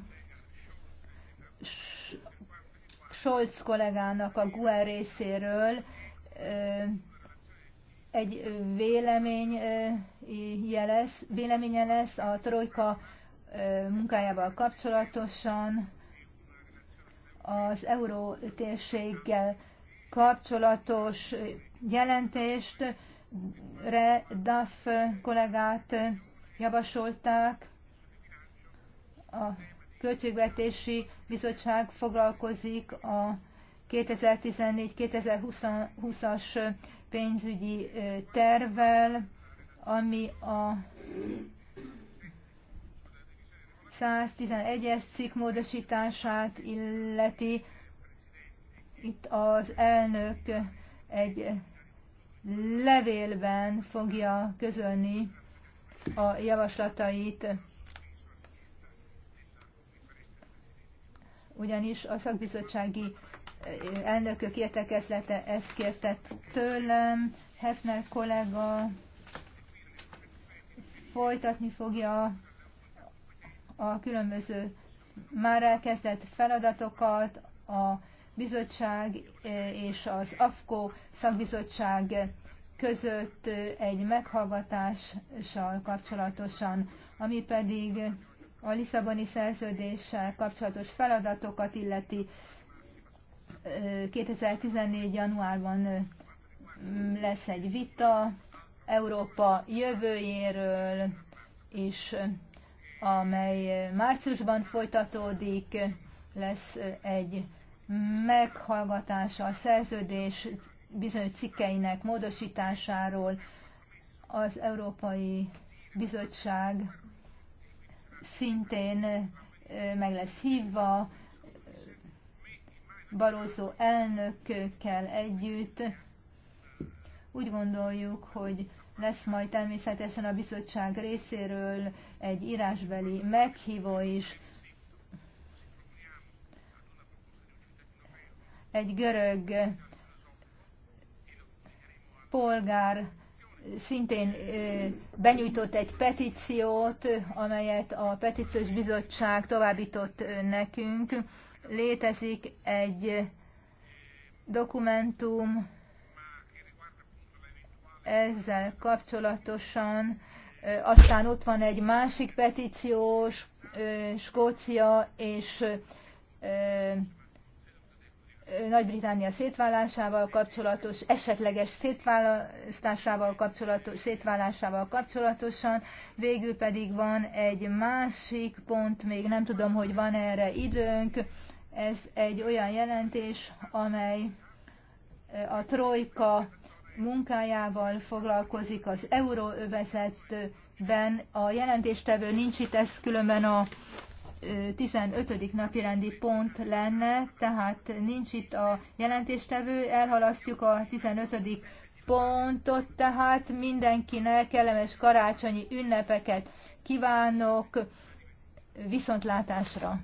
Scholz kollégának a GUE részéről egy vélemény jelez, véleménye lesz a Trojka munkájával kapcsolatosan, az euró térséggel kapcsolatos jelentést Re Duff kollégát javasolták a Költségvetési Bizottság foglalkozik a 2014-2020-as pénzügyi tervvel, ami a 111-es cikk módosítását illeti. Itt az elnök egy levélben fogja közölni a javaslatait ugyanis a szakbizottsági eh, elnökök értekezlete ezt kérte tőlem, Hefner kollega folytatni fogja a különböző már elkezdett feladatokat a bizottság eh, és az AFKO szakbizottság között eh, egy meghallgatással kapcsolatosan, ami pedig a Lisszaboni szerződéssel kapcsolatos feladatokat illeti 2014. januárban lesz egy vita Európa jövőjéről és amely márciusban folytatódik, lesz egy meghallgatása a szerződés bizonyos cikkeinek módosításáról az Európai Bizottság szintén meg lesz hívva, Barózó elnökkel együtt. Úgy gondoljuk, hogy lesz majd természetesen a bizottság részéről egy írásbeli meghívó is. Egy görög polgár szintén benyújtott egy petíciót, amelyet a petíciós bizottság továbbított nekünk. Létezik egy dokumentum ezzel kapcsolatosan, aztán ott van egy másik petíció, Skócia és nagy-Britannia szétválásával kapcsolatos, esetleges szétválasztásával kapcsolatos, szétválásával kapcsolatosan. Végül pedig van egy másik pont, még nem tudom, hogy van erre időnk. Ez egy olyan jelentés, amely eh, a trojka munkájával foglalkozik az euróövezetben. A jelentéstevő nincs itt, ez különben a 15. napi rendi pont lenne, tehát nincs itt a jelentéstevő, elhalasztjuk a 15. pontot, tehát mindenkinek kellemes karácsonyi ünnepeket kívánok, viszontlátásra!